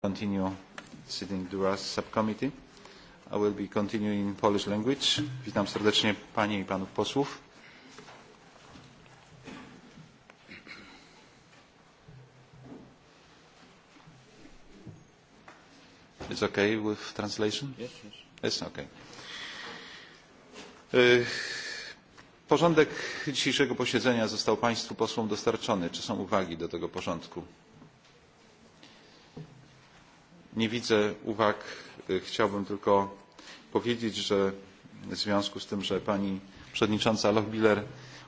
continue sitting Duras subcommittee. I will be continuing in Polish language. Witam serdecznie Panie i Panów Posłów. It's okay with translation? Yes, yes. It's okay. Porządek dzisiejszego posiedzenia został Państwu posłom dostarczony. Czy są uwagi do tego porządku? Nie widzę uwag. Chciałbym tylko powiedzieć, że w związku z tym, że pani przewodnicząca Lochbiller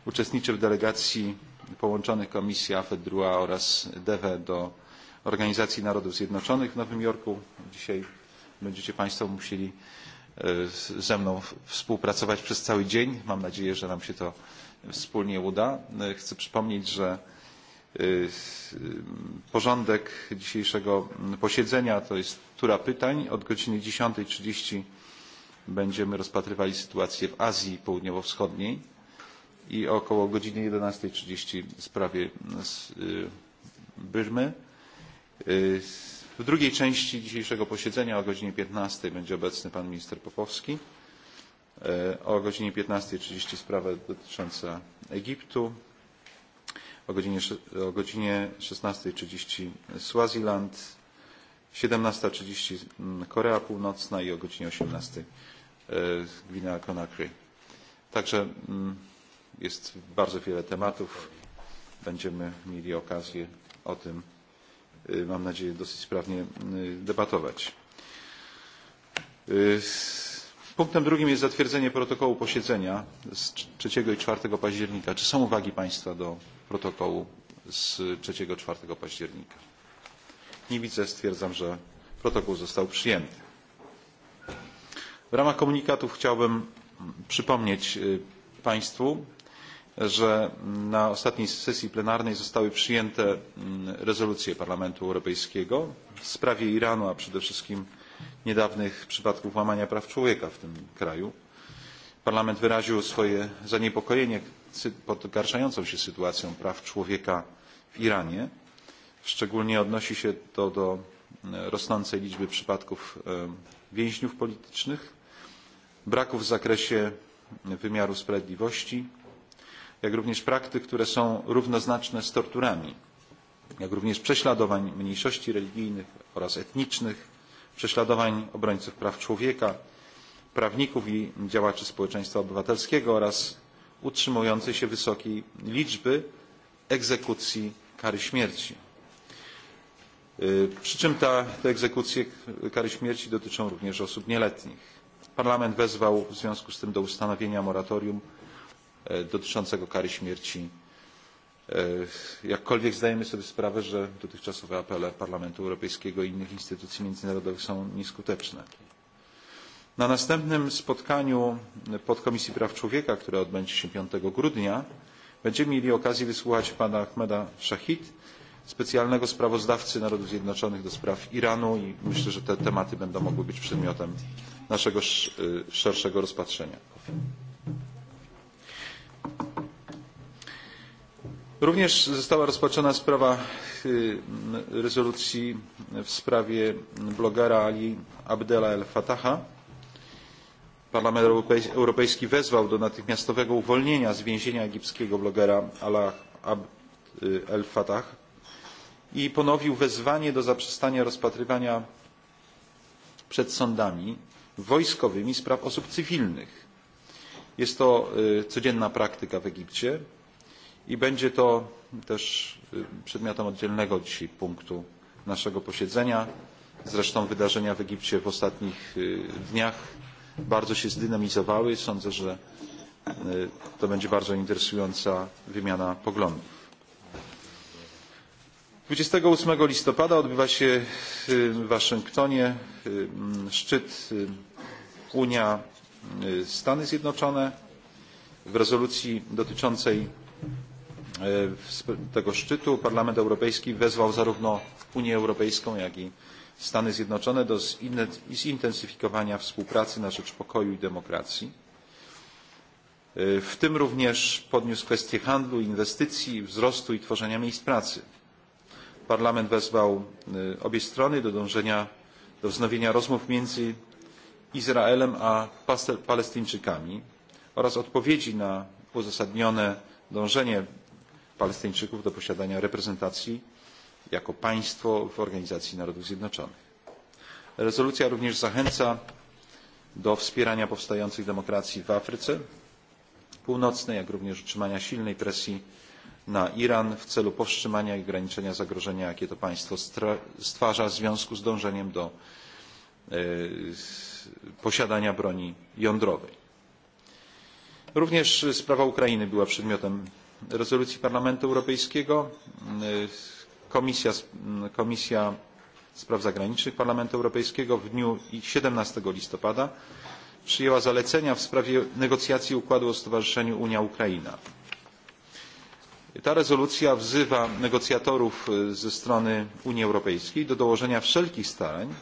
uczestniczy w delegacji połączonych komisji AFED oraz DEWE do Organizacji Narodów Zjednoczonych w Nowym Jorku. Dzisiaj będziecie Państwo musieli ze mną współpracować przez cały dzień. Mam nadzieję, że nam się to wspólnie uda. Chcę przypomnieć, że Porządek dzisiejszego posiedzenia to jest tura pytań. Od godziny 10.30 będziemy rozpatrywali sytuację w Azji Południowo-Wschodniej i około godziny 11.30 w sprawie Birmy. W drugiej części dzisiejszego posiedzenia o godzinie 15.00 będzie obecny pan minister Popowski. O godzinie 15.30 sprawa dotycząca Egiptu o godzinie, o godzinie 16.30 Swaziland, 17.30 Korea Północna i o godzinie 18.00 e, Gwina Conakry. Także mm, jest bardzo wiele tematów. Będziemy mieli okazję o tym, mam nadzieję, dosyć sprawnie debatować. Punktem drugim jest zatwierdzenie protokołu posiedzenia z 3 i 4 października. Czy są uwagi Państwa do protokołu z 3-4 października. Nie widzę, stwierdzam, że protokół został przyjęty. W ramach komunikatów chciałbym przypomnieć Państwu, że na ostatniej sesji plenarnej zostały przyjęte rezolucje Parlamentu Europejskiego w sprawie Iranu, a przede wszystkim niedawnych przypadków łamania praw człowieka w tym kraju. Parlament wyraził swoje zaniepokojenie pogarszającą się sytuacją praw człowieka w Iranie. Szczególnie odnosi się to do e, rosnącej liczby przypadków e, więźniów politycznych, braków w zakresie wymiaru sprawiedliwości, jak również praktyk, które są równoznaczne z torturami, jak również prześladowań mniejszości religijnych oraz etnicznych, prześladowań obrońców praw człowieka, prawników i działaczy społeczeństwa obywatelskiego oraz utrzymującej się wysokiej liczby egzekucji kary śmierci. Przy czym ta, te egzekucje kary śmierci dotyczą również osób nieletnich. Parlament wezwał w związku z tym do ustanowienia moratorium e, dotyczącego kary śmierci. E, jakkolwiek zdajemy sobie sprawę, że dotychczasowe apele Parlamentu Europejskiego i innych instytucji międzynarodowych są nieskuteczne. Na następnym spotkaniu podkomisji praw człowieka, które odbędzie się 5 grudnia, będziemy mieli okazję wysłuchać pana Ahmeda Shahid, specjalnego sprawozdawcy Narodów Zjednoczonych do spraw Iranu i myślę, że te tematy będą mogły być przedmiotem naszego szerszego rozpatrzenia. Również została rozpoczęta sprawa rezolucji w sprawie blogera Ali Abdela El Fataha. Parlament Europejski wezwał do natychmiastowego uwolnienia z więzienia egipskiego blogera Ala Abd el Fattah i ponowił wezwanie do zaprzestania rozpatrywania przed sądami wojskowymi spraw osób cywilnych. Jest to codzienna praktyka w Egipcie i będzie to też przedmiotem oddzielnego dzisiaj punktu naszego posiedzenia. Zresztą wydarzenia w Egipcie w ostatnich dniach bardzo się zdynamizowały. Sądzę, że e, to będzie bardzo interesująca wymiana poglądów. 28 listopada odbywa się w Waszyngtonie e, szczyt e, Unia Stany Zjednoczone. W rezolucji dotyczącej tego szczytu Parlament Europejski wezwał zarówno Unię Europejską, jak i Stany Zjednoczone do zintensyfikowania współpracy na rzecz pokoju i demokracji. E, w tym również podniósł kwestie handlu, inwestycji, wzrostu i tworzenia miejsc pracy. Parlament wezwał e, obie strony do dążenia do wznowienia rozmów między Izraelem a Palestyńczykami oraz odpowiedzi na uzasadnione dążenie Palestyńczyków do posiadania reprezentacji jako państwo w Organizacji Narodów Zjednoczonych. Rezolucja również zachęca do wspierania powstających demokracji w Afryce Północnej, jak również utrzymania silnej presji na Iran w celu powstrzymania i ograniczenia zagrożenia, jakie to państwo stwarza w związku z dążeniem do e, posiadania broni jądrowej. Również sprawa Ukrainy była przedmiotem rezolucji Parlamentu Europejskiego. E, Mm, Komisja, Spraw Zagranicznych Parlamentu Europejskiego w dniu siedemnaście listopada przyjęła zalecenia w sprawie negocjacji układu o stowarzyszeniu Unia Ukraina. Ta rezolucja wzywa negocjatorów ze strony Unii Europejskiej do dołożenia wszelkich starań,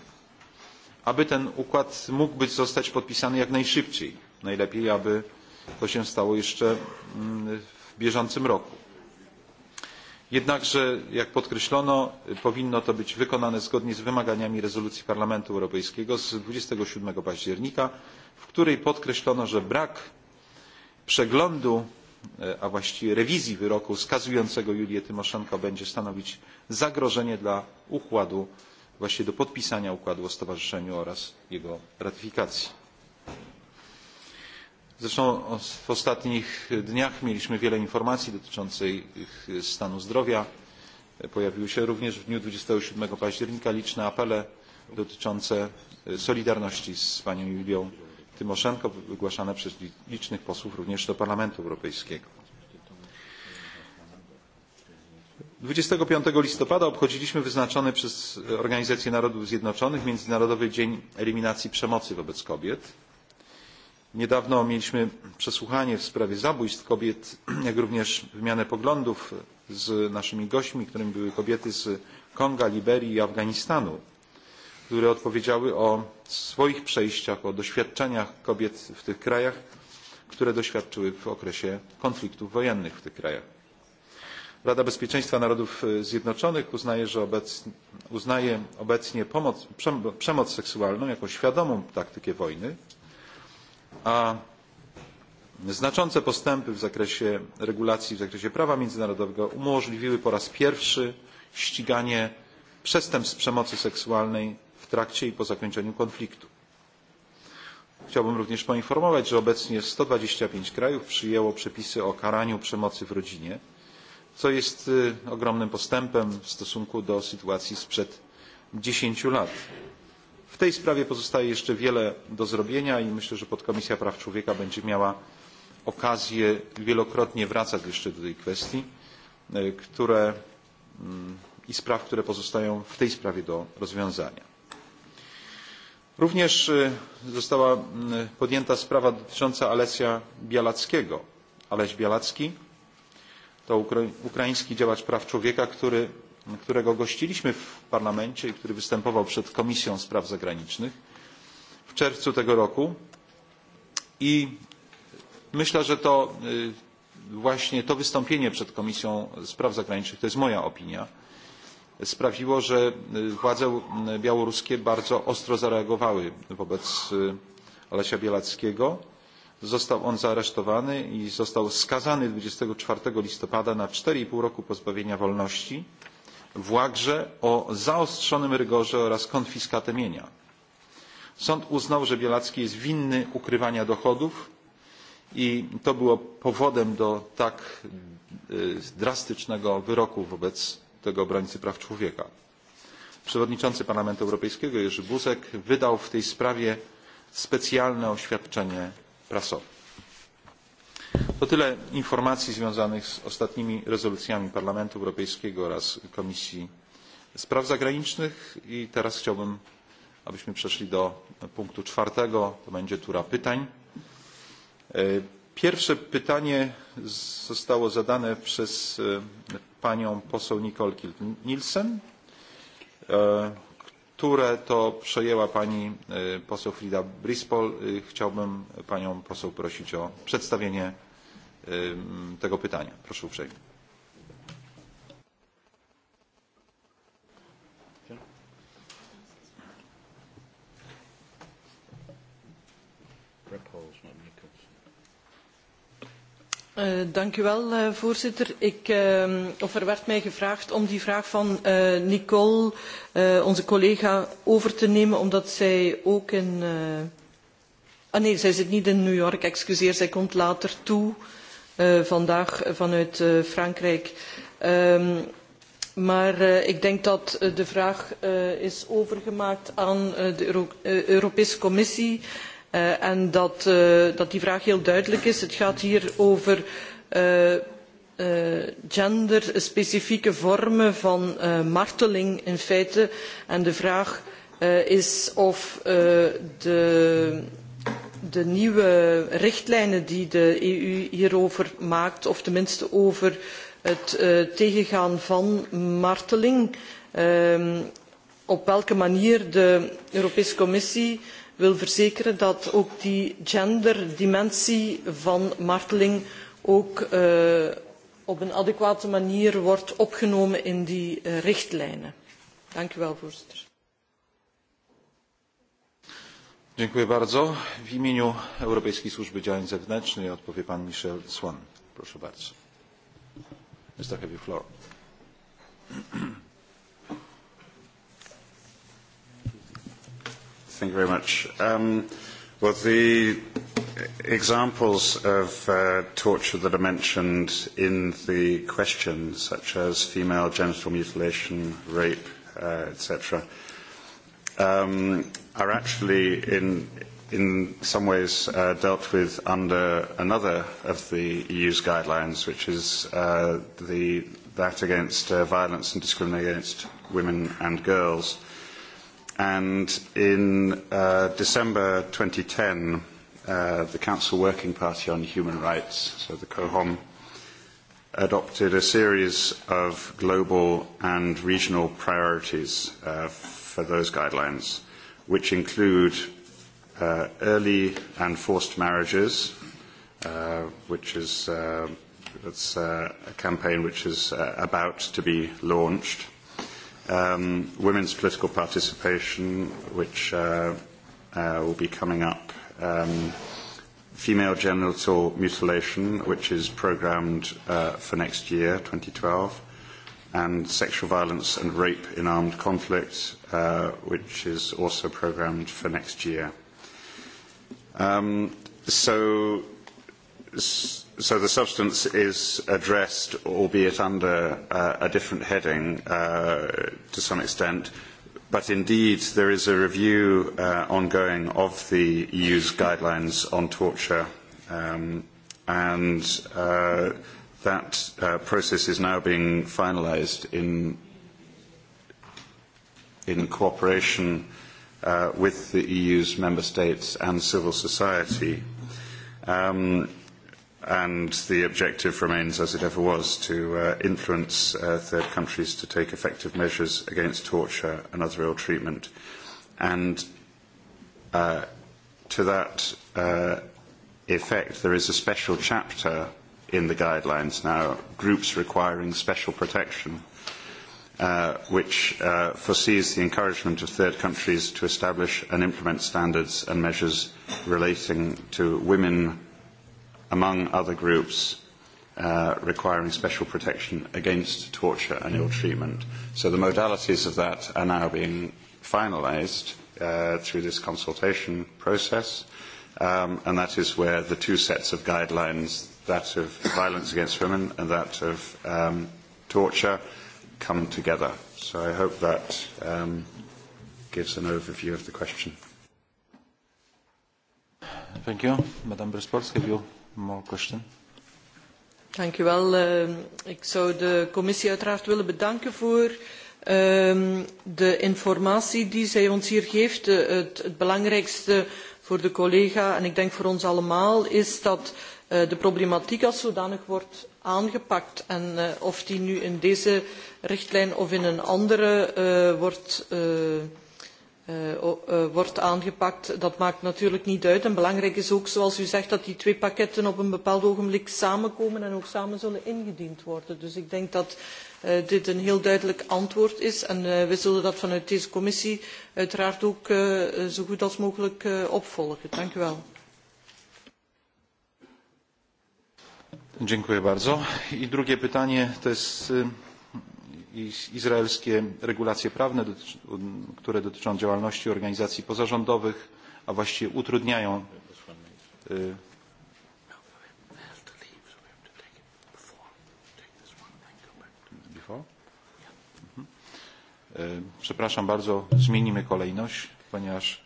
aby ten układ mógł zostać podpisany jak najszybciej. Najlepiej, aby to się stało jeszcze mm, w bieżącym roku. Jednakże, jak podkreślono, powinno to być wykonane zgodnie z wymaganiami rezolucji Parlamentu Europejskiego z 27 października, w której podkreślono, że brak przeglądu, e, a właściwie rewizji wyroku skazującego Julię Tymoszenko będzie stanowić zagrożenie dla układu, właśnie do podpisania układu o stowarzyszeniu oraz jego ratyfikacji. Zresztą w ostatnich dniach mieliśmy wiele informacji dotyczących stanu zdrowia. Pojawiły się również w dniu 27 października liczne apele dotyczące solidarności z panią Julią Tymoszenko, wygłaszane przez licznych posłów również do Parlamentu Europejskiego. 25 listopada obchodziliśmy wyznaczony przez Organizację Narodów Zjednoczonych Międzynarodowy Dzień Eliminacji Przemocy wobec Kobiet Niedawno mieliśmy przesłuchanie w sprawie zabójstw kobiet, jak również wymianę poglądów z naszymi gośćmi, którymi były kobiety z Konga, Liberii i Afganistanu, które odpowiedziały o swoich przejściach, o doświadczeniach kobiet w tych krajach, które doświadczyły w okresie konfliktów wojennych w tych krajach. Rada Bezpieczeństwa Narodów Zjednoczonych uznaje, że obecnie, uznaje obecnie pomoc, przemoc seksualną jako świadomą taktykę wojny, a znaczące postępy w zakresie regulacji w zakresie prawa międzynarodowego umożliwiły po raz pierwszy ściganie przestępstw przemocy seksualnej w trakcie i po zakończeniu konfliktu. Chciałbym również poinformować, że obecnie sto dwadzieścia pięć krajów przyjęło przepisy o karaniu przemocy w rodzinie, co jest ogromnym postępem w stosunku do sytuacji sprzed dziesięciu lat. W tej sprawie pozostaje jeszcze wiele do zrobienia i myślę, że Podkomisja Praw Człowieka będzie miała okazję wielokrotnie wracać jeszcze do tej kwestii e, które, mm, i spraw, które pozostają w tej sprawie do rozwiązania. Również e, została mm, podjęta sprawa dotycząca Alesia Bialackiego. Aleś Bialacki to ukraiński działacz praw człowieka, który którego gościliśmy w parlamencie i który występował przed Komisją Spraw Zagranicznych w czerwcu tego roku. I myślę, że to właśnie to wystąpienie przed Komisją Spraw Zagranicznych, to jest moja opinia, sprawiło, że władze białoruskie bardzo ostro zareagowały wobec Alesia Bielackiego. Został on zaaresztowany i został skazany 24 listopada na 4,5 roku pozbawienia wolności Włagrze o zaostrzonym rygorze oraz konfiskatę mienia. Sąd uznał, że Bielacki jest winny ukrywania dochodów i to było powodem do tak drastycznego wyroku wobec tego obrońcy praw człowieka. Przewodniczący Parlamentu Europejskiego Jerzy Buzek wydał w tej sprawie specjalne oświadczenie prasowe. To tyle informacji związanych z ostatnimi rezolucjami Parlamentu Europejskiego oraz Komisji Spraw Zagranicznych i teraz chciałbym, abyśmy przeszli do punktu czwartego. To będzie tura pytań. E, pierwsze pytanie zostało zadane przez e, panią poseł Nicole Kiel-Nielsen. E, które to przejęła pani e, poseł Frida Brispol. E, chciałbym panią poseł prosić o przedstawienie e, tego pytania. Proszę uprzejmie. Eh, dank u wel, eh, voorzitter. Ik, ehm, of er werd mij gevraagd om die vraag van eh, Nicole, onze collega, over te nemen, omdat zij ook in... Ah nee, zij zit niet in New York, excuseer, zij komt later toe, vandaag vanuit Frankrijk. Ehm, maar ik denk dat de vraag is overgemaakt aan de Europese Commissie... Uh, en dat, uh, dat die vraag heel duidelijk is. Het gaat hier over uh, uh, genderspecifieke vormen van uh, marteling in feite. En de vraag uh, is of uh, de, de nieuwe richtlijnen die de EU hierover maakt, of tenminste over het uh, tegengaan van marteling, uh, op welke manier de Europese Commissie wil verzekeren dat ook die genderdimensie van marteling ook uh, op een adequate manier wordt opgenomen in die uh, richtlijnen. Dank u wel, voorzitter. Dziękuję bardzo. W imieniu Europejskiej Służby Działań Zewnętrznych odpowie pan Michel Swan. Proszę bardzo. Mr. Heavy Floor. Thank you very much. Um, well, the examples of uh, torture that are mentioned in the question, such as female genital mutilation, rape, uh, etc., um, are actually in, in some ways uh, dealt with under another of the EU's guidelines, which is uh, the, that against uh, violence and discrimination against women and girls and in uh, December 2010, uh, the Council Working Party on Human Rights, so the COHOM, adopted a series of global and regional priorities uh, for those guidelines, which include uh, early and forced marriages, uh, which is uh, uh, a campaign which is uh, about to be launched um, women's political participation, which uh, uh, will be coming up, um, female genital mutilation, which is programmed uh, for next year, 2012, and sexual violence and rape in armed conflict, uh, which is also programmed for next year. Um, so so the substance is addressed, albeit under uh, a different heading uh, to some extent. But indeed, there is a review uh, ongoing of the EU's guidelines on torture, um, and uh, that uh, process is now being finalised in, in cooperation uh, with the EU's member states and civil society. Um, and the objective remains, as it ever was, to uh, influence uh, third countries to take effective measures against torture and other ill treatment. And uh, to that uh, effect, there is a special chapter in the guidelines now, groups requiring special protection, uh, which uh, foresees the encouragement of third countries to establish and implement standards and measures relating to women among other groups uh, requiring special protection against torture and ill treatment. So the modalities of that are now being finalised uh, through this consultation process, um, and that is where the two sets of guidelines, that of violence against women and that of um, torture, come together. So I hope that um, gives an overview of the question. Thank you. Madam Brispolska, you more question. Dank u wel. Uh, ik zou de commissie uiteraard willen bedanken voor um, de informatie die zij ons hier geeft. Uh, het, het belangrijkste voor de collega en ik denk voor ons allemaal is dat eh, de problematiek als zodanig wordt aangepakt. En uh, of die nu in deze richtlijn of in een andere uh, wordt uh, uh, wordt aangepakt, dat maakt natuurlijk niet uit. En belangrijk is ook, zoals u zegt, dat die twee pakketten op een bepaald ogenblik samenkomen en ook samen zullen ingediend worden. Dus ik denk dat uh, dit een heel duidelijk antwoord is en uh, we zullen dat vanuit deze commissie uiteraard ook uh, zo goed als mogelijk uh, opvolgen. Dank u wel. Dziękuję bardzo. I drugie pytanie to jest izraelskie regulacje prawne, które dotyczą działalności organizacji pozarządowych, a właściwie utrudniają mhm. Przepraszam bardzo, zmienimy kolejność, ponieważ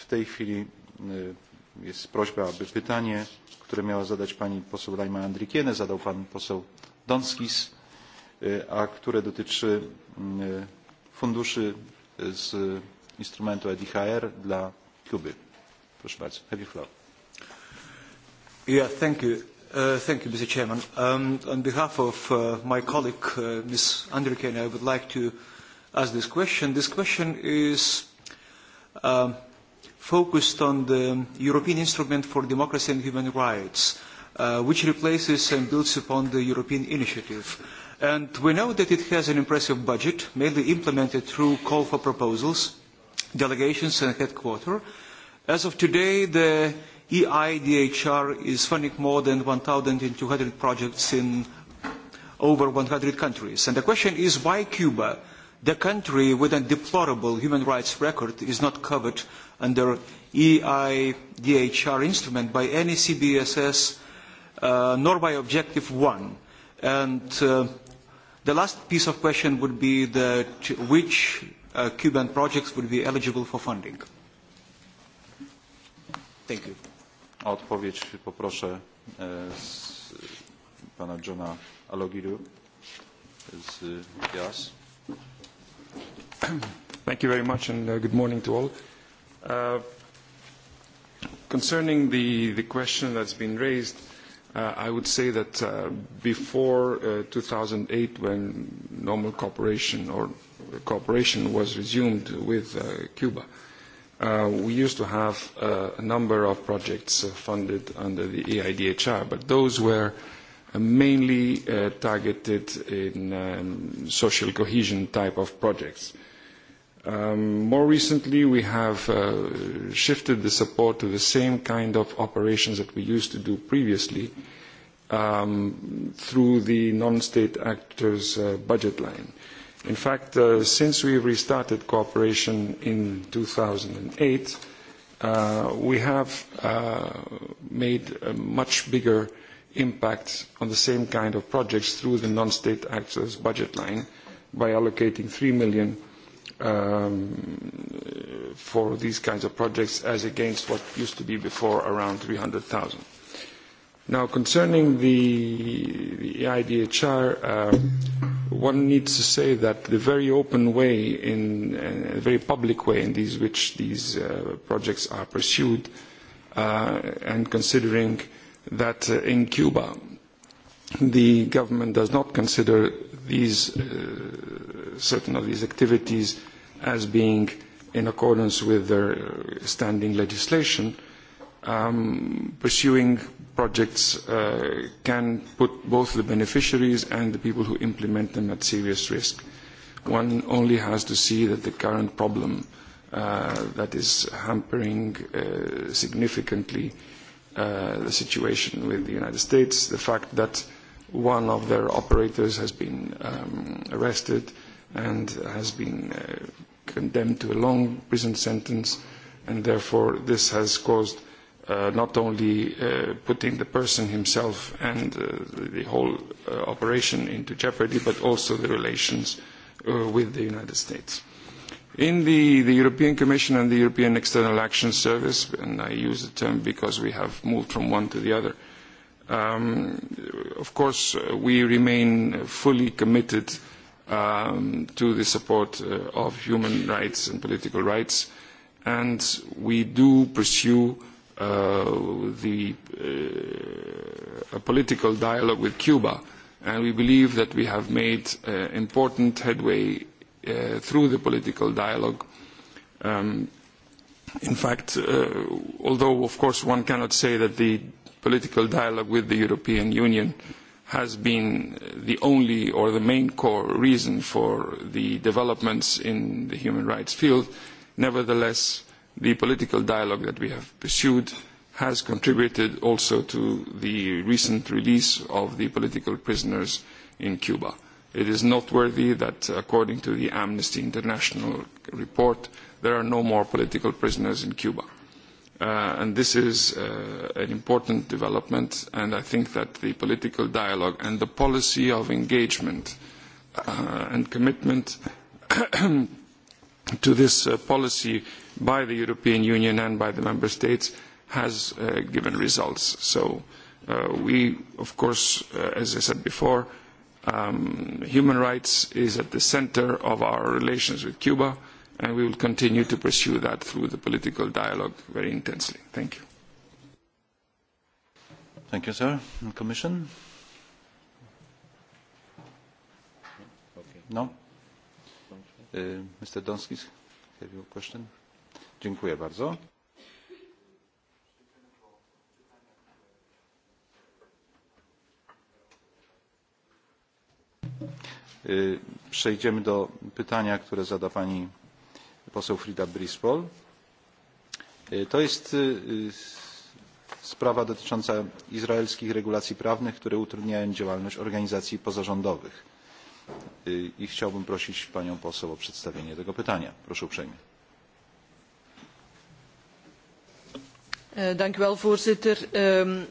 w tej chwili jest prośba, aby pytanie, które miała zadać pani poseł Lajma Andrikiene, zadał pan poseł Donskis. E, a które dotyczy mm, e, funduszy e, z instrumentu EDHR dla Kuby. Proszę bardzo, have you floor. Yeah, thank you. Uh, thank you, Mr. Chairman. Um, on behalf of uh, my colleague, uh, Ms. Andrikin, I would like to ask this question. This question is um, focused on the European Instrument for Democracy and Human Rights, uh, which replaces and builds upon the European Initiative. And we know that it has an impressive budget, mainly implemented through call for proposals, delegations and headquarters. As of today, the EIDHR is funding more than 1,200 projects in over 100 countries. And the question is why Cuba, the country with a deplorable human rights record, is not covered under EIDHR instrument by any CBSS, uh, nor by Objective 1. And uh, The last piece of question would be the, which uh, Cuban projects would be eligible for funding. Thank you. odpowiedź poproszę e, z, pana Johna Alogiru z JAS. Thank you very much and uh, good morning to all. Uh, concerning the, the question that's been raised, Uh, I would say that uh, before uh, 2008, when normal cooperation or cooperation was resumed with uh, Cuba, uh, we used to have uh, a number of projects uh, funded under the EIDHR, but those were uh, mainly uh, targeted in um, social cohesion type of projects. Uh, Um, more recently, we have uh, shifted the support to the same kind of operations that we used to do previously um, through the non-state actors uh, budget line. In fact, uh, since we restarted cooperation in 2008, uh, we have uh, made a much bigger impact on the same kind of projects through the non-state actors budget line by allocating 3 million um, for these kinds of projects as against what used to be before around 300,000. Now, concerning the, the EIDHR, uh, um, one needs to say that the very open way, in, uh, the very public way in these, which these uh, projects are pursued, uh, and considering that uh, in Cuba the government does not consider these uh, certain of these activities as being in accordance with their standing legislation, um, pursuing projects uh, can put both the beneficiaries and the people who implement them at serious risk. One only has to see that the current problem uh, that is hampering uh, significantly uh, the situation with the United States, the fact that one of their operators has been um, arrested, and has been uh, condemned to a long prison sentence and therefore this has caused uh, not only uh, putting the person himself and uh, the whole uh, operation into jeopardy but also the relations uh, with the United States. In the, the European Commission and the European External Action Service, and I use the term because we have moved from one to the other, um, of course uh, we remain fully committed uh, um, to the support uh, of human rights and political rights. And we do pursue uh, the, uh, a political dialogue with Cuba. And we believe that we have made uh, important headway uh, through the political dialogue. Um, in fact, uh, although of course one cannot say that the political dialogue with the European Union uh, has been the only or the main core reason for the developments in the human rights field, nevertheless, the political dialogue that we have pursued has contributed also to the recent release of the political prisoners in Cuba. It is noteworthy that, according to the Amnesty International report, there are no more political prisoners in Cuba. Uh, and this is uh, an important development, and I think that the political dialogue and the policy of engagement uh, and commitment to this uh, policy by the European Union and by the Member States has uh, given results. So uh, we, of course, uh, as I said before, um, human rights is at the center of our relations with Cuba and we will continue to pursue that through the political dialogue very intensely. Thank you. Thank you, sir. And commission? Okay. No? Uh, Mr. Donskis, have you a question? Dziękuję bardzo. Przejdziemy do pytania, które zada pani poseł Frida Brispol. E, to jest e, sprawa dotycząca izraelskich regulacji prawnych, które utrudniają działalność organizacji pozarządowych. E, I chciałbym prosić panią poseł o przedstawienie tego pytania. Proszę uprzejmie. Dank u wel, voorzitter. Ehm,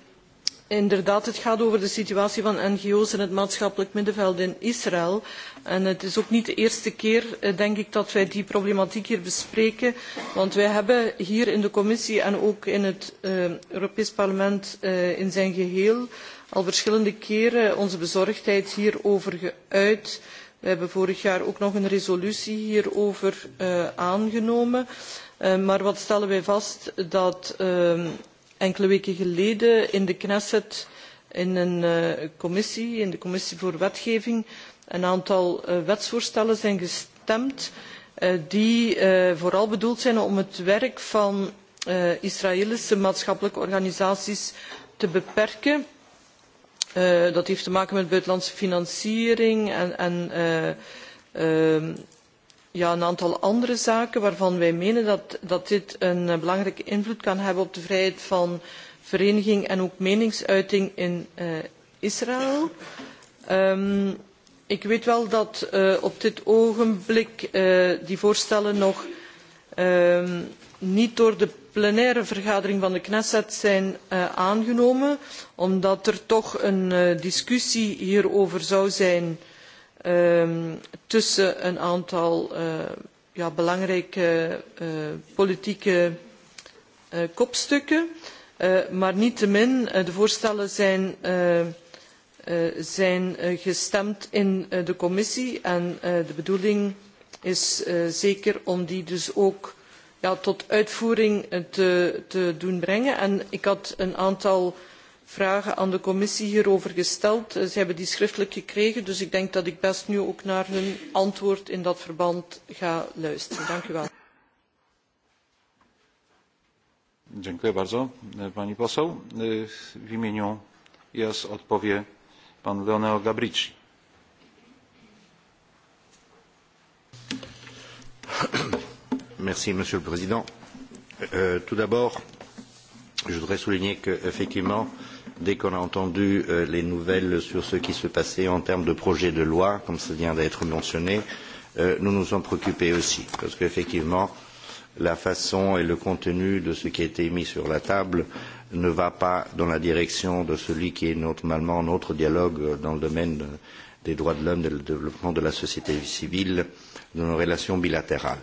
Inderdaad, het gaat over de situatie van NGO's in het maatschappelijk middenveld in Israël. En het is ook niet de eerste keer, eh, denk ik, dat wij die problematiek hier bespreken. Want wij hebben hier in de commissie en ook in het uh, Europees Parlement uh, in zijn geheel al verschillende keren onze bezorgdheid hierover geuit. We hebben vorig jaar ook nog een resolutie hierover uh, aangenomen. Uh, maar wat stellen wij vast? Dat... Uh, enkele weken geleden in de Knesset in een uh, commissie, in de commissie voor wetgeving, een aantal uh, wetsvoorstellen zijn gestemd uh, die uh, vooral bedoeld zijn om het werk van uh, Israëlische maatschappelijke organisaties te beperken. Uh, dat heeft te maken met buitenlandse financiering en, en uh, uh, ja, een aantal andere zaken waarvan wij menen dat, dat dit een eh, belangrijke invloed kan hebben op de vrijheid van vereniging en ook meningsuiting in uh, Israël. Um, ik weet wel dat uh, op dit ogenblik uh, die voorstellen nog um, niet door de plenaire vergadering van de Knesset zijn uh, aangenomen, omdat er toch een uh, discussie hierover zou zijn um, tussen een aantal uh, ja, belangrijke uh, politieke uh, kopstukken. Uh, maar niettemin, uh, de voorstellen zijn, uh, uh, zijn gestemd in uh, de commissie en uh, de bedoeling is uh, zeker om die dus ook ja, tot uitvoering te, te doen brengen. En ik had een aantal vragen aan de commissie hierover gesteld. Eh, ze hebben die schriftelijk gekregen, dus ik denk dat ik best nu ook naar hun antwoord in dat verband ga luisteren. Dank u wel. E, e, imieniu IAS odpowie pan Gabrici. Merci monsieur le président. Euh, tout d'abord, je voudrais souligner effectivement dès qu'on a entendu euh, les nouvelles sur ce qui se passait en termes de projet de loi, comme ça vient d'être mentionné, euh, nous nous sommes préoccupés aussi, parce qu'effectivement, la façon et le contenu de ce qui a été mis sur la table ne va pas dans la direction de celui qui est normalement notre dialogue dans le domaine des droits de l'homme, du développement de la société civile, de nos relations bilatérales.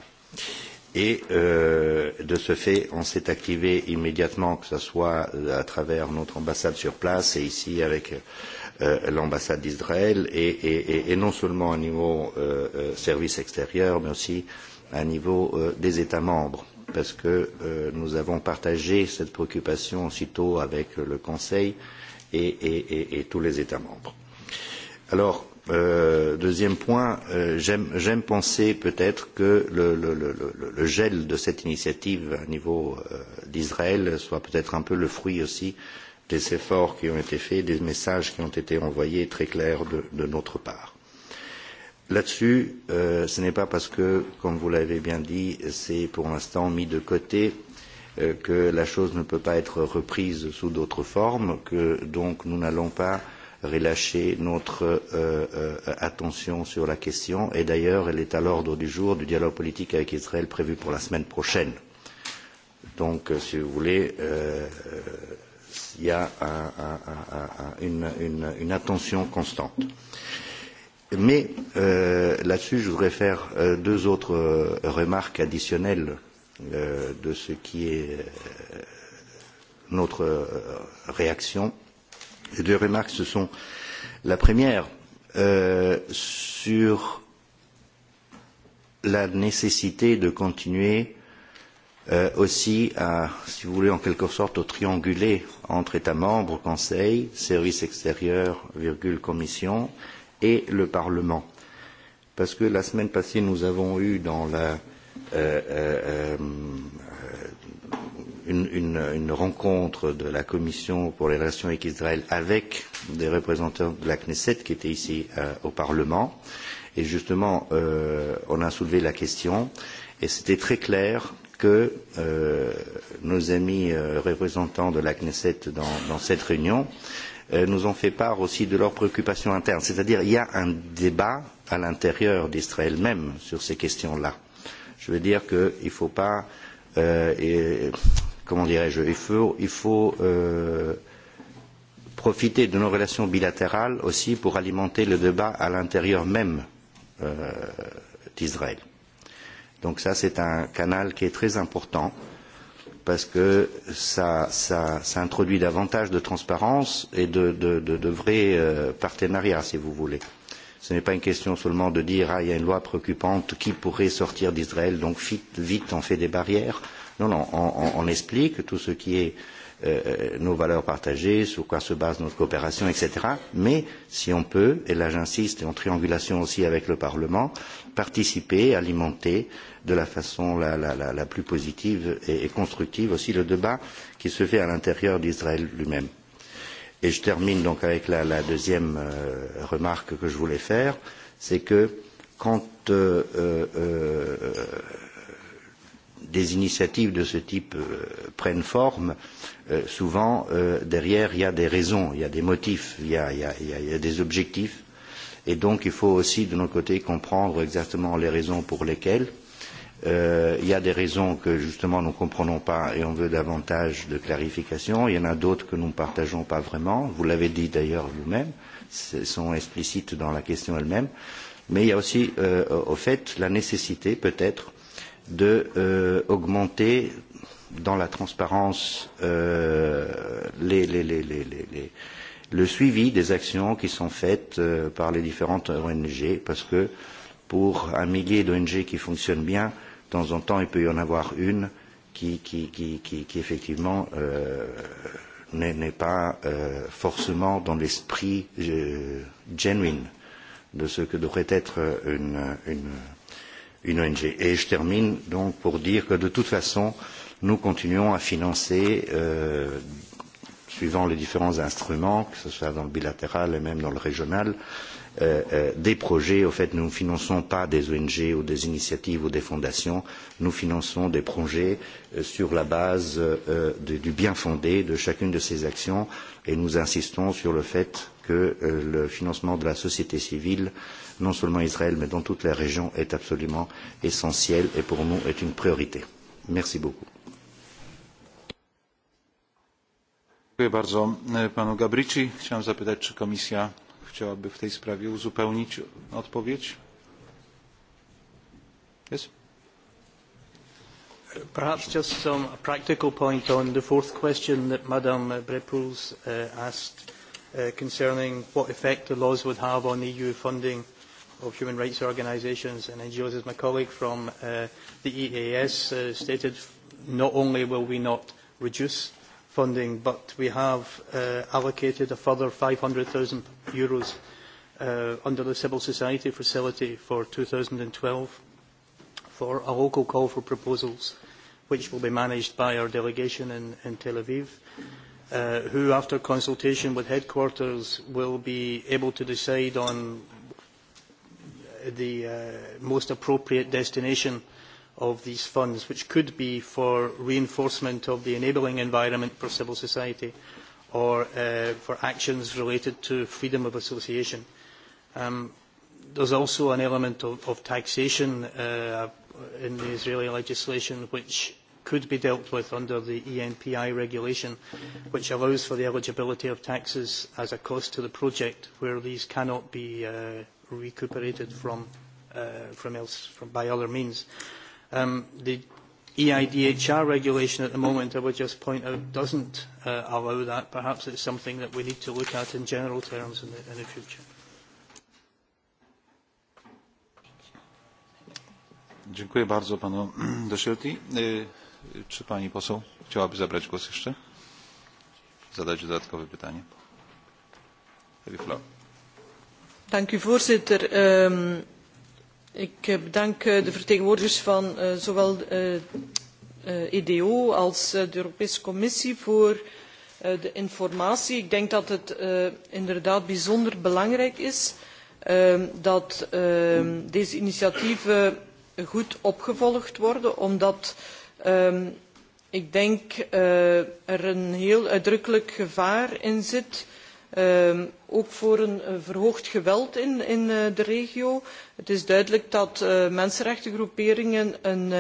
Et euh, de ce fait, on s'est activé immédiatement, que ce soit à travers notre ambassade sur place et ici avec euh, l'ambassade d'Israël, et, et, et, et non seulement au niveau euh, euh, service extérieur, mais aussi au niveau euh, des États membres, parce que euh, nous avons partagé cette préoccupation aussitôt avec le Conseil et, et, et, et tous les États membres. Alors, Euh, deuxième point, euh, j'aime penser peut-être que le, le, le, le gel de cette initiative au niveau euh, d'Israël soit peut-être un peu le fruit aussi des efforts qui ont été faits, des messages qui ont été envoyés très clairs de, de notre part. Là-dessus, euh, ce n'est pas parce que, comme vous l'avez bien dit, c'est pour l'instant mis de côté euh, que la chose ne peut pas être reprise sous d'autres formes, que donc nous n'allons pas relâcher notre euh, euh, attention sur la question et d'ailleurs elle est à l'ordre du jour du dialogue politique avec Israël prévu pour la semaine prochaine. Donc, euh, si vous voulez, euh, euh il y a un, un, un, une, une, une attention constante. Mais euh, là-dessus, je voudrais faire euh, deux autres euh, remarques additionnelles euh, de ce qui est euh, notre euh, réaction. Euh, Deux remarques, ce sont la première euh, sur la nécessité de continuer euh, aussi à, si vous voulez, en quelque sorte, au trianguler entre États membres, Conseil, Service extérieur, virgule, Commission et le Parlement. Parce que la semaine passée, nous avons eu dans la euh, euh, euh une, une, une rencontre de la Commission pour les relations avec Israël avec des représentants de la Knesset qui étaient ici euh, au Parlement. Et justement, euh, on a soulevé la question et c'était très clair que euh, nos amis euh, représentants de la Knesset dans, dans cette réunion euh, nous ont fait part aussi de leurs préoccupations internes. C'est-à-dire qu'il y a un débat à l'intérieur d'Israël même sur ces questions-là. Je veux dire qu'il ne faut pas euh, et comment dirais-je, il faut, il faut euh, profiter de nos relations bilatérales aussi pour alimenter le débat à l'intérieur même euh, d'Israël. Donc ça, c'est un canal qui est très important parce que ça, ça, ça introduit davantage de transparence et de, de, de, de vrais euh, partenariats, si vous voulez. Ce n'est pas une question seulement de dire, ah, il y a une loi préoccupante, qui pourrait sortir d'Israël, donc vite, vite, on fait des barrières. Non, non, on, on, on explique tout ce qui est euh, euh nos valeurs partagées, sur quoi se base notre coopération, etc. Mais si on peut, et là j'insiste, en triangulation aussi avec le Parlement, participer, alimenter de la façon la, la, la, la plus positive et, et constructive aussi le débat qui se fait à l'intérieur d'Israël lui-même. Et je termine donc avec la, la deuxième euh, remarque que je voulais faire, c'est que quand euh, euh, euh des initiatives de ce type euh, prennent forme, euh, souvent euh, derrière il y a des raisons, il y a des motifs, il y a, il y a, il y a des objectifs. Et donc il faut aussi de notre côté comprendre exactement les raisons pour lesquelles. Euh, il y a des raisons que justement nous ne comprenons pas et on veut davantage de clarification. Il y en a d'autres que nous ne partageons pas vraiment. Vous l'avez dit d'ailleurs vous-même, sont explicites dans la question elle-même. Mais il y a aussi euh, au fait la nécessité peut-être d'augmenter euh, dans la transparence euh, les, les, les, les, les, les, le suivi des actions qui sont faites euh, par les différentes ONG, parce que pour un millier d'ONG qui fonctionnent bien, de temps en temps, il peut y en avoir une qui, qui, qui, qui, qui effectivement euh, n'est pas euh, forcément dans l'esprit euh, genuine de ce que devrait être une, une, une ONG. Et je termine donc pour dire que de toute façon, nous continuons à financer, euh, suivant les différents instruments, que ce soit dans le bilatéral et même dans le régional, euh, euh, des projets. Au fait, nous ne finançons pas des ONG ou des initiatives ou des fondations, nous finançons des projets euh, sur la base euh, de, du bien fondé de chacune de ces actions et nous insistons sur le fait que euh, le financement de la société civile euh, non seulement Israël, mais dans toute la région, est absolument essentielle et pour nous est une priorité. Merci beaucoup. Dziękuję bardzo e, panu Gabrici. Chciałem zapytać, czy komisja chciałaby w tej sprawie uzupełnić odpowiedź? Yes? Perhaps just some practical point on the fourth question that Madame Brepoels uh, asked uh, concerning what effect the laws would have on EU funding of human rights organisations and NGOs, as my colleague from uh, the EAS uh, stated, not only will we not reduce funding, but we have uh, allocated a further 500,000 euros uh, under the civil society facility for 2012 for a local call for proposals, which will be managed by our delegation in, in Tel Aviv uh, who after consultation with headquarters will be able to decide on the uh, most appropriate destination of these funds, which could be for reinforcement of the enabling environment for civil society or uh, for actions related to freedom of association. Um, there's also an element of, of taxation uh, in the Israeli legislation which could be dealt with under the ENPI regulation, which allows for the eligibility of taxes as a cost to the project where these cannot be uh, recuperated from, uh, from else, from, by other means. Um, the EIDHR regulation at the moment, I would just point out, doesn't uh, allow that. Perhaps it's something that we need to look at in general terms in the, in the future. Dziękuję bardzo panu Doszelti. Czy pani poseł chciałaby zabrać głos jeszcze? Zadać dodatkowe pytanie. Floor. Dank u voorzitter. Um, ik eh, bedank eh, de vertegenwoordigers van uh, zowel de uh, EDO e als de Europese Commissie voor uh, de informatie. Ik denk dat het uh, inderdaad bijzonder belangrijk is uh, dat uh, deze initiatieven goed opgevolgd worden, omdat uh, ik denk uh, er een heel uitdrukkelijk gevaar in zit Ehm, ook voor een eh, verhoogd geweld in, in eh, de regio. Het is duidelijk dat eh, mensenrechtengroeperingen een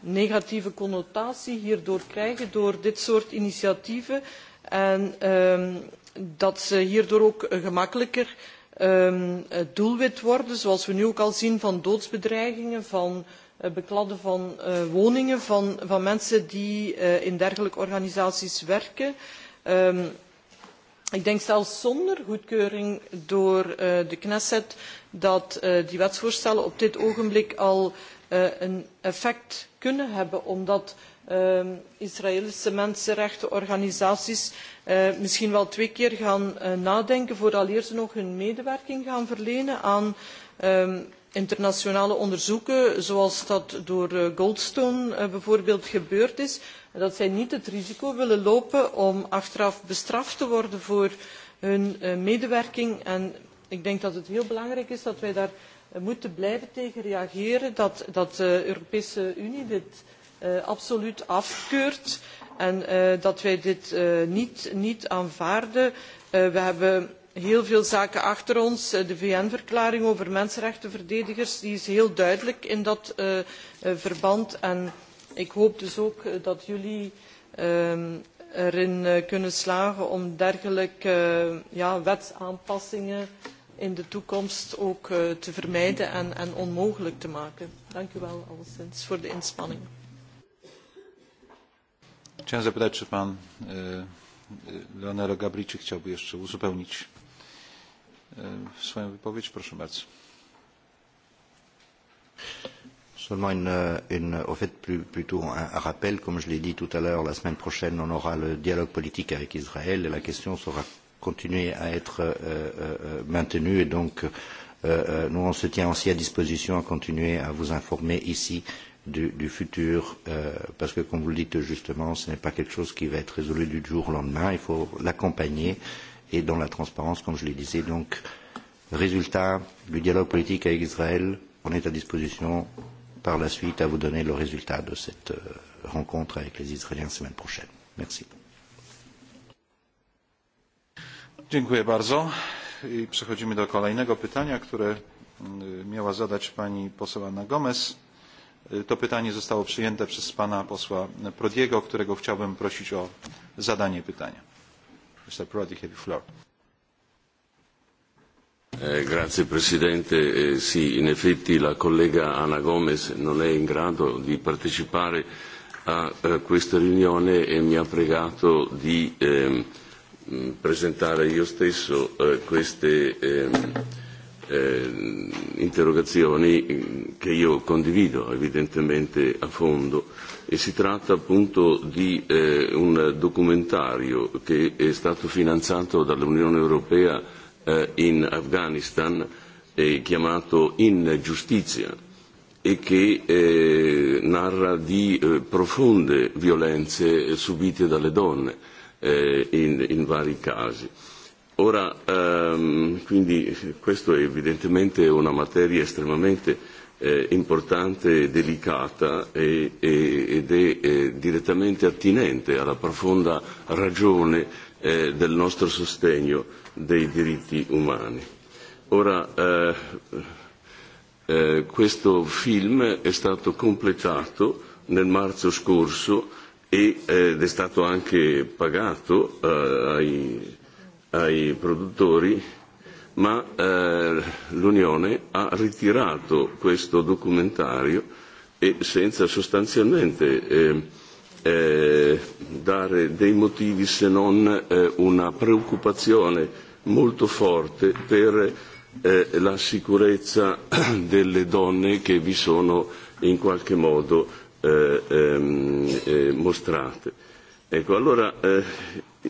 negatieve connotatie hierdoor krijgen door dit soort initiatieven en ehm, dat ze hierdoor ook gemakkelijker ehm, doelwit worden, zoals we nu ook al zien, van doodsbedreigingen, van bekladden van woningen, van, van mensen die in dergelijke organisaties werken. Um, Ik denk zelfs zonder goedkeuring door uh, de Knesset dat uh, die wetsvoorstellen op dit ogenblik al uh, een effect kunnen hebben, omdat uh, Israëlische mensenrechtenorganisaties uh, misschien wel twee keer gaan uh, nadenken vooraleer ze nog hun medewerking gaan verlenen aan uh, internationale onderzoeken, zoals dat door uh, Goldstone uh, bijvoorbeeld gebeurd is En dat zij niet het risico willen lopen om achteraf bestraft te worden voor hun eh, medewerking. En ik denk dat het heel belangrijk is dat wij daar eh, moeten blijven tegen reageren, dat, dat de eh, Europese Unie dit uh, absoluut afkeurt en uh, dat wij dit uh, niet, niet aanvaarden. Uh, we hebben heel veel zaken achter ons. De VN-verklaring over mensenrechtenverdedigers die is heel duidelijk in dat uh, verband. En ik hoop dus ook eh, dat jullie um, erin eh, kunnen slagen om dergelijke uh, ja, wetsaanpassingen in de toekomst ook uh, te vermijden en, en onmogelijk te maken. Dank u wel alleszins voor de inspanning. Chciałem zapytać, czy pan e, e, Leonardo Gabriczy chciałby jeszcze uzupełnić e, swoją wypowiedź? Proszę bardzo. Seulement une, une, au fait plus, plutôt un, un rappel, comme je l'ai dit tout à l'heure, la semaine prochaine on aura le dialogue politique avec Israël et la question sera continuer à être euh, euh, euh, maintenue et donc euh, euh, nous on se tient aussi à disposition à continuer à vous informer ici du, du futur euh, parce que comme vous le dites justement ce n'est pas quelque chose qui va être résolu du jour au lendemain, il faut l'accompagner et dans la transparence comme je le disais donc résultat du dialogue politique avec Israël, on est à disposition par la suite à vous donner le résultat de cette euh, rencontre avec les Israéliens la semaine prochaine. Merci. Dziękuję bardzo. I przechodzimy do kolejnego pytania, które mm, miała zadać pani poseł Anna Gomez. To pytanie zostało przyjęte przez pana posła Prodiego, którego chciałbym prosić o zadanie pytania. Mr. Prodi, have you floor. Eh, grazie Presidente, eh, sì, in effetti la collega Ana Gomez non è in grado di partecipare a, a eh, questa riunione e mi ha pregato di eh, presentare io stesso eh, queste eh, eh, interrogazioni mm, che io condivido evidentemente a fondo e si tratta appunto di eh, un documentario che è stato finanziato dall'Unione Europea Eh, in Afghanistan eh, chiamato In Giustizia e che eh, narra di eh, profonde violenze eh, subite dalle donne eh, in, in vari casi. Ora, ehm, quindi questo è evidentemente una materia estremamente eh, importante e delicata e, e, ed è eh, direttamente attinente alla profonda ragione eh, del nostro sostegno dei diritti umani. Ora, eh, eh, questo film è stato completato nel marzo scorso e, eh, ed è stato anche pagato eh, ai, ai produttori, ma eh, l'Unione ha ritirato questo documentario e senza sostanzialmente eh, eh, dare dei motivi se non eh, una preoccupazione molto forte per eh, la sicurezza delle donne che vi sono in qualche modo eh, ehm, eh, mostrate. Ecco, allora eh,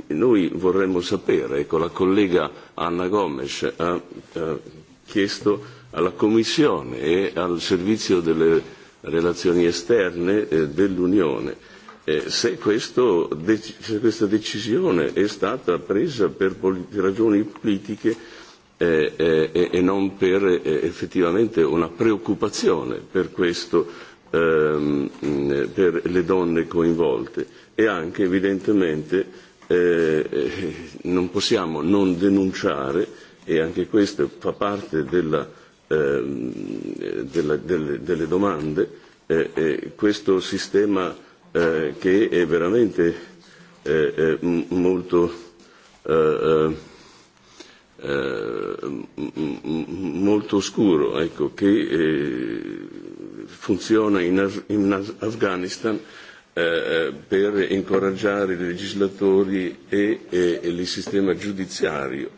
noi vorremmo sapere, ecco, la collega Anna Gomes ha, ha chiesto alla Commissione e al Servizio delle relazioni esterne eh, dell'Unione Eh, se questo, se questa decisione è stata presa per polit ragioni politiche eh, eh, e, e non per eh, effettivamente una preoccupazione per questo ehm, mm, per le donne coinvolte e anche evidentemente eh, eh, non possiamo non denunciare e anche questo fa parte della, eh, della, delle, delle domande eh, eh, questo sistema eh, che è veramente eh, eh, molto, eh, eh, molto scuro, ecco, che eh, funziona in, Af in Afghanistan eh, eh, per incoraggiare i legislatori e, e, e il sistema giudiziario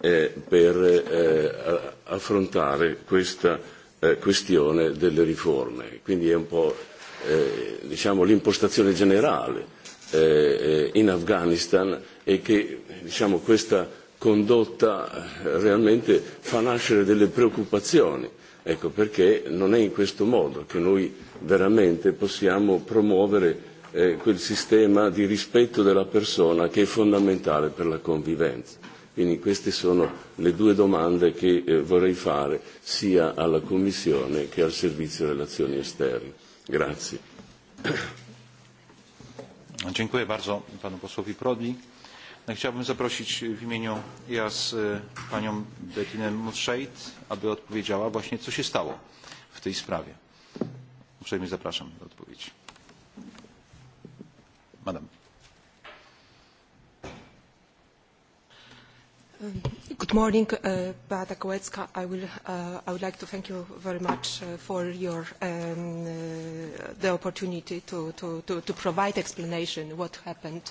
eh, per eh, affrontare questa eh, questione delle riforme. Quindi è un po' Eh, diciamo, l'impostazione generale eh, in Afghanistan e che diciamo, questa condotta eh, realmente fa nascere delle preoccupazioni. Ecco perché non è in questo modo che noi veramente possiamo promuovere eh, quel sistema di rispetto della persona che è fondamentale per la convivenza. Quindi queste sono le due domande che eh, vorrei fare sia alla Commissione che al Servizio Relazioni Esterne. Grazie. Dziękuję bardzo panu posłowi Prodi. Chciałbym zaprosić w imieniu IAS e, panią Bettinę Mutscheid, aby odpowiedziała właśnie, co się stało w tej sprawie. Uprzejmie zapraszam do odpowiedzi. Madame. Good morning, uh, Beata Kowalska. I, will, uh, I would like to thank you very much uh, for your, um, uh, the opportunity to, to, to, to provide explanation what happened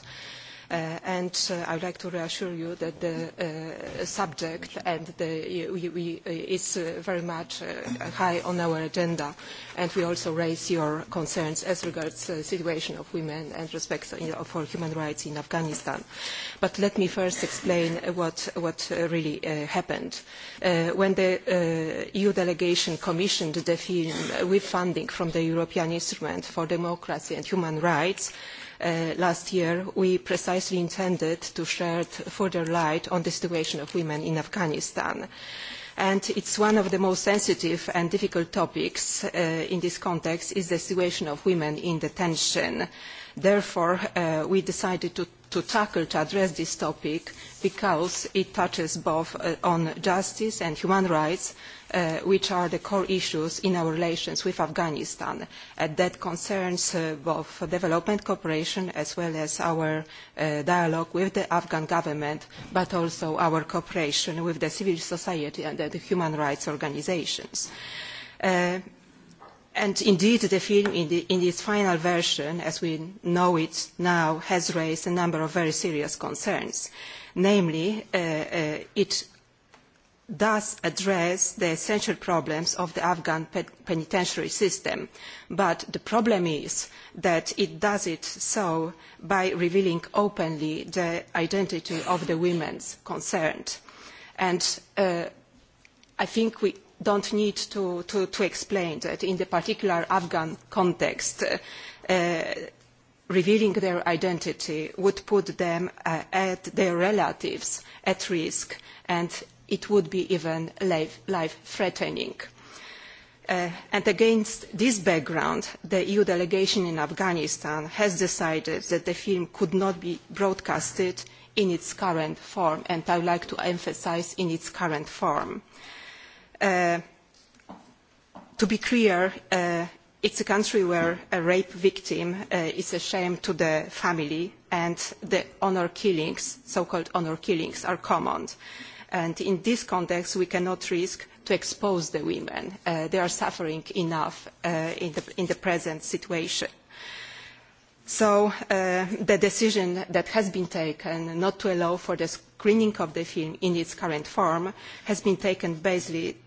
Uh, and uh, I would like to reassure you that the uh, subject and the, uh, we, we, uh, is uh, very much uh, high on our agenda. And we also raise your concerns as regards the uh, situation of women and respect for human rights in Afghanistan. But let me first explain what, what uh, really uh, happened. Uh, when the uh, EU delegation commissioned the film with funding from the European Instrument for Democracy and Human Rights, Uh, last year, we precisely intended to shed further light on the situation of women in Afghanistan. And it's one of the most sensitive and difficult topics uh, in this context is the situation of women in detention. Therefore, uh, we decided to, to tackle, to address this topic because it touches both uh, on justice and human rights uh, which are the core issues in our relations with Afghanistan uh, that concerns uh, both development cooperation as well as our uh, dialogue with the Afghan government but also our cooperation with the civil society and the human rights organizations. Uh, And indeed, the film in, the, in its final version, as we know it now, has raised a number of very serious concerns. Namely, uh, uh, it does address the essential problems of the Afghan penitentiary system, but the problem is that it does it so by revealing openly the identity of the women concerned. And uh, I think we don't need to, to, to, explain that in the particular Afghan context, uh, revealing their identity would put them uh, at their relatives at risk and it would be even life-threatening. uh, and against this background, the EU delegation in Afghanistan has decided that the film could not be broadcasted in its current form, and I would like to emphasise in its current form. Uh, to be clear, uh, it is a country where a rape victim uh, is a shame to the family, and the honour killings, so-called honour killings, are common. Uh, And in this context, we cannot risk to expose the women. Uh, they are suffering enough uh, in, the, in the present situation. So uh, the decision that has been taken not to allow for the screening of the film in its current form has been taken basically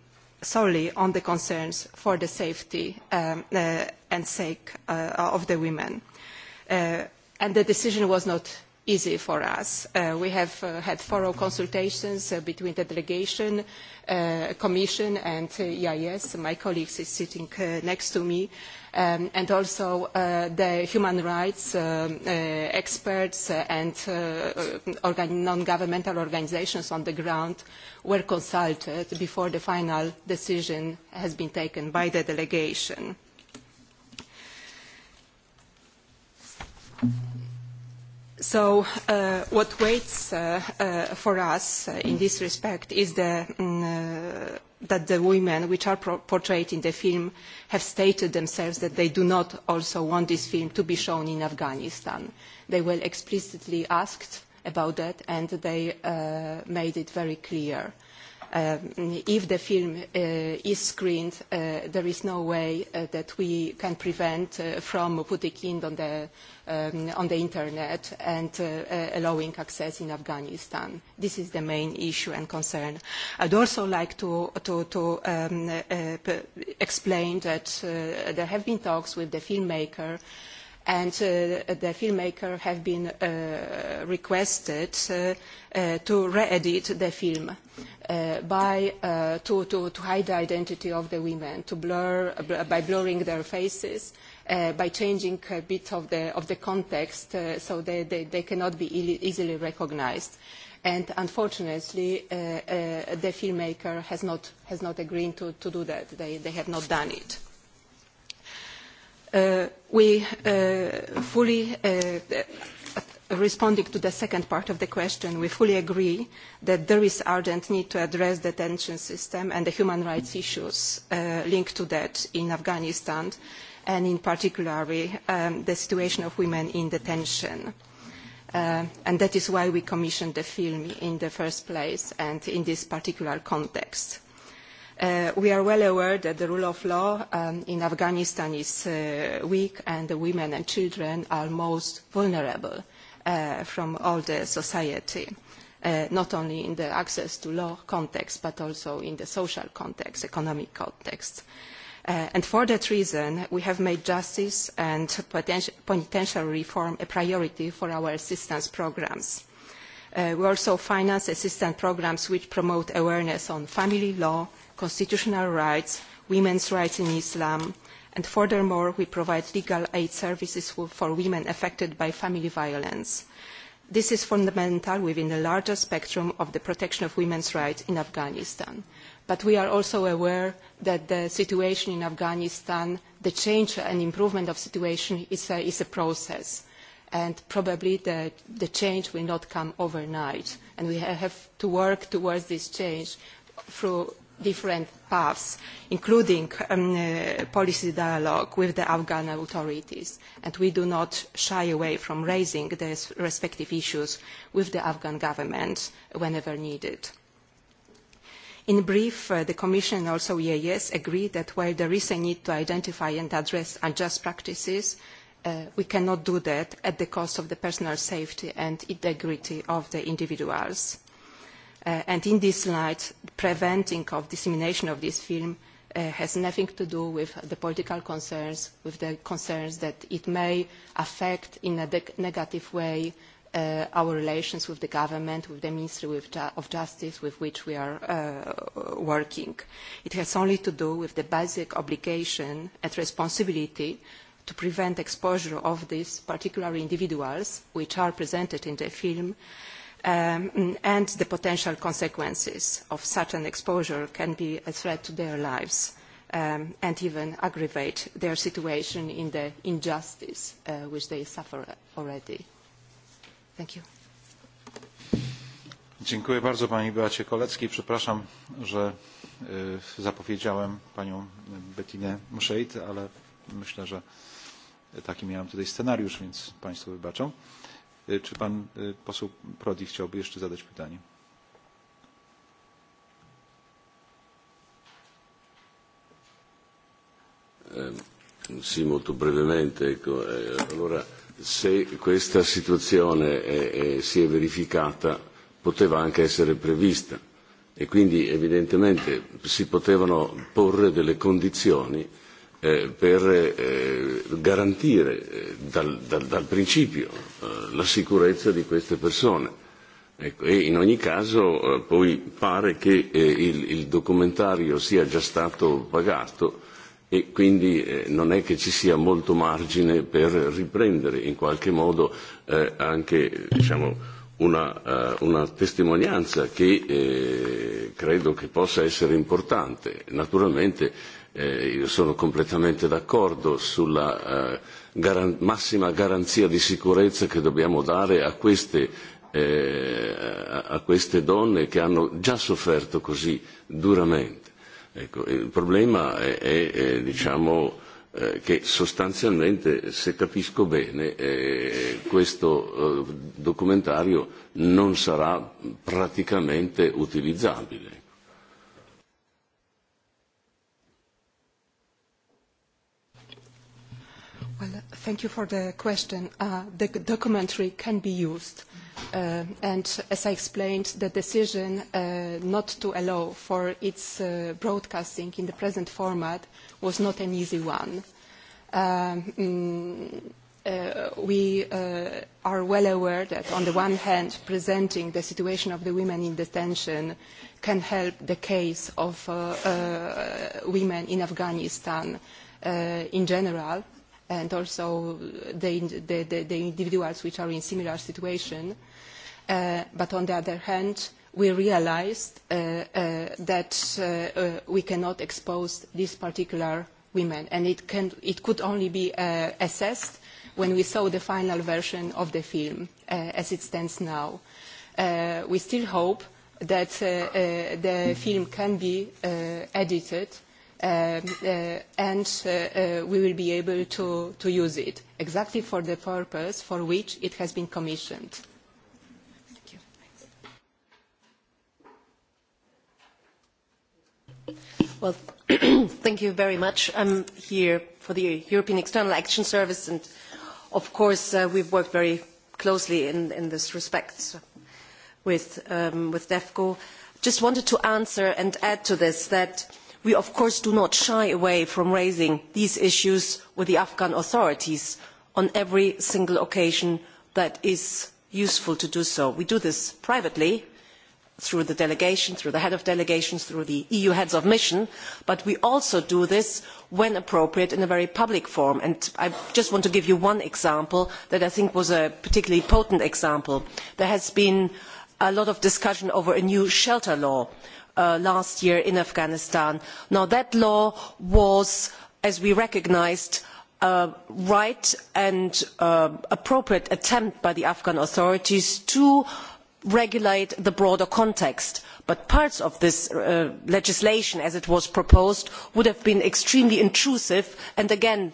solely on the concerns for the safety um, uh, and sake uh, of the women. Uh, and the decision was not easy for us. Uh, we have uh, had thorough consultations uh, between the delegation, uh, commission and uh, EIS. My colleague is sitting uh, next to me. Um, and also uh, the human rights um, uh, experts uh, and uh, organ non-governmental organizations on the ground were consulted before the final decision has been taken by the delegation. Thank you. So uh, what waits uh, uh, for us uh, in this respect is the, mm, uh, that the women which are pro portrayed in the film have stated themselves that they do not also want this film to be shown in Afghanistan. They were explicitly asked about that and they uh, made it very clear um, if the film uh, is screened, uh, there is no way uh, that we can prevent uh, from putting it on the, um, on the internet and uh, uh, allowing access in Afghanistan. This is the main issue and concern. I'd also like to, to, to um, uh, explain that uh, there have been talks with the filmmaker and uh, the filmmaker have been uh, requested uh, uh, to re-edit the film uh, by uh, to, to, to hide the identity of the women, to blur uh, by blurring their faces, uh, by changing a bit of the of the context, uh, so they, they, they cannot be easily recognized. And unfortunately, uh, uh, the filmmaker has not has not agreed to, to do that. They, they have not done it. Uh, we uh, fully, uh, responding to the second part of the question, we fully agree that there is urgent need to address the detention system and the human rights issues uh, linked to that in Afghanistan, and in particular um, the situation of women in detention. Uh, and that is why we commissioned the film in the first place and in this particular context. Uh, we are well aware that the rule of law um, in Afghanistan is uh, weak and the women and children are most vulnerable uh, from all the society, uh, not only in the access to law context, but also in the social context, economic context. Uh, and for that reason, we have made justice and penitentiary reform a priority for our assistance programs. Uh, we also finance assistance programs which promote awareness on family law, constitutional rights, women's rights in Islam, and furthermore, we provide legal aid services for women affected by family violence. This is fundamental within the larger spectrum of the protection of women's rights in Afghanistan. But we are also aware that the situation in Afghanistan, the change and improvement of the situation is a, is a process. And probably the, the change will not come overnight. And we have to work towards this change through different paths, including um, uh, policy dialogue with the Afghan authorities. And we do not shy away from raising the respective issues with the Afghan government whenever needed. In brief, uh, the Commission and also EAS agree that while there is a need to identify and address unjust practices, uh, we cannot do that at the cost of the personal safety and integrity of the individuals. Uh, and in this light, preventing of dissemination of this film uh, has nothing to do with the political concerns, with the concerns that it may affect in a negative way uh, our relations with the government, with the Ministry with ju of Justice with which we are uh, working. It has only to do with the basic obligation and responsibility to prevent exposure of these particular individuals which are presented in the film uh, um, and the potential consequences of such an exposure can be a threat to their lives um, and even aggravate their situation in the injustice uh, which they suffer already. Thank you. Dziękuję bardzo Pani Beacie Koleckiej. Przepraszam, że y, zapowiedziałem Panią Bettinę Muszejt, ale myślę, że taki miałem tutaj scenariusz, więc Państwo wybaczą. E, czy pan e, poseł Prodi chciałby jeszcze zadać pytanie? Ehm, sì, molto brevemente. Ecco, eh, allora, se questa situazione è, è, si è verificata, poteva anche essere prevista e quindi evidentemente si potevano porre delle condizioni Eh, per eh, garantire eh, dal, dal, dal principio la sicurezza di queste persone. Ecco, e in ogni caso poi pare che il, il documentario sia già stato pagato e quindi non è che ci sia molto margine per riprendere in qualche modo anche diciamo, una, una testimonianza che credo che possa essere importante. Naturalmente Eh, io sono completamente d'accordo sulla eh, garan massima garanzia di sicurezza che dobbiamo dare a queste, eh, a queste donne che hanno già sofferto così duramente. Ecco, il problema è, è, è diciamo, eh, che sostanzialmente, se capisco bene, eh, questo eh, documentario non sarà praticamente utilizzabile thank you for the question. Uh, the documentary can be used. Uh, and as I explained, the decision uh, not to allow for its uh, broadcasting in the present format was not an easy one. Um, mm, uh, we uh, are well aware that on the one hand presenting the situation of the women in detention can help the case of uh, uh, women in Afghanistan uh, in general and also the, the, the, the individuals which are in similar situation. Uh, but on the other hand, we realized uh, uh, that uh, uh, we cannot expose these particular women, and it, can, it could only be uh, assessed when we saw the final version of the film uh, as it stands now. Uh, we still hope that uh, uh, the film can be uh, edited um, uh, and uh, uh, we will be able to, to use it exactly for the purpose for which it has been commissioned. Well, thank you very much. I'm here for the European External Action Service, and of course, uh, we've worked very closely in, in this respect with, um, with DEFCO. Just wanted to answer and add to this that we of course do not shy away from raising these issues with the Afghan authorities on every single occasion that is useful to do so. We do this privately through the delegation, through the head of delegations, through the EU heads of mission, but we also do this when appropriate in a very public form. And I just want to give you one example that I think was a particularly potent example. There has been a lot of discussion over a new shelter law Uh, last year in Afghanistan. Now that law was, as we recognised, a right and uh, appropriate attempt by the Afghan authorities to regulate the broader context but parts of this uh, legislation as it was proposed would have been extremely intrusive and again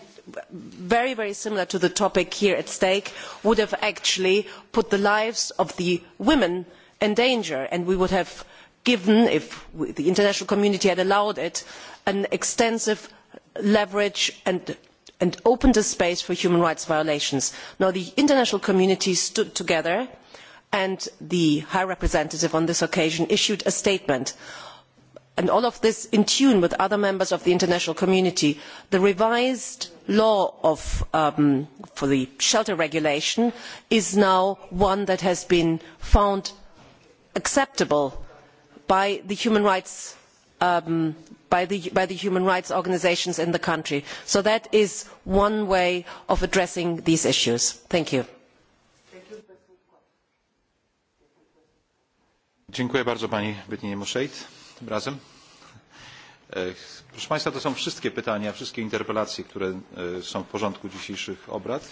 very very similar to the topic here at stake would have actually put the lives of the women in danger and we would have given if the international community had allowed it an extensive leverage and, and opened a space for human rights violations. Now, the international community stood together and the High Representative on this occasion issued a statement. And all of this in tune with other members of the international community. The revised law of, um, for the shelter regulation is now one that has been found acceptable by the human rights um, by, the, by the human rights organisations in the country. So that is one way of addressing these issues. Thank you. Dziękuję bardzo pani Moszejt. razem. E, proszę Państwa, to są wszystkie pytania, wszystkie interpelacje, które e, są w porządku dzisiejszych obrad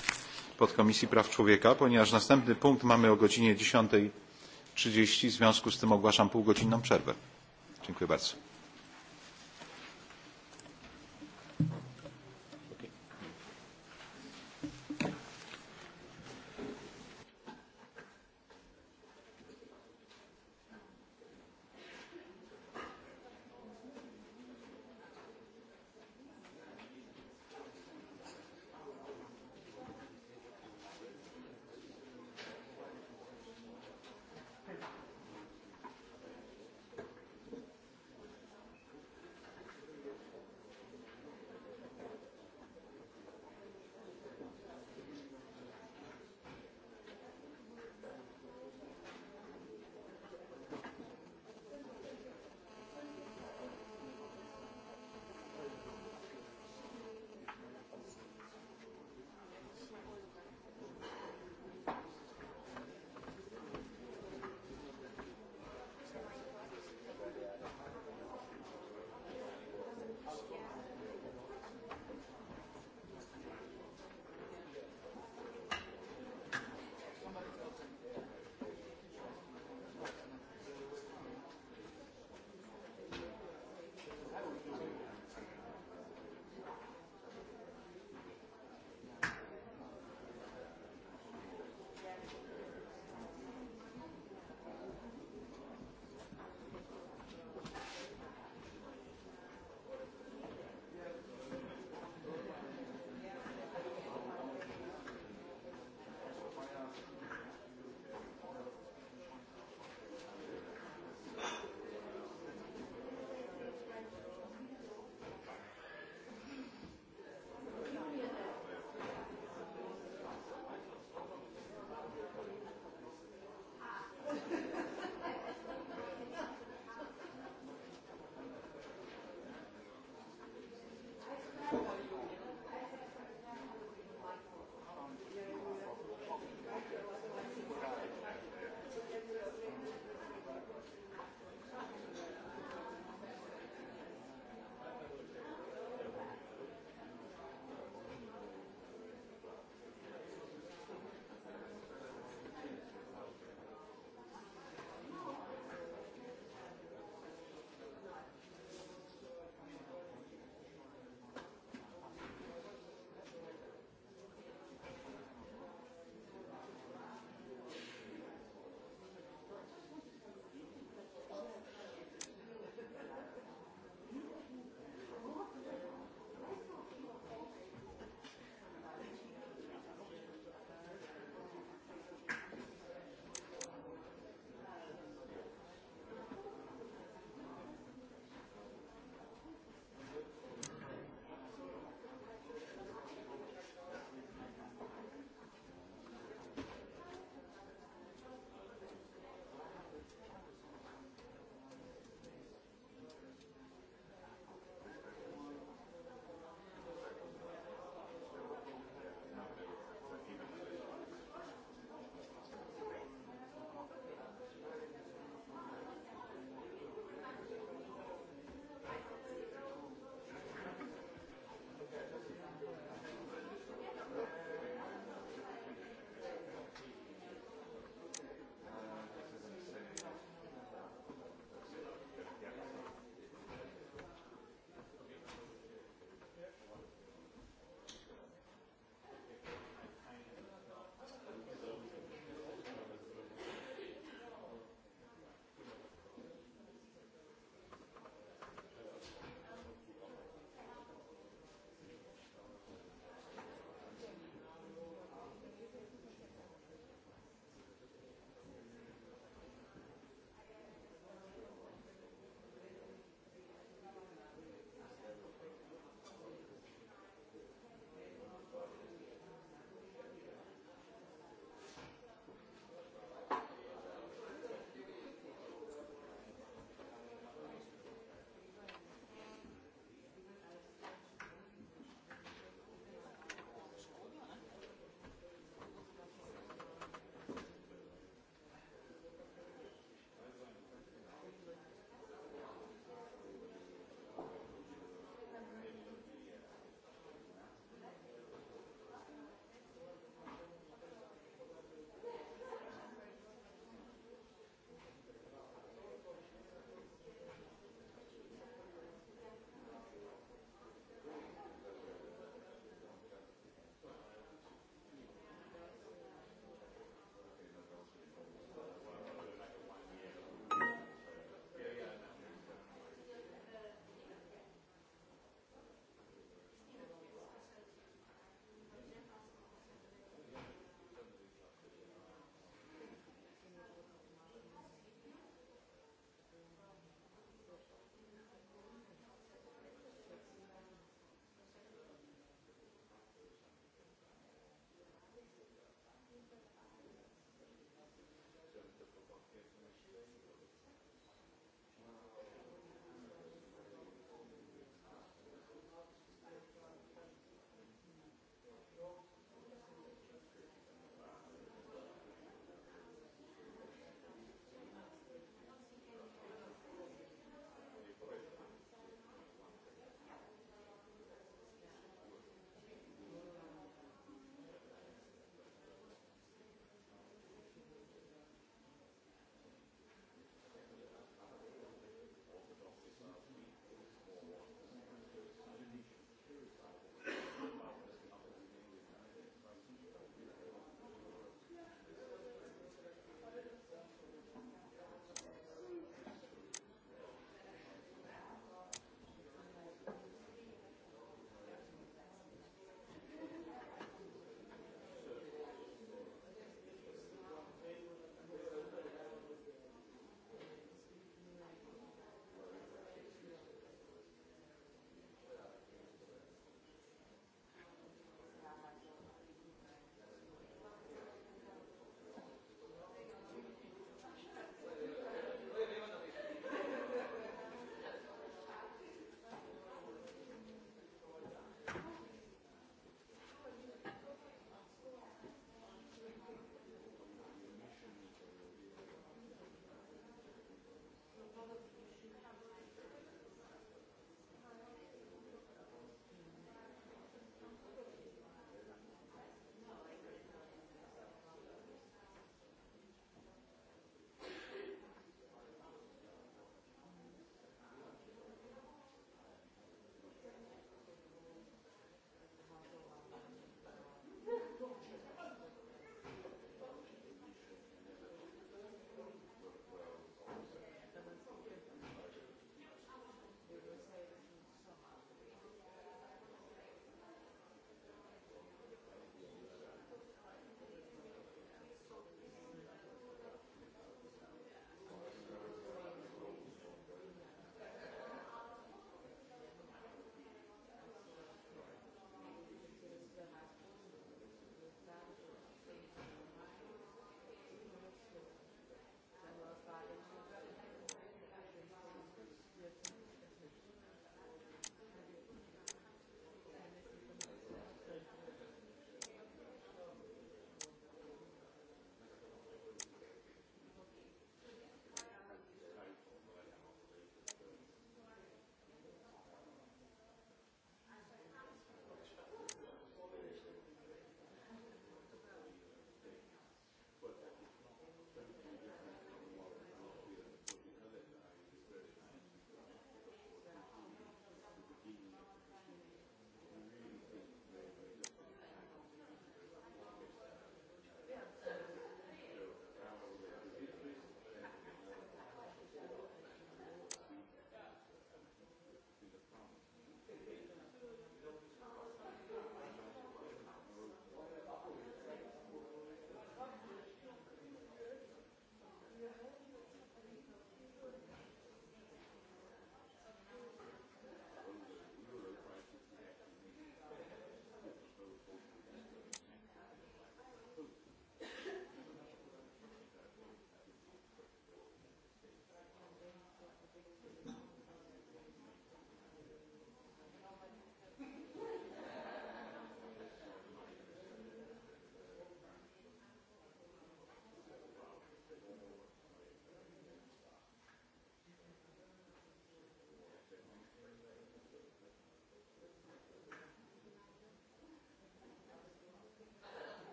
Podkomisji Praw Człowieka, ponieważ następny punkt mamy o godzinie 10 trzydzieści. W związku z tym ogłaszam półgodzinną przerwę. Dziękuję bardzo.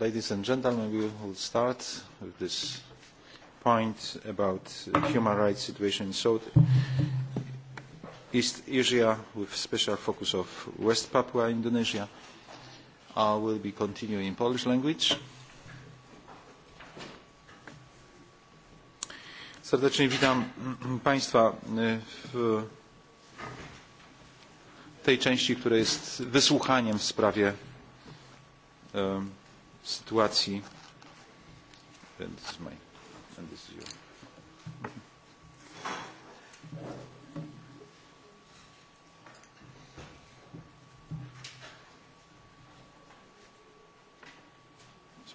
Ladies and gentlemen, we will start with this point about the human rights situation in South East Asia with special focus of West Papua, Indonesia. I uh, will be continuing in Polish language. Serdecznie witam Państwa e, w tej części, która jest wysłuchaniem w sprawie e, sytuacji It's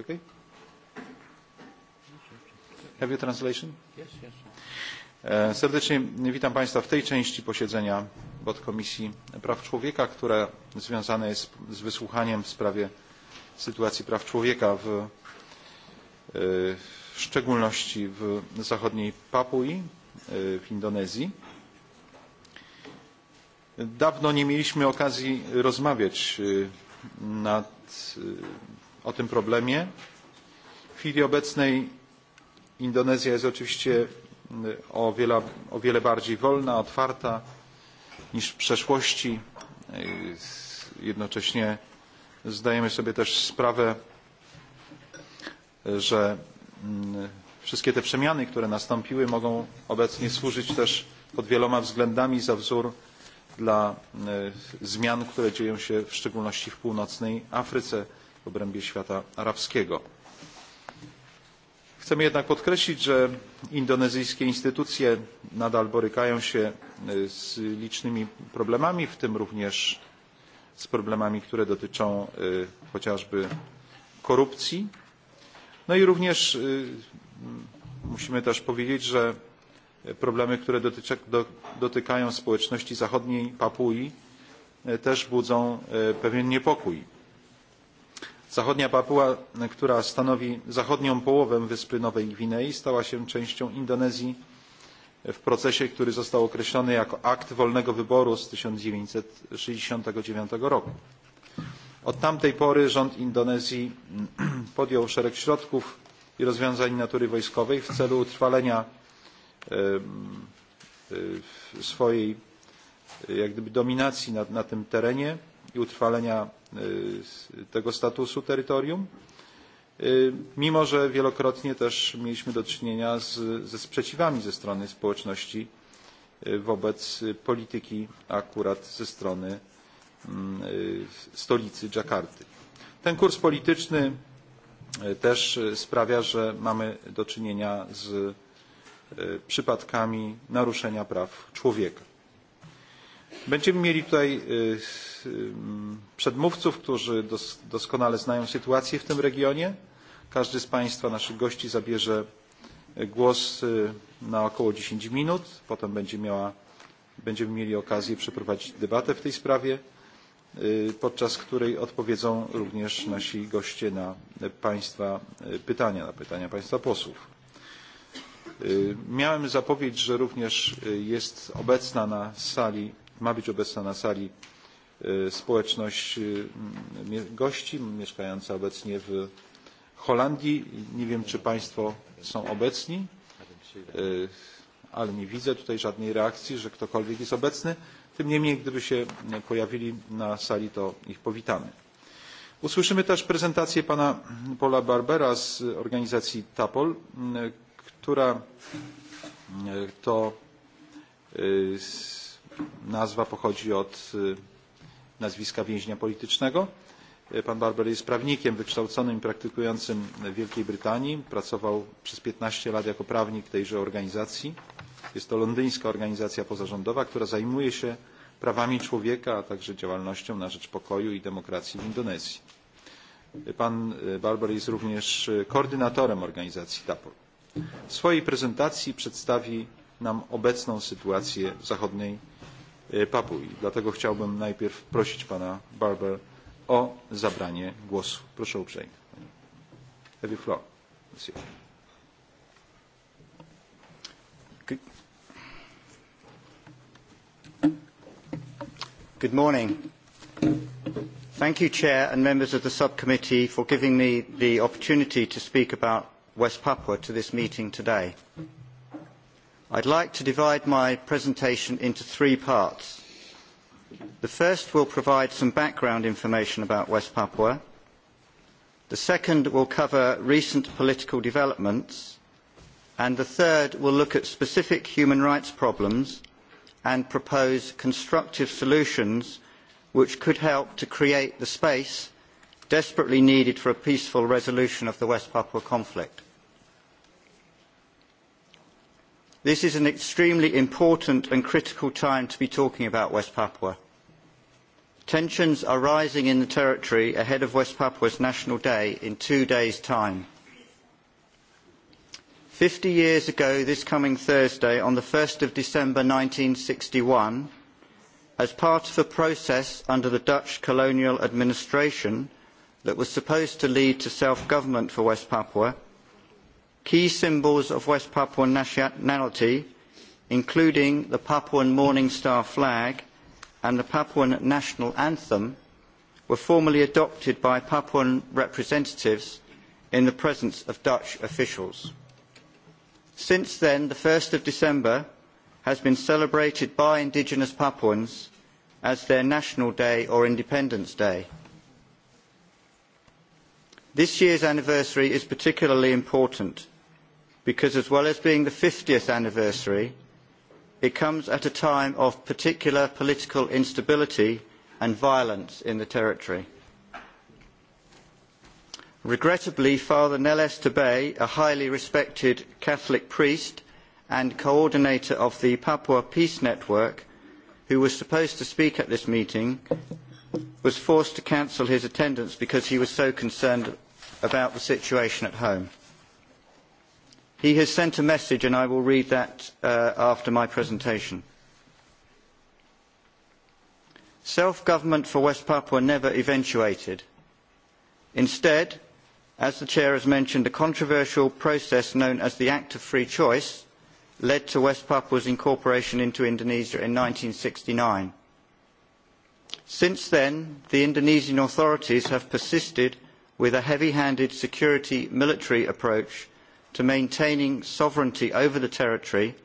okay? Have you translation? Yes, yes. E, serdecznie witam Państwa w tej części posiedzenia podkomisji praw człowieka, która związana jest z wysłuchaniem w sprawie sytuacji praw człowieka w, e, w szczególności w zachodniej Papui, e, w Indonezji. Dawno nie mieliśmy okazji rozmawiać e, nad, o tym problemie. W chwili obecnej Indonezja jest oczywiście o wiele, o wiele bardziej wolna, otwarta niż w przeszłości. Jednocześnie Zdajemy sobie też sprawę, że mm, wszystkie te przemiany, które nastąpiły, mogą obecnie służyć też pod wieloma względami za wzór dla zmian, które dzieją się w szczególności w północnej Afryce w obrębie świata arabskiego. Chcemy jednak podkreślić, że indonezyjskie instytucje nadal borykają się z licznymi problemami, w tym również z problemami, które dotyczą chociażby korupcji. No i również musimy też powiedzieć, że problemy, które dotyczy, do, dotykają społeczności zachodniej Papui też budzą pewien niepokój. Zachodnia Papua, która stanowi zachodnią połowę wyspy Nowej Gwinei, stała się częścią Indonezji w procesie, który został określony jako akt wolnego wyboru z 1969 roku. Od tamtej pory rząd Indonezji podjął szereg środków i rozwiązań natury wojskowej w celu utrwalenia e, swojej jak gdyby dominacji na, na tym terenie i utrwalenia e, tego statusu terytorium mimo że wielokrotnie też mieliśmy do czynienia z, ze sprzeciwami ze strony społeczności wobec polityki akurat ze strony mm, stolicy Dżakarty. Ten kurs polityczny też sprawia, że mamy do czynienia z przypadkami naruszenia praw człowieka. Będziemy mieli tutaj e, e, przedmówców, którzy doskonale znają sytuację w tym regionie. Każdy z Państwa, naszych gości, zabierze e, głos na około 10 minut. Potem będzie miała, będziemy mieli okazję przeprowadzić debatę w tej sprawie, podczas której odpowiedzą również nasi goście na Państwa pytania, na pytania Państwa posłów. Miałem zapowiedź, że również jest obecna na sali ma być obecna na sali e, społeczność e, gości mieszkająca obecnie w Holandii. Nie wiem, czy Państwo są obecni, e, ale nie widzę tutaj żadnej reakcji, że ktokolwiek jest obecny. Tym niemniej, gdyby się pojawili na sali, to ich powitamy. Usłyszymy też prezentację pana Paula Barbera z organizacji TAPOL, która to nazwa pochodzi od nazwiska więźnia politycznego. Pan Barber jest prawnikiem wykształconym i praktykującym w Wielkiej Brytanii. Pracował przez 15 lat jako prawnik tejże organizacji. Jest to londyńska organizacja pozarządowa, która zajmuje się prawami człowieka, a także działalnością na rzecz pokoju i demokracji w Indonezji. Pan Barber jest również koordynatorem organizacji Tapor W swojej prezentacji przedstawi nam obecną sytuację w zachodniej e, Papui. Dlatego chciałbym najpierw prosić pana Barber o zabranie głosu. Proszę uprzejmie. Have you floor. Good morning. Thank you, Chair, and members of the subcommittee for giving me the opportunity to speak about West Papua to this meeting today. Mm -hmm. I would like to divide my presentation into three parts. The first will provide some background information about West Papua. The second will cover recent political developments. And the third will look at specific human rights problems and propose constructive solutions which could help to create the space desperately needed for a peaceful resolution of the West Papua conflict. This is an extremely important and critical time to be talking about West Papua. Tensions are rising in the territory ahead of West Papua's National Day in two days' time. Fifty years ago this coming Thursday, on the 1st of December sixty one, as part of a process under the Dutch colonial administration that was supposed to lead to self-government for West Papua, key symbols of West Papuan nationality, including the Papuan Morning Star flag and the Papuan national anthem, were formally adopted by Papuan representatives in the presence of Dutch officials. Since then, the 1st of December has been celebrated by indigenous Papuans as their National Day or Independence Day. This year's anniversary is particularly important because as well as being the 50th anniversary, it comes at a time of particular political instability and violence in the territory. Regrettably, Father Neles Tabay, a highly respected Catholic priest and coordinator of the Papua Peace Network, who was supposed to speak at this meeting, was forced to cancel his attendance because he was so concerned about the situation at home. He has sent a message, and I will read that uh, after my presentation. Self-government for West Papua never eventuated. Instead, as the Chair has mentioned, a controversial process known as the Act of Free Choice led to West Papua's incorporation into Indonesia in sixty nine. Since then, the Indonesian authorities have persisted with a heavy-handed security military approach to maintaining sovereignty over the territory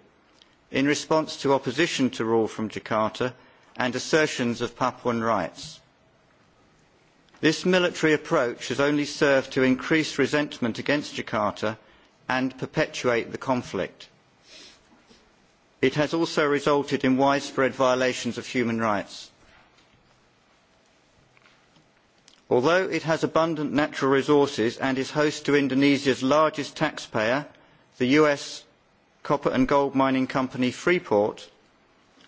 in response to opposition to rule from Jakarta and assertions of Papuan rights. This military approach has only served to increase resentment against Jakarta and perpetuate the conflict. It has also resulted in widespread violations of human rights. Although it has abundant natural resources and is host to Indonesia's largest taxpayer, the US copper and gold mining company Freeport,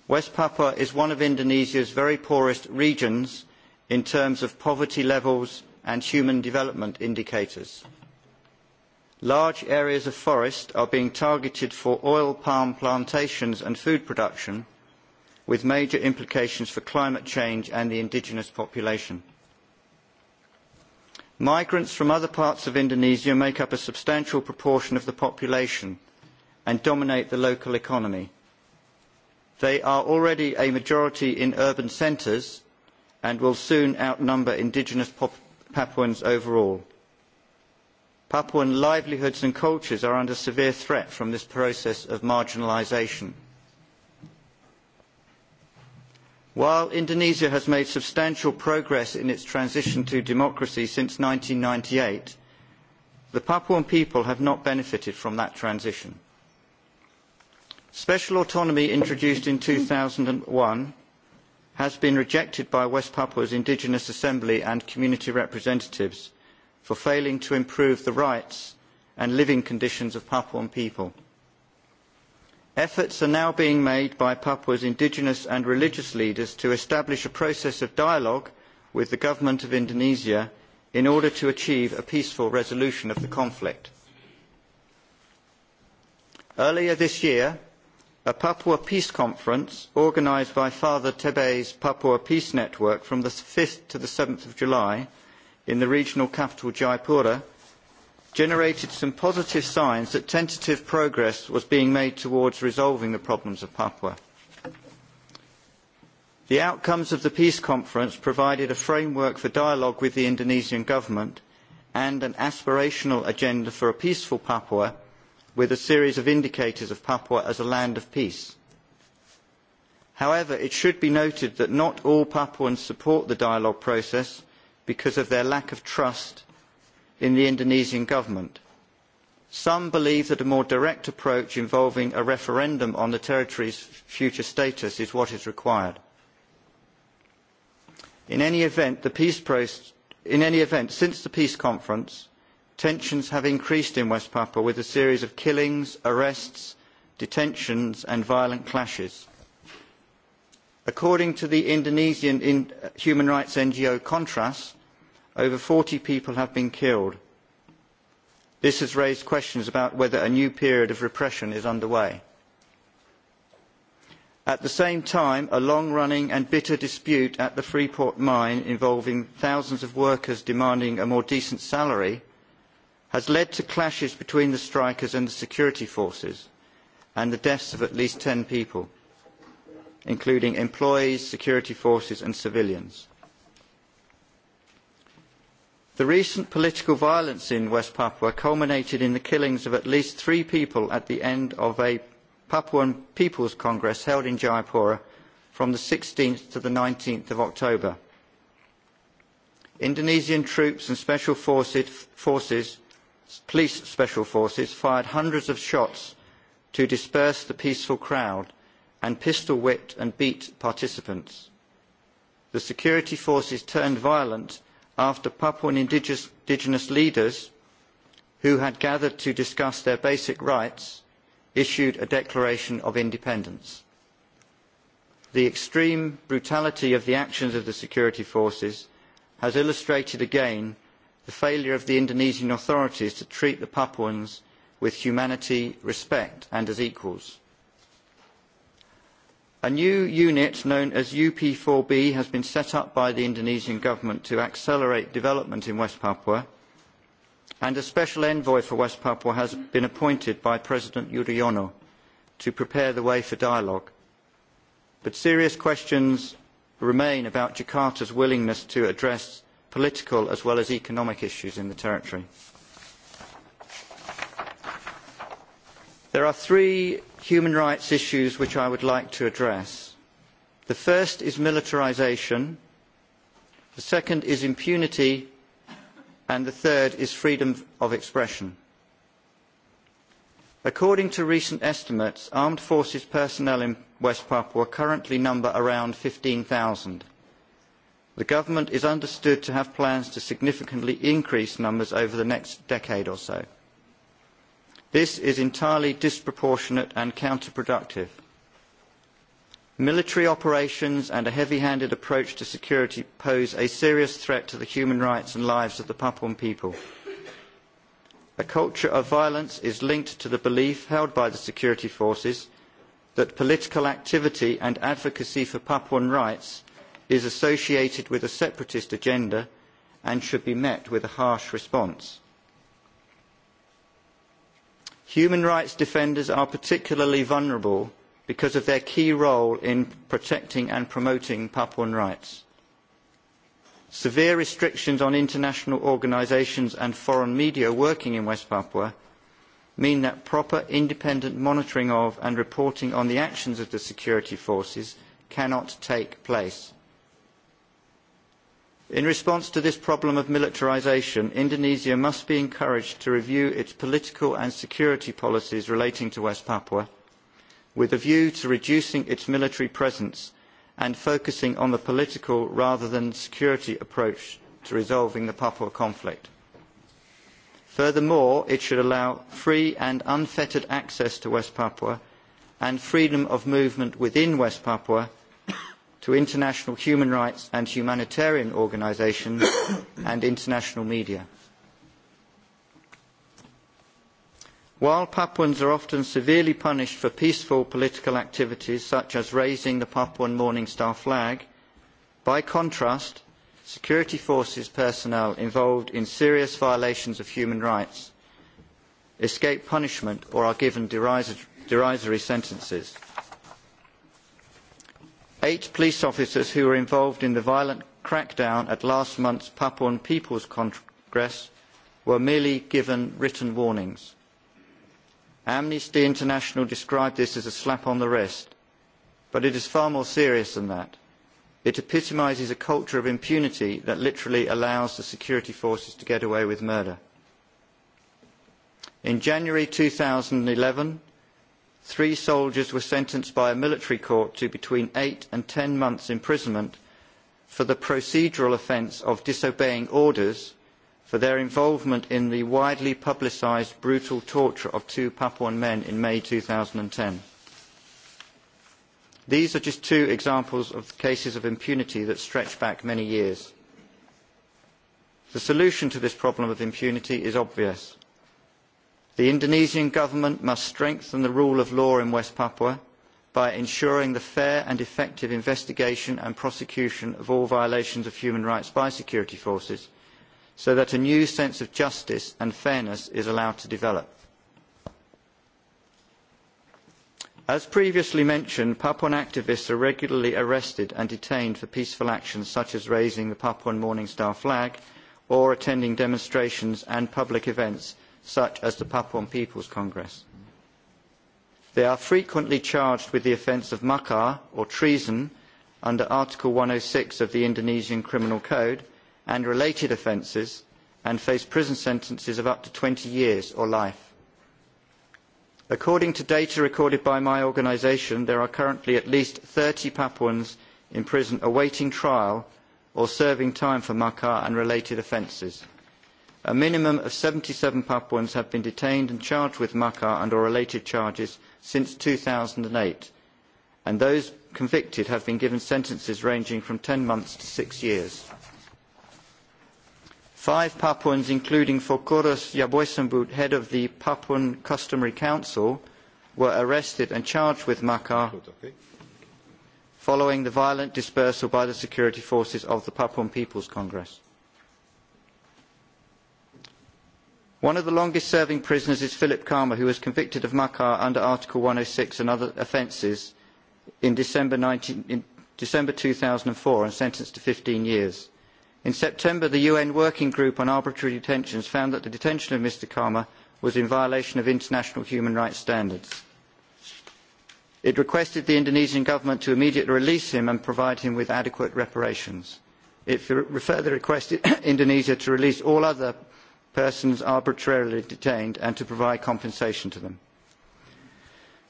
West Papua is one of Indonesia's very poorest regions in terms of poverty levels and human development indicators. Large areas of forest are being targeted for oil palm plantations and food production, with major implications for climate change and the indigenous population. Migrants from other parts of Indonesia make up a substantial proportion of the population and dominate the local economy. They are already a majority in urban centres and will soon outnumber indigenous Papuans overall. Papuan livelihoods and cultures are under severe threat from this process of marginalisation. While Indonesia has made substantial progress in its transition to democracy since ninety eight, the Papuan people have not benefited from that transition. Special autonomy introduced in two thousand one has been rejected by West Papua's Indigenous Assembly and community representatives for failing to improve the rights and living conditions of Papuan people. Efforts are now being made by Papua's indigenous and religious leaders to establish a process of dialogue with the government of Indonesia in order to achieve a peaceful resolution of the conflict. Earlier this year, a Papua Peace Conference organised by Father Tebe's Papua Peace Network from the 5th to the 7th of July in the regional capital Jaipura generated some positive signs that tentative progress was being made towards resolving the problems of Papua. The outcomes of the peace conference provided a framework for dialogue with the Indonesian government and an aspirational agenda for a peaceful Papua with a series of indicators of Papua as a land of peace. However, it should be noted that not all Papuans support the dialogue process because of their lack of trust in the Indonesian government. Some believe that a more direct approach involving a referendum on the territory's future status is what is required. In any event, the peace process, in any event since the peace conference, tensions have increased in West Papua with a series of killings, arrests, detentions and violent clashes. According to the Indonesian human rights NGO Contrast, over forty people have been killed. This has raised questions about whether a new period of repression is underway. At the same time, a long-running and bitter dispute at the Freeport mine involving thousands of workers demanding a more decent salary has led to clashes between the strikers and the security forces and the deaths of at least ten people, including employees, security forces and civilians. The recent political violence in West Papua culminated in the killings of at least three people at the end of a Papuan People's Congress held in Jayapura from the 16th to the 19th of October. Indonesian troops and special forces, forces, police special forces fired hundreds of shots to disperse the peaceful crowd and pistol whipped and beat participants. The security forces turned violent after Papuan indigenous, indigenous leaders who had gathered to discuss their basic rights issued a declaration of independence. The extreme brutality of the actions of the security forces has illustrated again the failure of the Indonesian authorities to treat the Papuans with humanity, respect and as equals. A new unit known as up four b has been set up by the Indonesian government to accelerate development in West Papua, and a special envoy for West Papua has been appointed by President Yudhoyono to prepare the way for dialogue. But serious questions remain about Jakarta's willingness to address political as well as economic issues in the territory. There are three human rights issues which I would like to address. The first is militarisation, the second is impunity, and the third is freedom of expression. According to recent estimates, armed forces personnel in West Papua currently number around 15,000. The government is understood to have plans to significantly increase numbers over the next decade or so. This is entirely disproportionate and counterproductive. Military operations and a heavy-handed approach to security pose a serious threat to the human rights and lives of the Papuan people. A culture of violence is linked to the belief held by the security forces that political activity and advocacy for Papuan rights is associated with a separatist agenda and should be met with a harsh response. Human rights defenders are particularly vulnerable because of their key role in protecting and promoting Papuan rights. Severe restrictions on international organisations and foreign media working in West Papua mean that proper independent monitoring of and reporting on the actions of the security forces cannot take place. In response to this problem of militarisation, Indonesia must be encouraged to review its political and security policies relating to West Papua, with a view to reducing its military presence and focusing on the political rather than security approach to resolving the Papua conflict. Furthermore, it should allow free and unfettered access to West Papua and freedom of movement within West Papua to international human rights and humanitarian organisations and international media. While Papuans are often severely punished for peaceful political activities such as raising the Papuan Morning Star flag, by contrast, security forces personnel involved in serious violations of human rights escape punishment or are given derisory sentences eight police officers who were involved in the violent crackdown at last month's Papuan People's Congress were merely given written warnings. Amnesty International described this as a slap on the wrist, but it is far more serious than that. It epitomises a culture of impunity that literally allows the security forces to get away with murder. In January eleven three soldiers were sentenced by a military court to between eight and ten months imprisonment for the procedural offence of disobeying orders for their involvement in the widely publicised brutal torture of two Papuan men in May ten. These are just two examples of cases of impunity that stretch back many years. The solution to this problem of impunity is obvious The Indonesian government must strengthen the rule of law in West Papua by ensuring the fair and effective investigation and prosecution of all violations of human rights by security forces so that a new sense of justice and fairness is allowed to develop. As previously mentioned, Papuan activists are regularly arrested and detained for peaceful actions such as raising the Papuan Morning Star flag or attending demonstrations and public events such as the Papuan People's Congress. They are frequently charged with the offence of makar, or treason, under Article one hundred oh and six of the Indonesian Criminal Code and related offences, and face prison sentences of up to twenty years or life. According to data recorded by my organisation, there are currently at least thirty Papuans in prison awaiting trial or serving time for makar and related offences. A minimum of seventy seven Papuans have been detained and charged with Makar and or related charges since two thousand eight, and those convicted have been given sentences ranging from ten months to six years. Five Papuans, including Fokoros Yaboisambut, head of the Papuan Customary Council, were arrested and charged with Makar following the violent dispersal by the security forces of the Papuan People's Congress. One of the longest serving prisoners is Philip Karma, who was convicted of Makar under Article one hundred oh and six and other offences in December, 19, in December four and sentenced to fifteen years. In September, the UN Working Group on Arbitrary Detentions found that the detention of Mr. Karma was in violation of international human rights standards. It requested the Indonesian government to immediately release him and provide him with adequate reparations. It further requested Indonesia to release all other persons arbitrarily detained and to provide compensation to them.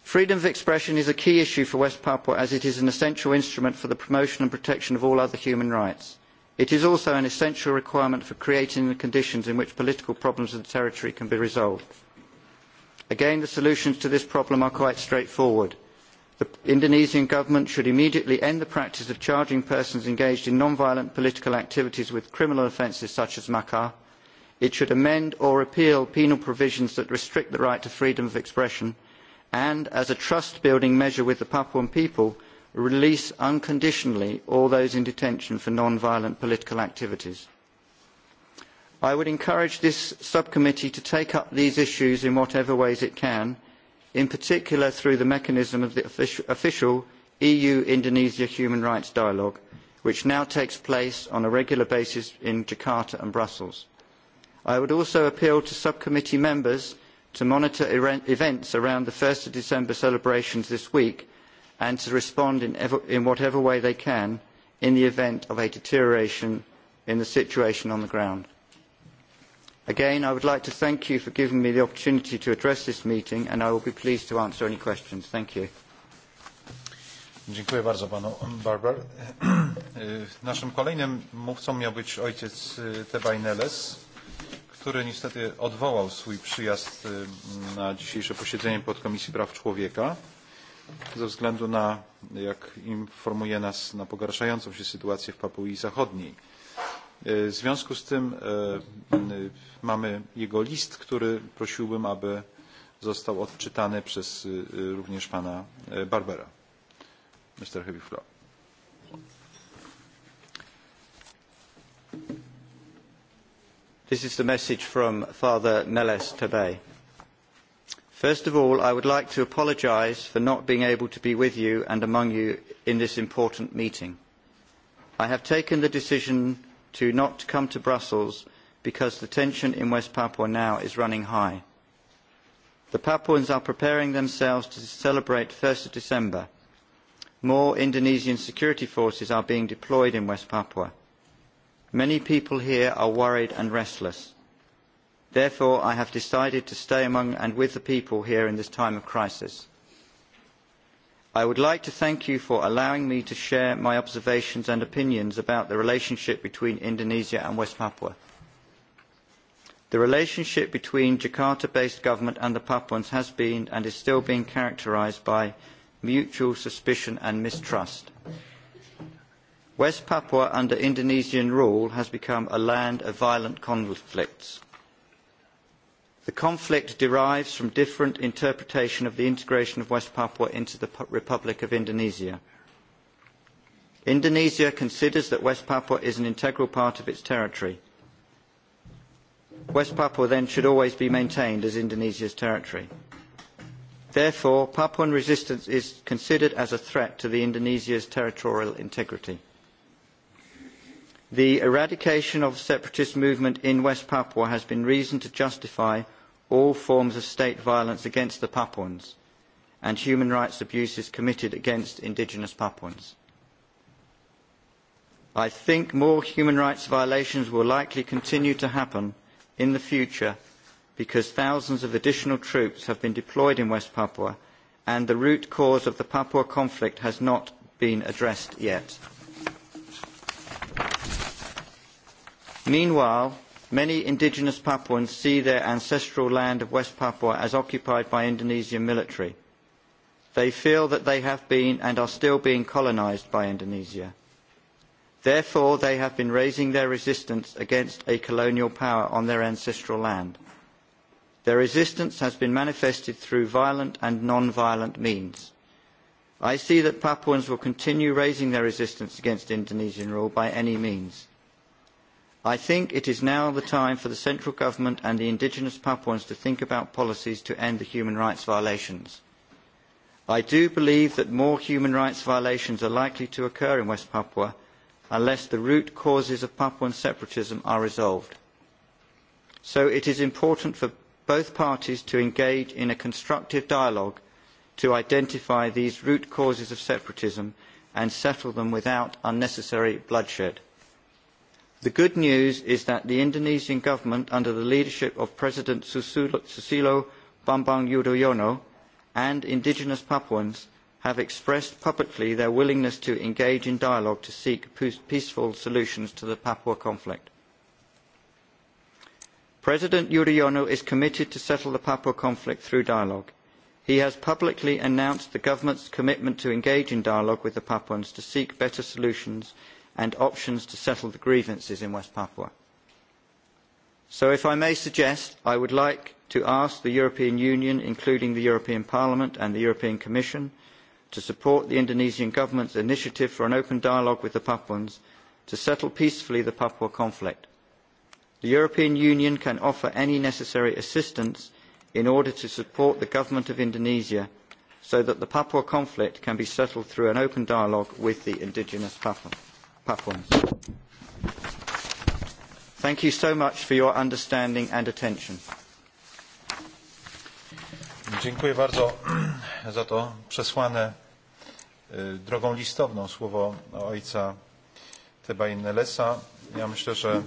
Freedom of expression is a key issue for West Papua as it is an essential instrument for the promotion and protection of all other human rights. It is also an essential requirement for creating the conditions in which political problems of the territory can be resolved. Again, the solutions to this problem are quite straightforward. The Indonesian government should immediately end the practice of charging persons engaged in non-violent political activities with criminal offences such as makar, It should amend or repeal penal provisions that restrict the right to freedom of expression and, as a trust-building measure with the Papuan people, release unconditionally all those in detention for non-violent political activities. I would encourage this subcommittee to take up these issues in whatever ways it can, in particular through the mechanism of the official EU-Indonesia human rights dialogue, which now takes place on a regular basis in Jakarta and Brussels. I would also appeal to subcommittee members to monitor events around the 1st of December celebrations this week and to respond in, ever, in whatever way they can in the event of a deterioration in the situation on the ground. Again, I would like to thank you for giving me the opportunity to address this meeting and I will be pleased to answer any questions. Thank you. Dziękuję bardzo panu Barber. Naszym kolejnym mówcą miał być ojciec Tebaj Neles który niestety odwołał swój przyjazd na dzisiejsze posiedzenie podkomisji praw człowieka ze względu na, jak informuje nas, na pogarszającą się sytuację w Papui Zachodniej. W związku z tym mamy jego list, który prosiłbym, aby został odczytany przez również pana Barbera. Mr. Heavy Floor. This is the message from Father Meles Tabay. First of all, I would like to apologise for not being able to be with you and among you in this important meeting. I have taken the decision to not come to Brussels because the tension in West Papua now is running high. The Papuans are preparing themselves to celebrate 1st of December. More Indonesian security forces are being deployed in West Papua. Many people here are worried and restless. Therefore, I have decided to stay among and with the people here in this time of crisis. I would like to thank you for allowing me to share my observations and opinions about the relationship between Indonesia and West Papua. The relationship between Jakarta-based government and the Papuans has been and is still being characterised by mutual suspicion and mistrust. West Papua under Indonesian rule has become a land of violent conflicts. The conflict derives from different interpretation of the integration of West Papua into the Republic of Indonesia. Indonesia considers that West Papua is an integral part of its territory. West Papua then should always be maintained as Indonesia's territory. Therefore, Papuan resistance is considered as a threat to Indonesia's territorial integrity. The eradication of the separatist movement in West Papua has been reason to justify all forms of state violence against the Papuans and human rights abuses committed against indigenous Papuans. I think more human rights violations will likely continue to happen in the future because thousands of additional troops have been deployed in West Papua and the root cause of the Papua conflict has not been addressed yet. Meanwhile, many indigenous Papuans see their ancestral land of West Papua as occupied by Indonesian military. They feel that they have been and are still being colonised by Indonesia. Therefore, they have been raising their resistance against a colonial power on their ancestral land. Their resistance has been manifested through violent and non-violent means. I see that Papuans will continue raising their resistance against Indonesian rule by any means. I think it is now the time for the central government and the indigenous Papuans to think about policies to end the human rights violations. I do believe that more human rights violations are likely to occur in West Papua unless the root causes of Papuan separatism are resolved. So it is important for both parties to engage in a constructive dialogue to identify these root causes of separatism and settle them without unnecessary bloodshed. The good news is that the Indonesian government, under the leadership of President Susilo Bambang Yudhoyono and indigenous Papuans, have expressed publicly their willingness to engage in dialogue to seek peaceful solutions to the Papua conflict. President Yudhoyono is committed to settle the Papua conflict through dialogue. He has publicly announced the government's commitment to engage in dialogue with the Papuans to seek better solutions and options to settle the grievances in West Papua. So if I may suggest, I would like to ask the European Union, including the European Parliament and the European Commission, to support the Indonesian government's initiative for an open dialogue with the Papuans to settle peacefully the Papua conflict. The European Union can offer any necessary assistance in order to support the government of Indonesia so that the Papua conflict can be settled through an open dialogue with the indigenous Papuans. Thank you so much for your understanding and attention. Dziękuję bardzo za to przesłane drogą listowną słowo ojca Teba Innelesa. Ja myślę, że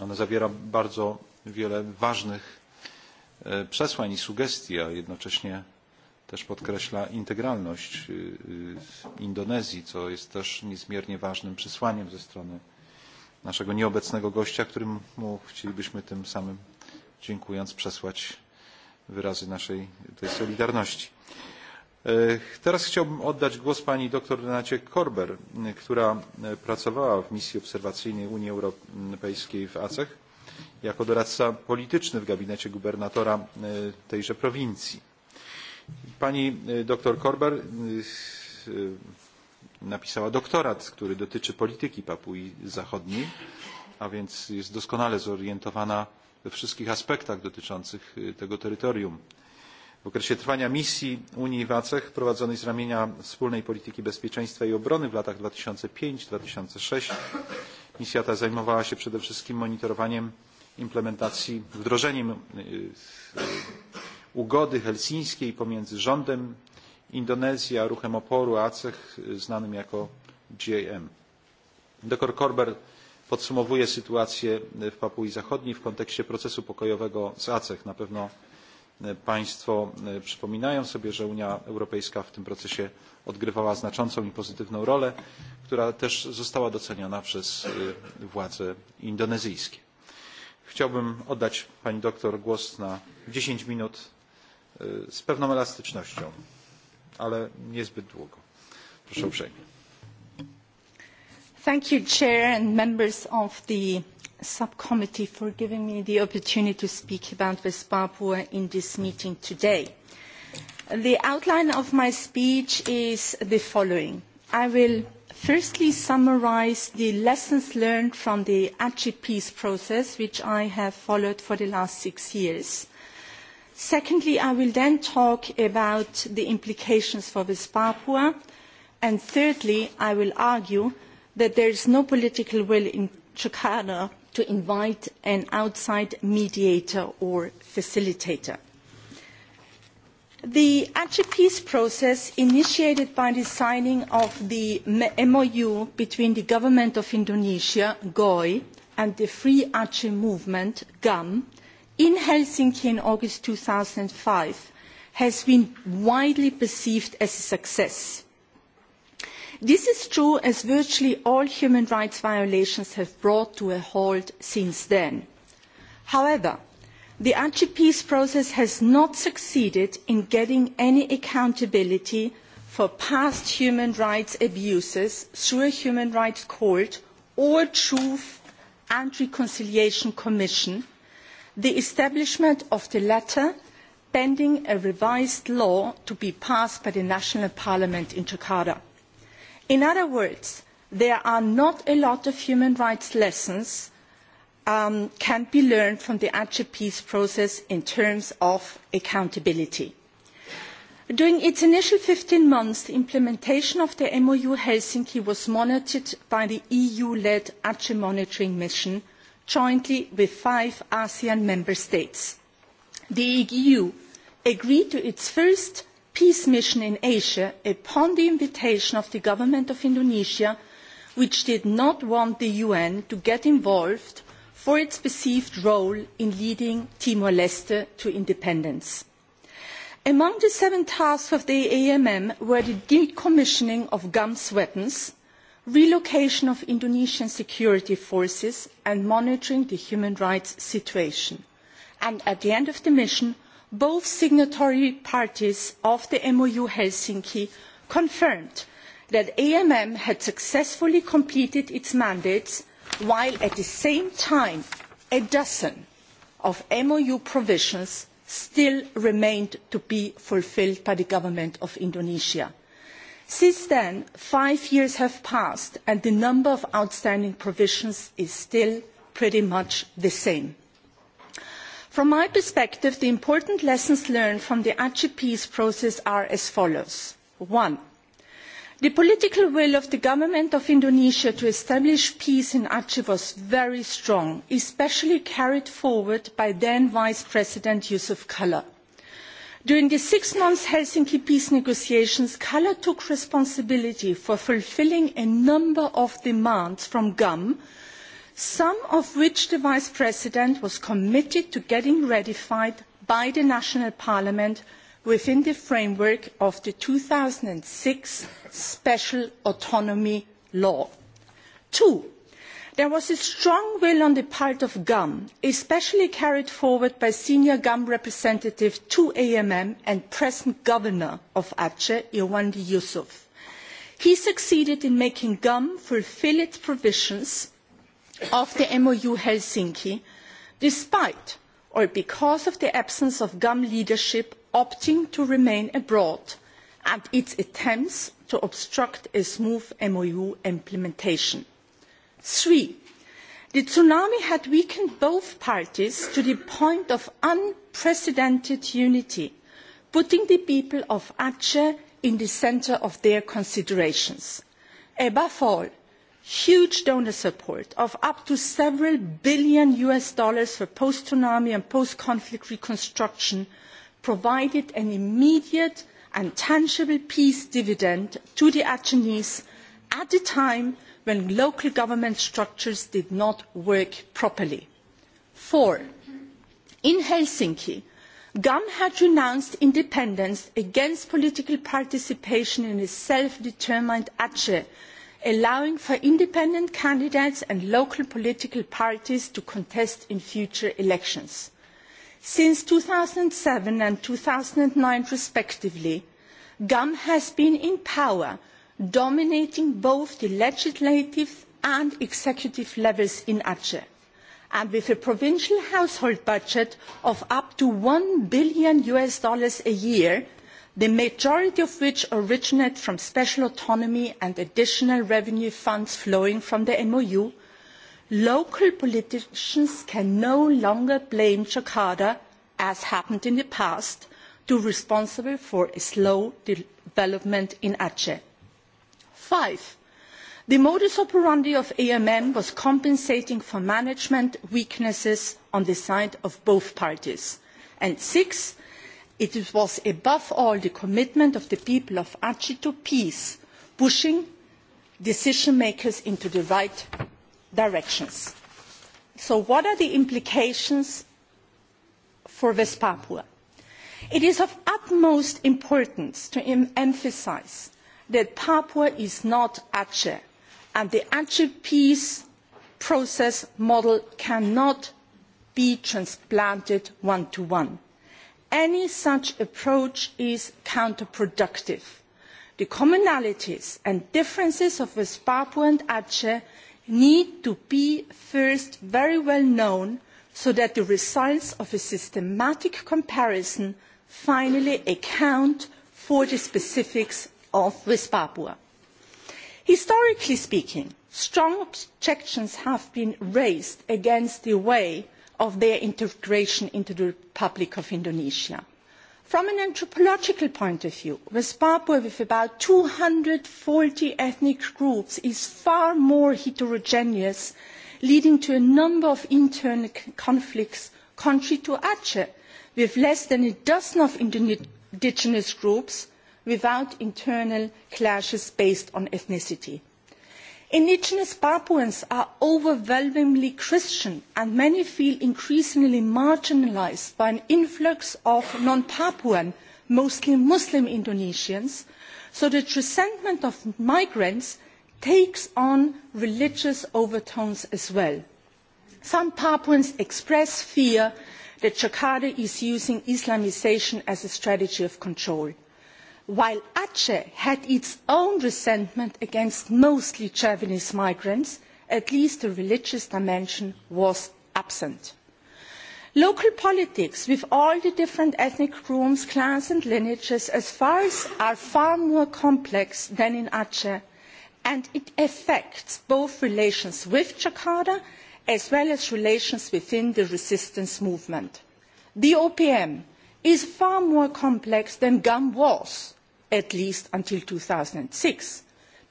ono zawiera bardzo wiele ważnych przesłań i sugestii, a jednocześnie też podkreśla integralność Indonezji, co jest też niezmiernie ważnym przesłaniem ze strony naszego nieobecnego gościa, którym mu chcielibyśmy tym samym dziękując przesłać wyrazy naszej tej solidarności. E, teraz chciałbym oddać głos pani dr Renacie Korber, która e, pracowała w misji obserwacyjnej Unii Europejskiej w ACEH jako doradca polityczny w gabinecie gubernatora e, tejże prowincji. Pani e, dr Korber e, e, napisała doktorat, który dotyczy polityki Papui Zachodniej, a więc jest doskonale zorientowana we wszystkich aspektach dotyczących tego terytorium. W okresie trwania misji Unii w Acech prowadzonej z ramienia wspólnej polityki bezpieczeństwa i obrony w latach 2005-2006 misja ta zajmowała się przede wszystkim monitorowaniem implementacji, wdrożeniem ugody helsińskiej pomiędzy rządem Indonezji a ruchem oporu ACEH znanym jako GAM. Dr Korber podsumowuje sytuację w Papui Zachodniej w kontekście procesu pokojowego z ACEH. Na pewno Państwo przypominają sobie, że Unia Europejska w tym procesie odgrywała znaczącą i pozytywną rolę, która też została doceniona przez władze indonezyjskie. Chciałbym oddać Pani doktor głos na 10 minut E, z pewną elastycznością, ale niezbyt długo. Proszę uprzejmie. Thank you, Chair and members of the subcommittee for giving me the opportunity to speak about West Papua in this meeting today. The outline of my speech is the following. I will firstly summarise the lessons learned from the ACHI peace process, which I have followed for the last six years. Secondly, I will then talk about the implications for this Papua. And thirdly, I will argue that there is no political will in Chicago to invite an outside mediator or facilitator. The peace process initiated by the signing of the MOU between the government of Indonesia, GOI, and the Free Aceh Movement, GAM, in Helsinki in August 2005 has been widely perceived as a success. This is true as virtually all human rights violations have brought to a halt since then. However, the RGP's process has not succeeded in getting any accountability for past human rights abuses through a human rights court or truth and reconciliation commission the establishment of the latter pending a revised law to be passed by the National Parliament in Jakarta. In other words, there are not a lot of human rights lessons um, can be learned from the peace process in terms of accountability. During its initial 15 months, the implementation of the MOU Helsinki was monitored by the EU-led ACE monitoring mission jointly with five ASEAN member states. The EU agreed to its first peace mission in Asia upon the invitation of the government of Indonesia, which did not want the UN to get involved for its perceived role in leading Timor-Leste to independence. Among the seven tasks of the AMM were the decommissioning of GAMS weapons, relocation of Indonesian security forces and monitoring the human rights situation. And at the end of the mission, both signatory parties of the MOU Helsinki confirmed that AMM had successfully completed its mandates while at the same time a dozen of MOU provisions still remained to be fulfilled by the government of Indonesia. Since then, five years have passed and the number of outstanding provisions is still pretty much the same. From my perspective, the important lessons learned from the peace process are as follows. One, the political will of the government of Indonesia to establish peace in Aceh was very strong, especially carried forward by then Vice President Yusuf Kala. During the six months Helsinki peace negotiations, Kala took responsibility for fulfilling a number of demands from GUM, some of which the Vice President was committed to getting ratified by the National Parliament within the framework of the two thousand six Special Autonomy Law. Two, There was a strong will on the part of GUM, especially carried forward by senior GUM representative to AMM and present governor of Aceh, Irwandi Yusuf. He succeeded in making GUM fulfil its provisions of the MOU Helsinki, despite or because of the absence of GUM leadership opting to remain abroad and its attempts to obstruct a smooth MOU implementation. Three, the tsunami had weakened both parties to the point of unprecedented unity, putting the people of Aceh in the centre of their considerations. Above all, huge donor support of up to several billion US dollars for post-tsunami and post-conflict reconstruction provided an immediate and tangible peace dividend to the Achenese at a time when local government structures did not work properly. Four, in Helsinki, GAM had renounced independence against political participation in a self-determined ACE, allowing for independent candidates and local political parties to contest in future elections. Since two thousand seven and two thousand nine respectively, GAM has been in power dominating both the legislative and executive levels in Aceh, and with a provincial household budget of up to one billion US dollars a year, the majority of which originate from special autonomy and additional revenue funds flowing from the MOU, local politicians can no longer blame Jakarta, as happened in the past, to responsible for a slow development in Aceh five. The modus operandi of AMM was compensating for management weaknesses on the side of both parties. And six, it was above all the commitment of the people of Aceh to peace, pushing decision makers into the right directions. So what are the implications for West Papua? It is of utmost importance to emphasize that Papua is not Aceh and the Aceh peace process model cannot be transplanted one to one. Any such approach is counterproductive. The commonalities and differences of West Papua and Aceh need to be first very well known so that the results of a systematic comparison finally account for the specifics of West Papua. Historically speaking, strong objections have been raised against the way of their integration into the Republic of Indonesia. From an anthropological point of view, West Papua with about 240 ethnic groups is far more heterogeneous, leading to a number of internal conflicts contrary to Aceh, with less than a dozen of indigenous groups without internal clashes based on ethnicity. Indigenous Papuans are overwhelmingly Christian and many feel increasingly marginalised by an influx of non-Papuan, mostly Muslim Indonesians, so the resentment of migrants takes on religious overtones as well. Some Papuans express fear that Jakarta is using Islamisation as a strategy of control while Aceh had its own resentment against mostly Javanese migrants, at least the religious dimension was absent. Local politics with all the different ethnic groups, clans and lineages as far as are far more complex than in Aceh and it affects both relations with Jakarta as well as relations within the resistance movement. The OPM is far more complex than GUM was at least until two thousand six,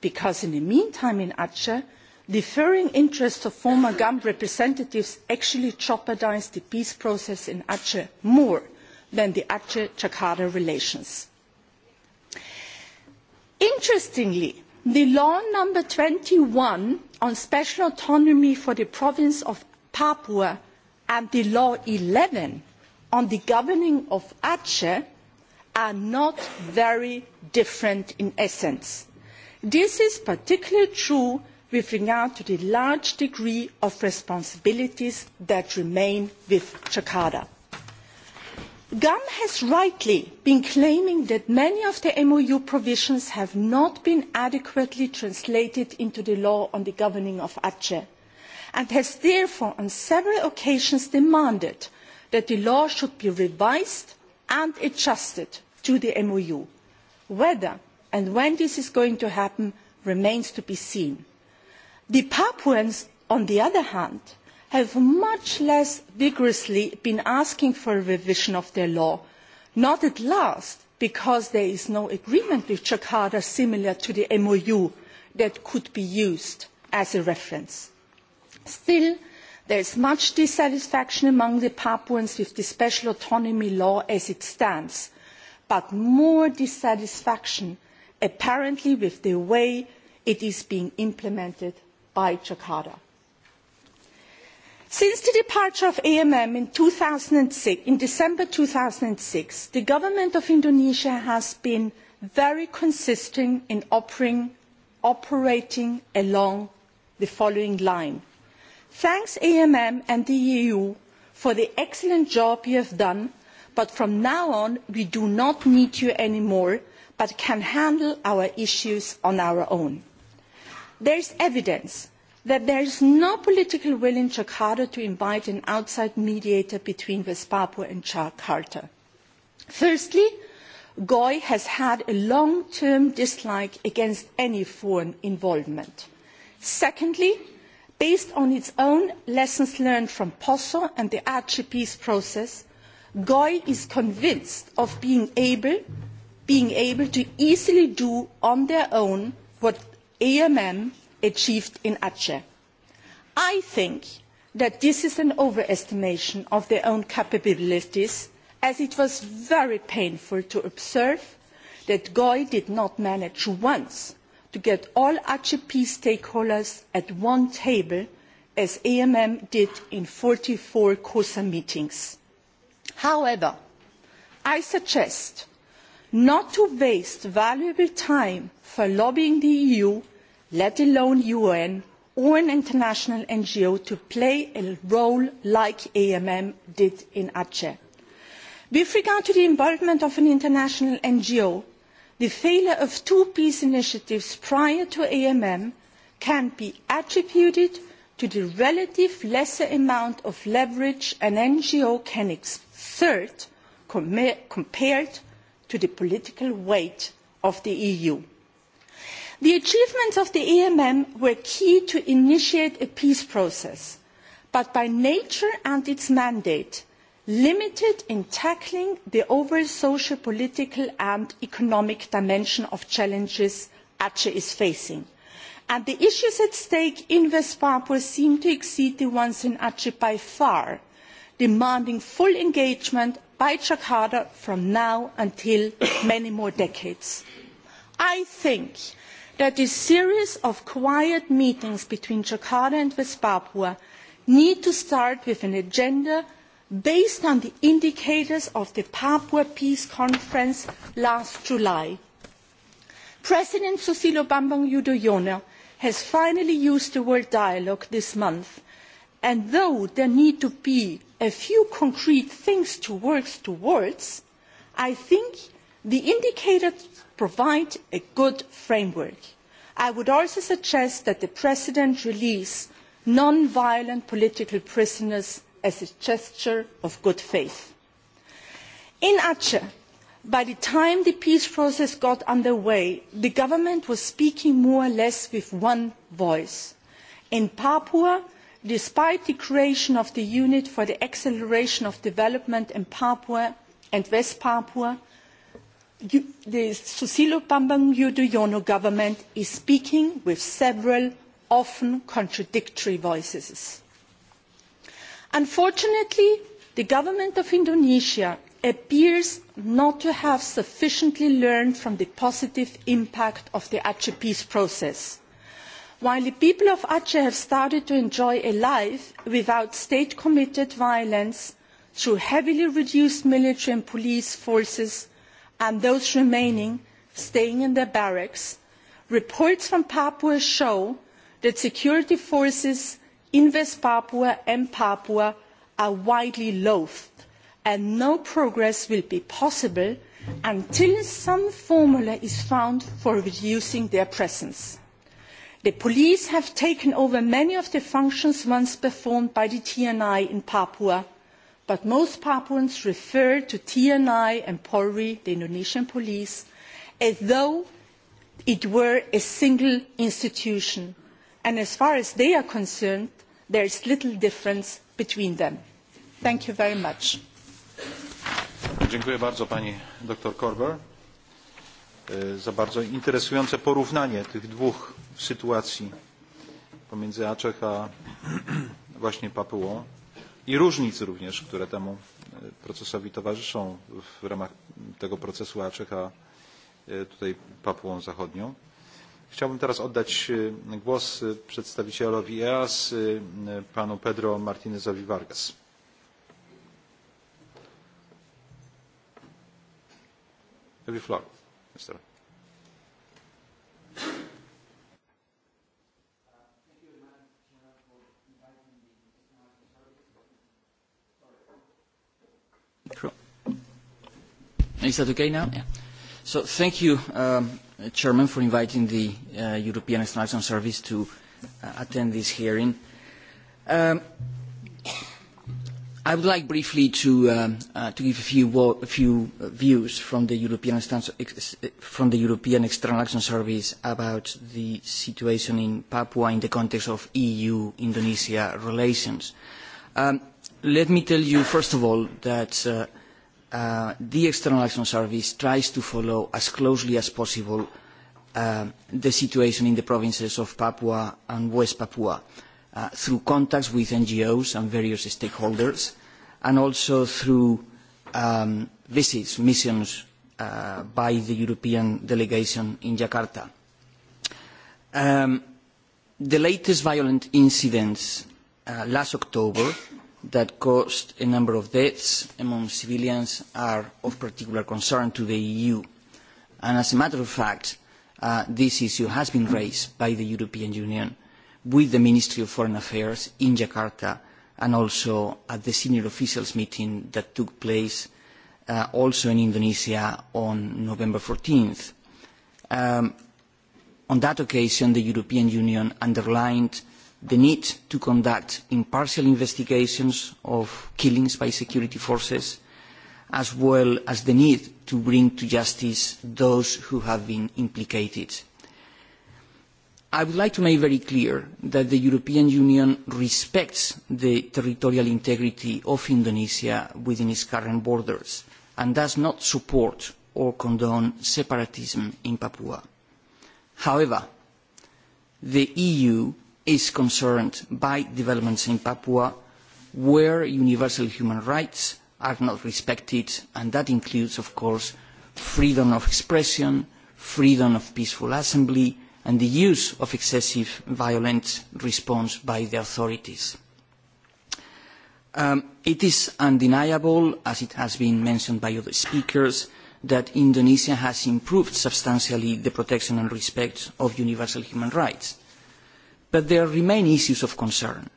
because in the meantime in Aceh, deferring interests of former GAM representatives actually jeopardised the peace process in Aceh more than the Aceh-Jakarta relations. Interestingly, the law number twenty one on special autonomy for the province of Papua and the law eleven on the governing of Aceh are not very different in essence. This is particularly true with regard to the large degree of responsibilities that remain with Jakarta. GAM has rightly been claiming that many of the MOU provisions have not been adequately translated into the law on the governing of Aceh and has therefore on several occasions demanded that the law should be revised and adjusted to the MOU. Whether and when this is going to happen remains to be seen. The Papuans, on the other hand, have much less vigorously been asking for a revision of their law, not at last because there is no agreement with Jakarta similar to the MOU that could be used as a reference. Still, there is much dissatisfaction among the Papuans with the special autonomy law as it stands, but more dissatisfaction apparently with the way it is being implemented by Jakarta. Since the departure of AMM in, 2006, in December 2006, the government of Indonesia has been very consistent in operating, operating along the following line. Thanks AMM and the EU for the excellent job you have done but from now on we do not need you anymore but can handle our issues on our own. There is evidence that there is no political will in Jakarta to invite an outside mediator between West Papua and Jakarta. Firstly, Goy has had a long-term dislike against any foreign involvement. Secondly, based on its own lessons learned from POSO and the RGP's process, Goy is convinced of being able, being able to easily do on their own what AMM achieved in Aceh. I think that this is an overestimation of their own capabilities as it was very painful to observe that Goy did not manage once to get all HGP stakeholders at one table as AMM did in forty four COSA meetings. However, I suggest not to waste valuable time for lobbying the EU, let alone UN or an international NGO to play a role like AMM did in Aceh. With regard to the involvement of an international NGO, the failure of two peace initiatives prior to AMM can be attributed to the relative lesser amount of leverage an NGO can expect third compared to the political weight of the EU. The achievements of the EMM were key to initiate a peace process, but by nature and its mandate, limited in tackling the overall social, political and economic dimension of challenges Aceh is facing. And the issues at stake in West Papua seem to exceed the ones in Aceh by far, demanding full engagement by Jakarta from now until many more decades. I think that this series of quiet meetings between Jakarta and West Papua need to start with an agenda based on the indicators of the Papua Peace Conference last July. President Susilo Bambang Yudhoyono has finally used the word dialogue this month And though there need to be a few concrete things to work towards, I think the indicators provide a good framework. I would also suggest that the President release non-violent political prisoners as a gesture of good faith. In Aceh, by the time the peace process got underway, the government was speaking more or less with one voice. In Papua, despite the creation of the Unit for the Acceleration of Development in Papua and West Papua, the Susilo Bambang Yudhoyono government is speaking with several often contradictory voices. Unfortunately, the government of Indonesia appears not to have sufficiently learned from the positive impact of the Aceh peace process While the people of Aceh have started to enjoy a life without state-committed violence through heavily reduced military and police forces and those remaining staying in their barracks, reports from Papua show that security forces in West Papua and Papua are widely loathed and no progress will be possible until some formula is found for reducing their presence. The police have taken over many of the functions once performed by the TNI in Papua, but most Papuans refer to TNI and Polri, the Indonesian police, as though it were a single institution. And as far as they are concerned, there is little difference between them. Thank you very much. Dziękuję bardzo pani dr Korber. E, za bardzo interesujące porównanie tych dwóch sytuacji pomiędzy Aczech a właśnie Papuą i różnic również, które temu e, procesowi towarzyszą w ramach tego procesu Aczech a e, tutaj Papułą Zachodnią. Chciałbym teraz oddać głos przedstawicielowi EAS, panu Pedro Martinezowi Vargas. Have you floor. Köszönöm. Is that okay now? Yeah. So thank you, um, Chairman, for inviting the uh, European External Service to uh, attend this hearing. Um, I would like briefly to, um, uh, to give a few, a few uh, views from the, European, eh, from the European External Action Service about the situation in Papua in the context of EU-Indonesia relations. Um, let me tell you, first of all, that uh, uh, the External Action Service tries to follow as closely as possible uh, the situation in the provinces of Papua and West Papua. Uh, through contacts with NGOs and various stakeholders, and also through um, visits, missions uh, by the European delegation in Jakarta. Um, the latest violent incidents uh, last October that caused a number of deaths among civilians are of particular concern to the EU. And as a matter of fact, uh, this issue has been raised by the European Union with the Ministry of Foreign Affairs in Jakarta and also at the senior officials meeting that took place uh, also in Indonesia on November 14th. Um, on that occasion, the European Union underlined the need to conduct impartial investigations of killings by security forces, as well as the need to bring to justice those who have been implicated I would like to make very clear that the European Union respects the territorial integrity of Indonesia within its current borders and does not support or condone separatism in Papua. However, the EU is concerned by developments in Papua where universal human rights are not respected, and that includes, of course, freedom of expression, freedom of peaceful assembly, and the use of excessive violent response by the authorities. Um, it is undeniable, as it has been mentioned by other speakers, that Indonesia has improved substantially the protection and respect of universal human rights. But there remain issues of concern.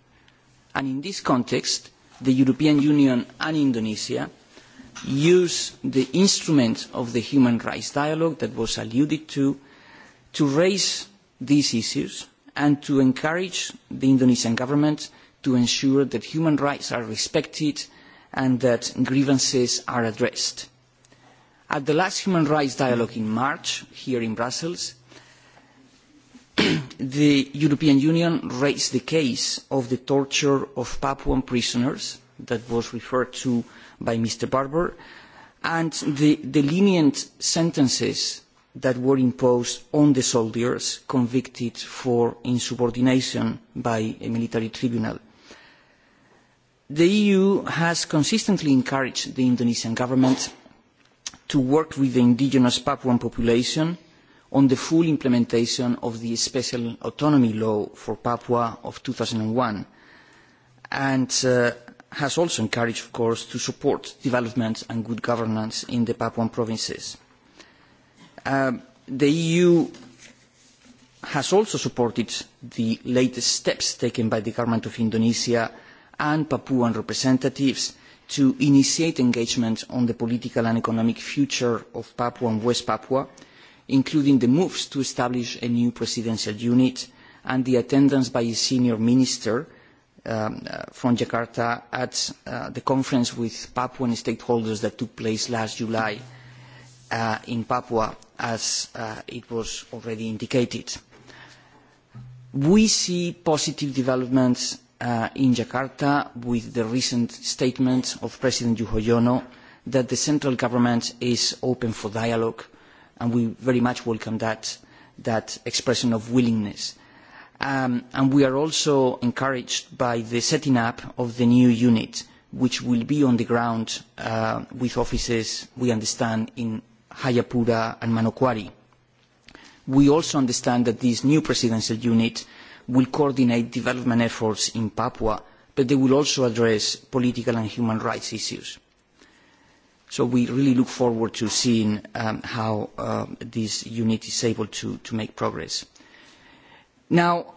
And in this context, the European Union and Indonesia use the instrument of the human rights dialogue that was alluded to to raise these issues and to encourage the Indonesian government to ensure that human rights are respected and that grievances are addressed. At the last human rights dialogue in March, here in Brussels, the European Union raised the case of the torture of Papuan prisoners that was referred to by Mr. Barber and the, the lenient sentences that were imposed on the soldiers convicted for insubordination by a military tribunal. The EU has consistently encouraged the Indonesian government to work with the indigenous Papuan population on the full implementation of the Special Autonomy Law for Papua of two thousand one and uh, has also encouraged, of course, to support development and good governance in the Papuan provinces. Um, the EU has also supported the latest steps taken by the government of Indonesia and Papuan representatives to initiate engagement on the political and economic future of Papua and West Papua, including the moves to establish a new presidential unit and the attendance by a senior minister um, uh, from Jakarta at uh, the conference with Papuan stakeholders that took place last July. Mm -hmm uh, in Papua, as uh, it was already indicated. We see positive developments uh, in Jakarta with the recent statement of President Yuhoyono that the central government is open for dialogue, and we very much welcome that, that expression of willingness. Um, and we are also encouraged by the setting up of the new unit, which will be on the ground uh, with offices, we understand, in Hayapura and Manokwari. We also understand that this new presidential unit will coordinate development efforts in Papua, but they will also address political and human rights issues. So we really look forward to seeing um, how uh, this unit is able to, to make progress. Now,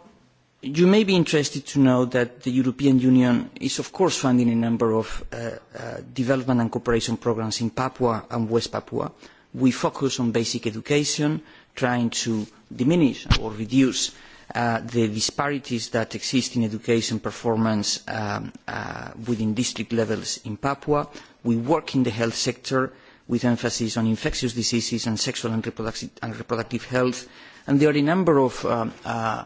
you may be interested to know that the European Union is of course funding a number of uh, uh, development and cooperation programmes in Papua and West Papua, we focus on basic education, trying to diminish or reduce uh, the disparities that exist in education performance um, uh, within district levels in Papua. We work in the health sector with emphasis on infectious diseases and sexual and, reproducti and reproductive health. And there are a number of um, uh,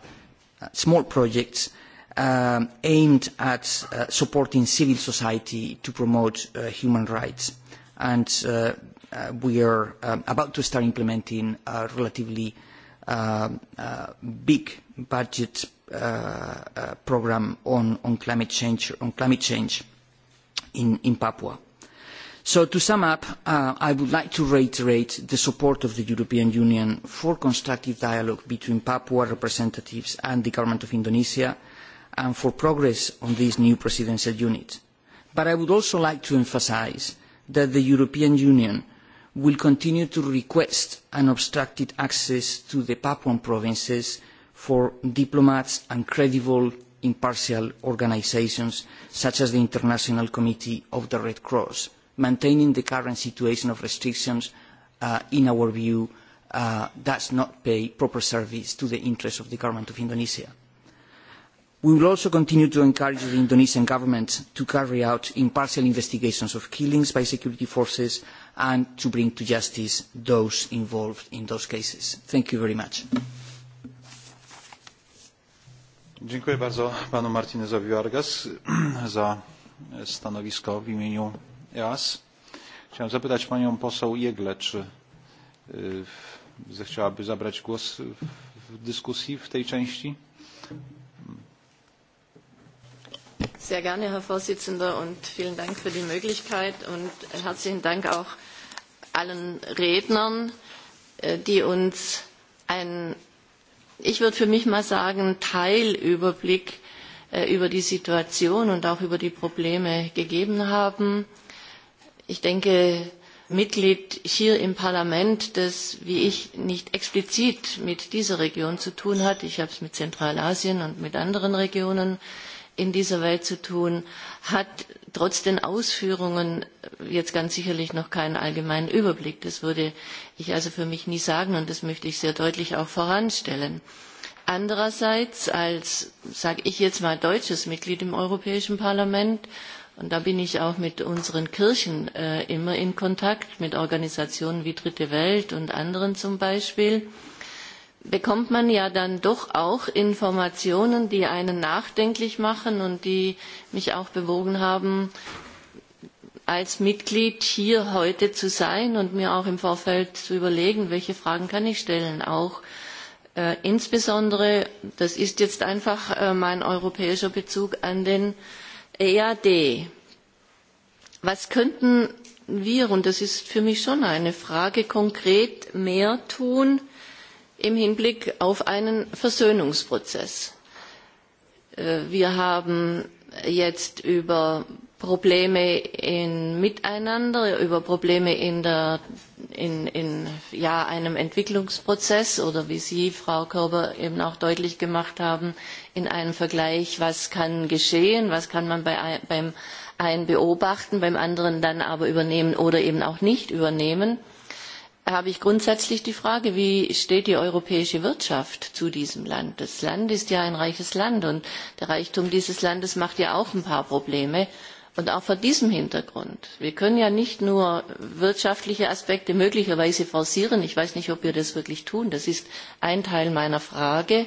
small projects um, aimed at uh, supporting civil society to promote uh, human rights. And uh, uh, we are um, about to start implementing a relatively uh, uh, big budget uh, uh, program on, on climate change, on climate change in, in Papua. So to sum up, uh, I would like to reiterate the support of the European Union for constructive dialogue between Papua representatives and the government of Indonesia and for progress on this new presidential unit. But I would also like to emphasise that the European Union will continue to request unobstructed access to the Papuan provinces for diplomats and credible impartial organisations such as the International Committee of the Red Cross, maintaining the current situation of restrictions, uh, in our view, uh, does not pay proper service to the interests of the government of Indonesia. We will also continue to encourage the Indonesian government to carry out impartial investigations of killings by security forces and to bring to justice those involved in those cases. Thank you very much. Dziękuję bardzo panu Martinezowi Vargas za stanowisko w imieniu EAS. Chciałem zapytać panią poseł Jegle, czy zechciałaby zabrać głos w dyskusji w tej części? Sehr gerne, Herr Vorsitzender, und vielen Dank für die Möglichkeit und herzlichen Dank auch allen Rednern, äh, die uns einen, ich würde für mich mal sagen, Teilüberblick äh, über die Situation und auch über die Probleme gegeben haben. Ich denke, Mitglied hier im Parlament, das, wie ich, nicht explizit mit dieser Region zu tun hat, ich habe es mit Zentralasien und mit anderen Regionen in dieser Welt zu tun, hat trotz den Ausführungen jetzt ganz sicherlich noch keinen allgemeinen Überblick. Das würde ich also für mich nie sagen und das möchte ich sehr deutlich auch voranstellen. Andererseits als, sage ich jetzt mal, deutsches Mitglied im Europäischen Parlament, und da bin ich auch mit unseren Kirchen äh, immer in Kontakt, mit Organisationen wie Dritte Welt und anderen zum Beispiel, bekommt man ja dann doch auch Informationen, die einen nachdenklich machen und die mich auch bewogen haben, als Mitglied hier heute zu sein und mir auch im Vorfeld zu überlegen, welche Fragen kann ich stellen. Auch äh, insbesondere, das ist jetzt einfach äh, mein europäischer Bezug an den EAD. Was könnten wir, und das ist für mich schon eine Frage, konkret mehr tun, im Hinblick auf einen Versöhnungsprozess. Äh, wir haben jetzt über Probleme in Miteinander, über Probleme in, der, in, in ja, einem Entwicklungsprozess oder wie Sie, Frau Körber, eben auch deutlich gemacht haben, in einem Vergleich, was kann geschehen, was kann man bei, beim einen beobachten, beim anderen dann aber übernehmen oder eben auch nicht übernehmen habe ich grundsätzlich die Frage, wie steht die europäische Wirtschaft zu diesem Land? Das Land ist ja ein reiches Land und der Reichtum dieses Landes macht ja auch ein paar Probleme. Und auch vor diesem Hintergrund. Wir können ja nicht nur wirtschaftliche Aspekte möglicherweise forcieren. Ich weiß nicht, ob wir das wirklich tun. Das ist ein Teil meiner Frage,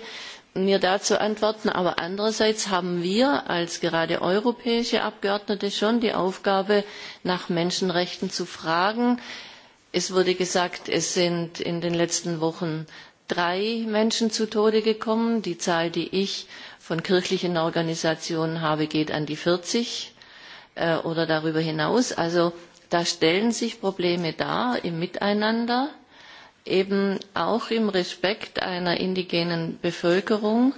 mir dazu antworten. Aber andererseits haben wir als gerade europäische Abgeordnete schon die Aufgabe, nach Menschenrechten zu fragen Es wurde gesagt, es sind in den letzten Wochen drei Menschen zu Tode gekommen. Die Zahl, die ich von kirchlichen Organisationen habe, geht an die 40 äh, oder darüber hinaus. Also da stellen sich Probleme dar im Miteinander, eben auch im Respekt einer indigenen Bevölkerung,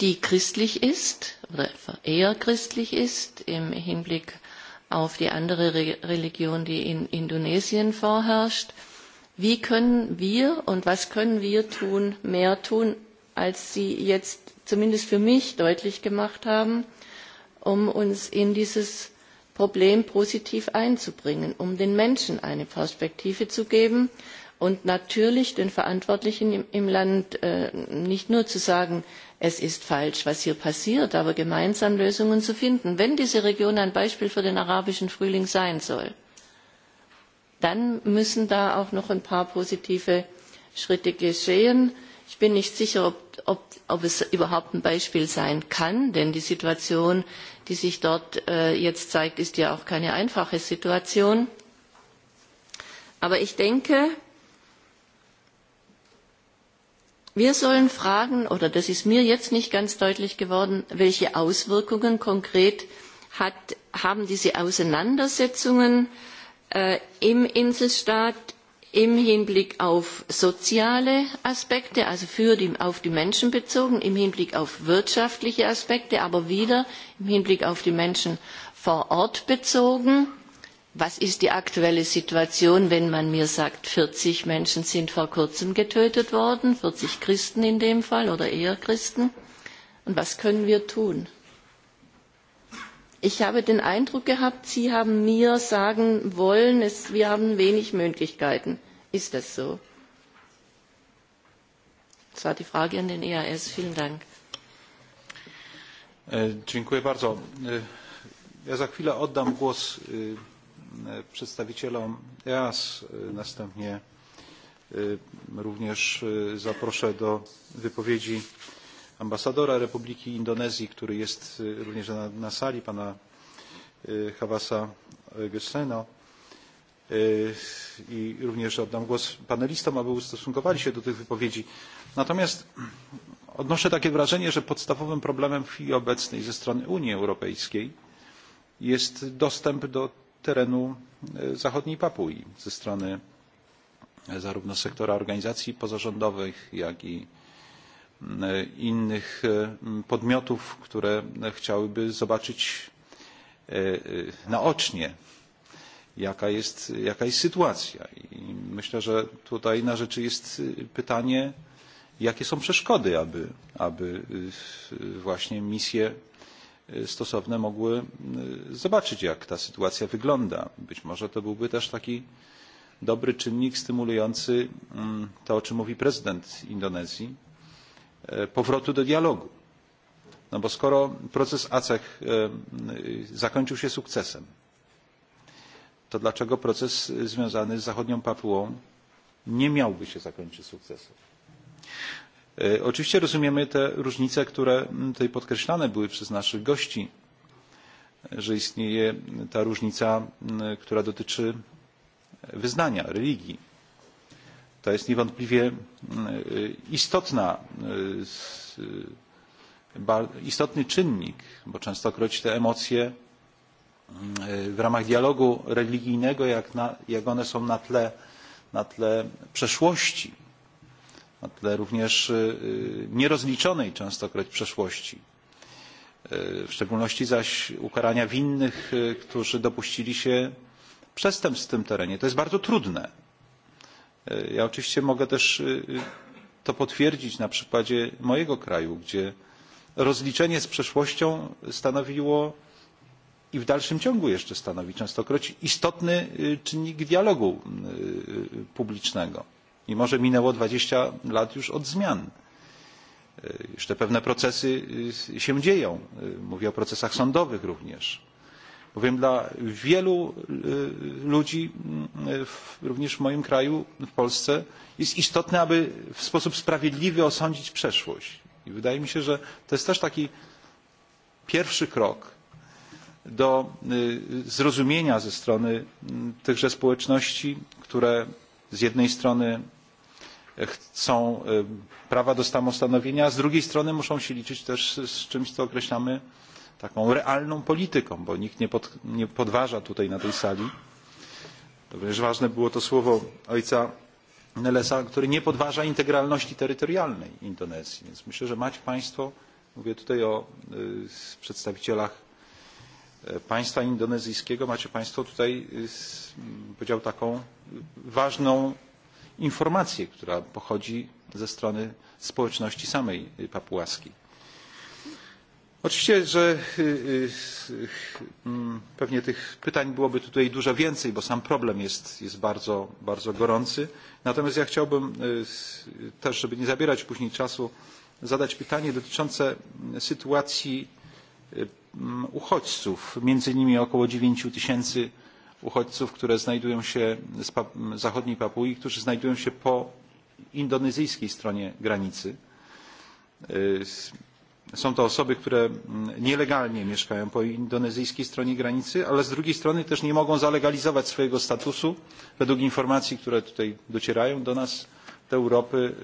die christlich ist oder eher christlich ist im Hinblick auf die andere Re Religion, die in Indonesien vorherrscht. Wie können wir und was können wir tun, mehr tun, als Sie jetzt zumindest für mich deutlich gemacht haben, um uns in dieses Problem positiv einzubringen, um den Menschen eine Perspektive zu geben, und natürlich den Verantwortlichen im, Land äh, nicht nur zu sagen, es ist falsch, was hier passiert, aber gemeinsam Lösungen zu finden. Wenn diese Region ein Beispiel für den arabischen Frühling sein soll, dann müssen da auch noch ein paar positive Schritte geschehen. Ich bin nicht sicher, ob, ob, ob es überhaupt ein Beispiel sein kann, denn die Situation, die sich dort äh, jetzt zeigt, ist ja auch keine einfache Situation. Aber ich denke, Wir sollen fragen, oder das ist mir jetzt nicht ganz deutlich geworden, welche Auswirkungen konkret hat, haben diese Auseinandersetzungen äh, im Inselstaat im Hinblick auf soziale Aspekte, also für die, auf die Menschen bezogen, im Hinblick auf wirtschaftliche Aspekte, aber wieder im Hinblick auf die Menschen vor Ort bezogen. Was ist die aktuelle Situation, wenn man mir sagt, 40 Menschen sind vor kurzem getötet worden, 40 Christen in dem Fall oder eher Christen? Und was können wir tun? Ich habe den Eindruck gehabt, Sie haben mir sagen wollen, es, wir haben wenig Möglichkeiten. Ist das so? Das war die Frage an den EAS. Vielen Dank. Äh, äh, ja za chwilę oddam głos E, przedstawicielom EAS. E, następnie e, również zaproszę do wypowiedzi ambasadora Republiki Indonezji, który jest również na, na sali, pana Hawasa Gesseno. I również oddam głos panelistom, aby ustosunkowali się do tych wypowiedzi. Natomiast odnoszę takie wrażenie, że podstawowym problemem w chwili obecnej ze strony Unii Europejskiej jest dostęp do terenu e, zachodniej Papui ze strony e, zarówno sektora organizacji pozarządowych, jak i e, innych podmiotów, które chciałyby zobaczyć naocznie, jaka jest, jaka jest sytuacja. I myślę, że tutaj na rzeczy jest pytanie, jakie są przeszkody, aby, aby właśnie misje stosowne mogły zobaczyć, jak ta sytuacja wygląda. Być może to byłby też taki dobry czynnik stymulujący mm, to, o czym mówi prezydent Indonezji, powrotu do dialogu. No bo skoro proces ACEH zakończył się sukcesem, to dlaczego proces związany z zachodnią Papułą nie miałby się zakończyć sukcesem? E, oczywiście rozumiemy te różnice, które mm, tutaj podkreślane były przez naszych gości, że istnieje ta różnica, mm, która dotyczy wyznania, religii. To jest niewątpliwie mm, e, istotna, e, istotny czynnik, bo częstokroć te emocje w ramach dialogu religijnego, jak, na, jak one są na tle, na tle przeszłości, na tle również nierozliczonej częstokroć przeszłości, w szczególności zaś ukarania winnych, którzy dopuścili się przestępstw w tym terenie. To jest bardzo trudne. Ja oczywiście mogę też to potwierdzić na przykładzie mojego kraju, gdzie rozliczenie z przeszłością stanowiło i w dalszym ciągu jeszcze stanowi częstokroć istotny czynnik dialogu publicznego mimo że minęło 20 lat już od zmian. E, jeszcze pewne procesy e, się dzieją. E, mówię o procesach sądowych również. Bowiem dla wielu ludzi, mm, również w moim kraju, w Polsce, jest istotne, aby w sposób sprawiedliwy osądzić przeszłość. I wydaje mi się, że to jest też taki pierwszy krok do zrozumienia ze strony tychże społeczności, które z jednej strony chcą e, prawa do samostanowienia, a z drugiej strony muszą się liczyć też z czymś, co określamy taką realną polityką, bo nikt nie, pod, nie podważa tutaj na tej sali. to Również ważne było to słowo ojca Nelesa, który nie podważa integralności terytorialnej Indonezji. Więc myślę, że macie Państwo, mówię tutaj o y, e, przedstawicielach e, państwa indonezyjskiego, macie Państwo tutaj, y, powiedział, taką ważną informację, która pochodzi ze strony społeczności samej papułaskiej. Oczywiście, że mm, pewnie tych pytań byłoby tutaj dużo więcej, bo sam problem jest, jest bardzo, bardzo gorący. Natomiast ja chciałbym też, żeby nie zabierać później czasu, zadać pytanie dotyczące sytuacji mm, uchodźców, między innymi około 9 tysięcy 000 uchodźców, które znajdują się z pa zachodniej Papui, którzy znajdują się po indonezyjskiej stronie granicy. Są to osoby, które nielegalnie mieszkają po indonezyjskiej stronie granicy, ale z drugiej strony też nie mogą zalegalizować swojego statusu. Według informacji, które tutaj docierają do nas, do Europy,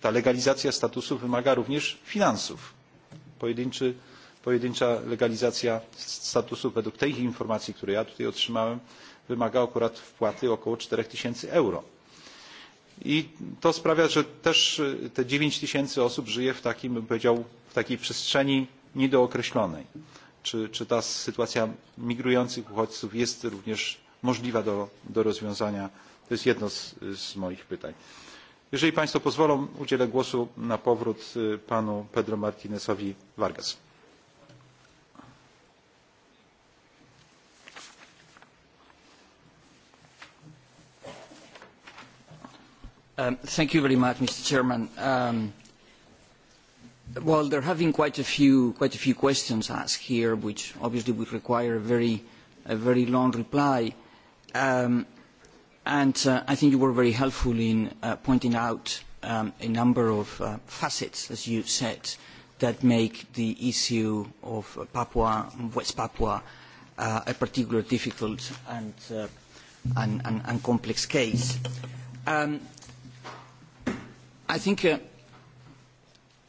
ta legalizacja statusu wymaga również finansów. Pojedynczy pojedyncza legalizacja statusu według tej informacji, które ja tutaj otrzymałem, wymaga akurat wpłaty około 4 tysięcy euro. I to sprawia, że też te dziewięć tysięcy osób żyje w takim, bym powiedział, w takiej przestrzeni niedookreślonej. Czy, czy ta sytuacja migrujących uchodźców jest również możliwa do, do rozwiązania? To jest jedno z, z moich pytań. Jeżeli Państwo pozwolą, udzielę głosu na powrót panu Pedro Martinezowi Vargas. Um, thank you very much, Mr. Chairman. Um, well, there have been quite a few, quite a few questions asked here, which obviously would require a very, a very long reply. Um, and uh, I think you were very helpful in uh, pointing out um, a number of uh, facets, as you said, that make the issue of Papua, West Papua, uh, a particularly difficult and, uh, and, and, and complex case. Um, I think uh,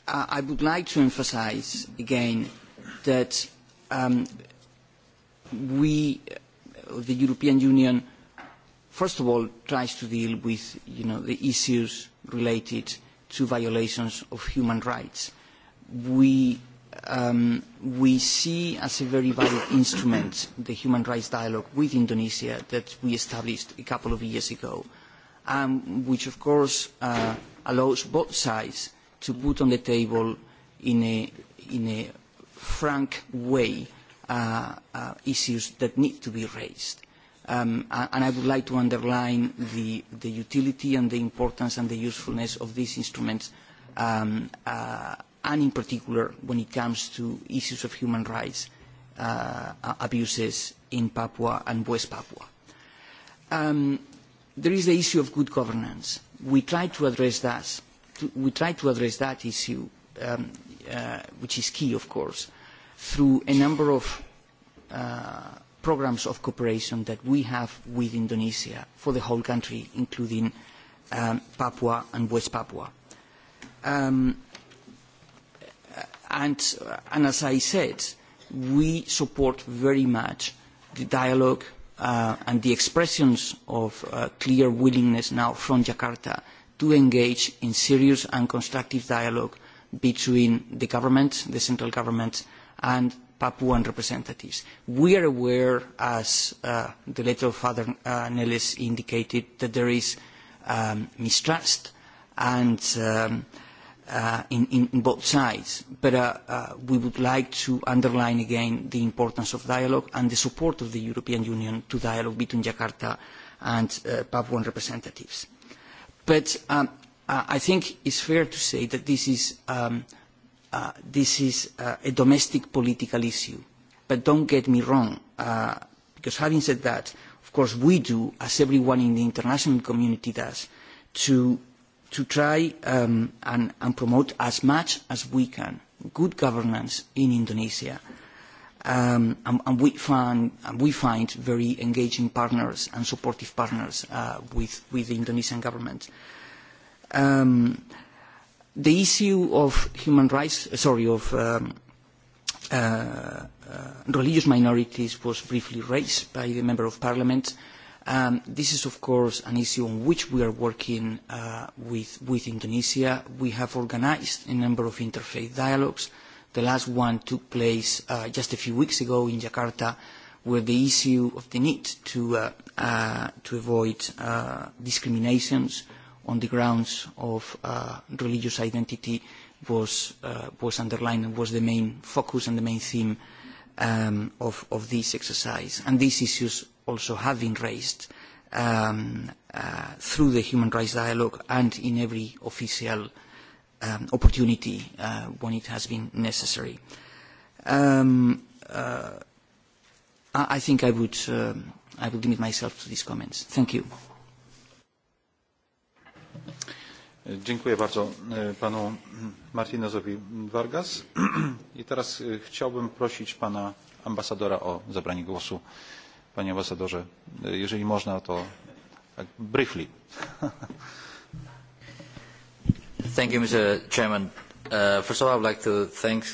I would like to emphasize again that um, we, uh, the European Union, first of all, tries to deal with you know, the issues related to violations of human rights. We, um, we see as a very valid instrument the human rights dialogue with Indonesia that we established a couple of years ago, um, which of course uh, allows both sides to put on the table in a, in a frank way uh, uh, issues that need to be raised. Um, and I would like to underline the, the utility and the importance and the usefulness of these instruments, um, uh, and in particular when it comes to issues of human rights uh, abuses in Papua and West Papua. Um, there is the issue of good governance we try to address that. We try to address that issue, um, uh, which is key, of course, through a number of uh, programs of cooperation that we have with Indonesia for the whole country, including um, Papua and West Papua. Um, uh, and, uh, and as I said, we support very much the dialogue uh, and the expressions of uh, clear willingness now from Jakarta to engage in serious and constructive dialogue between the government, the central government, and Papuan representatives. We are aware, as uh, the letter of Father uh, Nellis indicated, that there is um, mistrust and um, uh, in, in, both sides. But uh, uh, we would like to underline again the importance of dialogue and the support of the European Union to dialogue between Jakarta and uh, Papuan representatives. But um, I think it's fair to say that this is, um, uh, this is uh, a domestic political issue. But don't get me wrong, uh, because having said that, of course we do, as everyone in the international community does, to to try um, and, and promote as much as we can good governance in Indonesia. Um, and, and, we find, and we find very engaging partners and supportive partners uh, with, with the Indonesian government. Um, the issue of human rights, uh, sorry, of um, uh, uh, religious minorities was briefly raised by the Member of Parliament. Uh, Um, this is, of course, an issue on which we are working uh, with, with Indonesia. We have organized a number of interfaith dialogues. The last one took place uh, just a few weeks ago in Jakarta, where the issue of the need to, uh, uh, to avoid uh, discriminations on the grounds of uh, religious identity was, uh, was underlined and was the main focus and the main theme um, of, of this exercise. And these issues also have been raised um, uh, through the human rights dialogue and in every official um, opportunity uh, when it has been necessary. Um, uh, I think I would, uh, I would limit myself to these comments. Thank you. Dziękuję bardzo e, panu Martinezowi Vargas. I teraz e, chciałbym prosić pana ambasadora o zabranie głosu panie ambasadorze, jeżeli można, to tak briefly. Thank you, Mr. Chairman. Uh, first of all, I would like to thank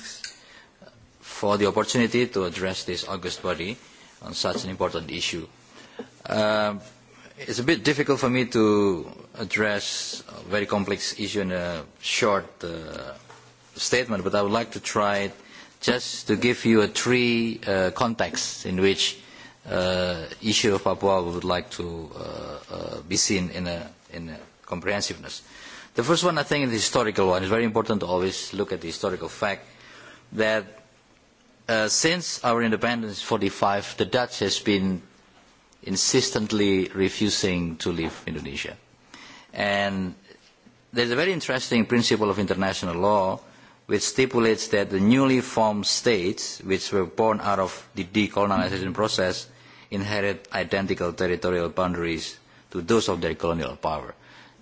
for the opportunity to address this August body on such an important issue. Uh, it's a bit difficult for me to address a very complex issue in a short uh, statement, but I would like to try just to give you a three uh, contexts in which uh, issue of Papua we would like to uh, uh, be seen in a, in a comprehensiveness. The first one, I think, is the historical one. It's very important to always look at the historical fact that uh, since our independence in 1945, the Dutch has been insistently refusing to leave Indonesia. And there's a very interesting principle of international law which stipulates that the newly formed states, which were born out of the decolonization process, inherit identical territorial boundaries to those of their colonial power.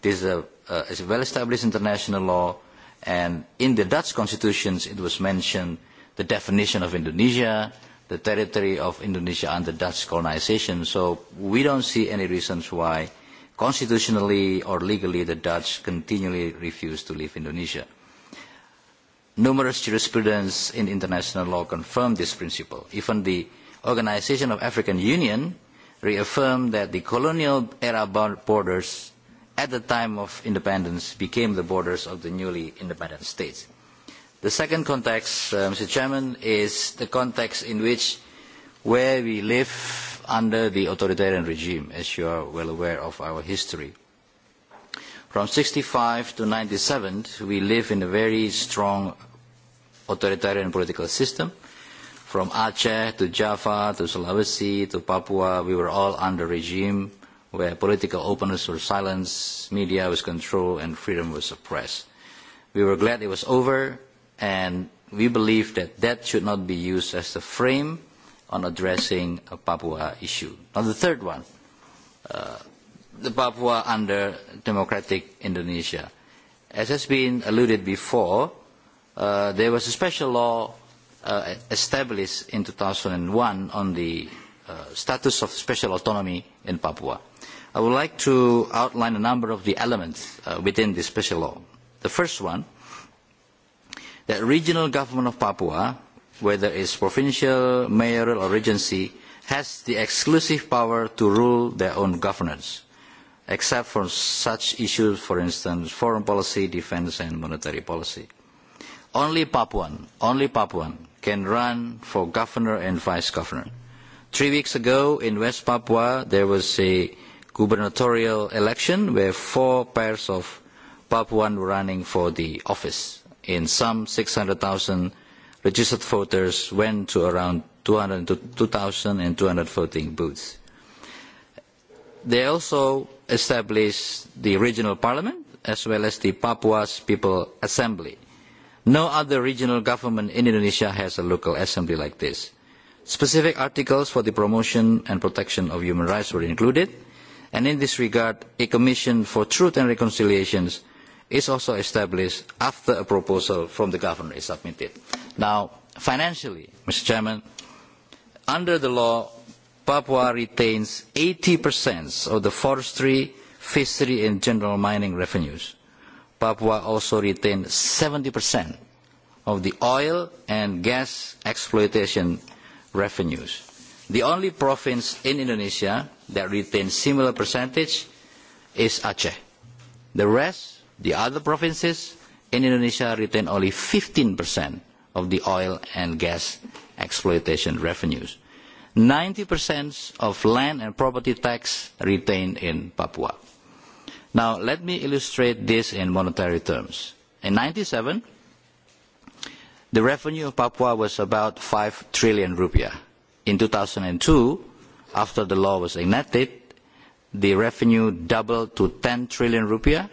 This is a, uh, is a well-established international law, and in the Dutch constitutions it was mentioned the definition of Indonesia, the territory of Indonesia under Dutch colonization, so we don't see any reasons why constitutionally or legally the Dutch continually refuse to leave Indonesia. Numerous jurisprudence in international law confirm this principle. Even the Organization of African Union reaffirmed that the colonial era borders at the time of independence became the borders of the newly independent states. The second context, uh, Mr. Chairman, is the context in which where we live under the authoritarian regime, as you are well aware of our history. From sixty five to ninety seven we live in a very strong authoritarian political system From Aceh to Jaffa to Sulawesi to Papua, we were all under regime where political openness was silenced, media was controlled, and freedom was suppressed. We were glad it was over, and we believe that that should not be used as the frame on addressing a Papua issue. Now the third one, uh, the Papua under democratic Indonesia. As has been alluded before, uh, there was a special law uh, established in 2001 on the uh, status of special autonomy in Papua. I would like to outline a number of the elements uh, within this special law. The first one, that regional government of Papua, whether it's provincial, mayoral or regency, has the exclusive power to rule their own governance, except for such issues, for instance, foreign policy, defense and monetary policy. Only Papuan, only Papuan can run for governor and vice governor. Three weeks ago in West Papua, there was a gubernatorial election where four pairs of Papuan were running for the office. In some 600,000 registered voters went to around 2,000 and 200 voting booths. They also established the regional parliament as well as the Papua's People Assembly No other regional government in Indonesia has a local assembly like this. Specific articles for the promotion and protection of human rights were included, and in this regard, a commission for truth and Reconciliation is also established after a proposal from the governor is submitted. Now, financially, Mr. Chairman, under the law, Papua retains 80% of the forestry, fishery, and general mining revenues. Papua also retained 70% of the oil and gas exploitation revenues. The only province in Indonesia that retains similar percentage is Aceh. The rest, the other provinces in Indonesia retain only 15% of the oil and gas exploitation revenues. 90% of land and property tax retained in Papua. Now, let me illustrate this in monetary terms. In ninety seven, the revenue of Papua was about five trillion rupiah. In two thousand two, after the law was enacted, the revenue doubled to ten trillion rupiah.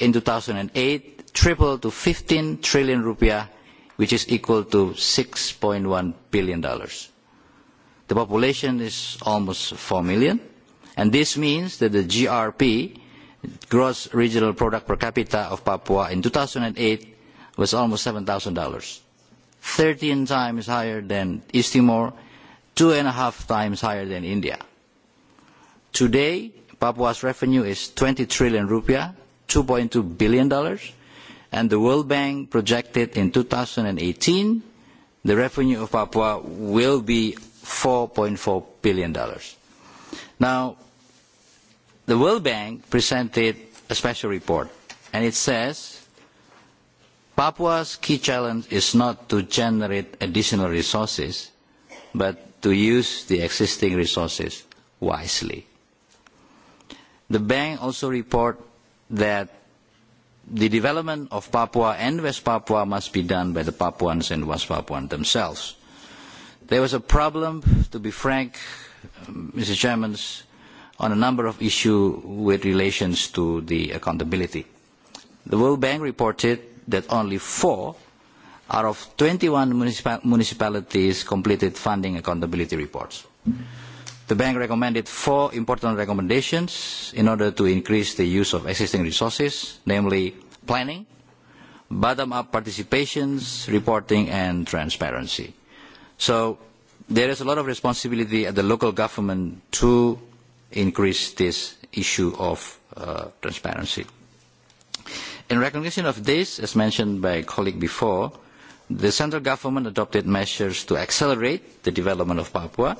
In two thousand eight, tripled to fifteen trillion rupiah, which is equal to six one billion dollars. The population is almost four million, and this means that the GRP gross regional product per capita of Papua in two thousand eight was almost $7,000, thirteen times higher than East Timor, two and a half times higher than India. Today, Papua's revenue is 20 trillion rupiah, $2.2 billion, and the World Bank projected in 2018 the revenue of Papua will be $4.4 billion. Now, the World Bank presented a special report, and it says Papua's key challenge is not to generate additional resources, but to use the existing resources wisely. The bank also reports that the development of Papua and West Papua must be done by the Papuans and West Papuans themselves. There was a problem, to be frank, Mr. Um, Chairman's on a number of issues with relations to the accountability. The World Bank reported that only four out of 21 municipal municipalities completed funding accountability reports. The bank recommended four important recommendations in order to increase the use of existing resources, namely planning, bottom-up participations, reporting and transparency. So there is a lot of responsibility at the local government to increase this issue of uh, transparency. In recognition of this, as mentioned by a colleague before, the central government adopted measures to accelerate the development of Papua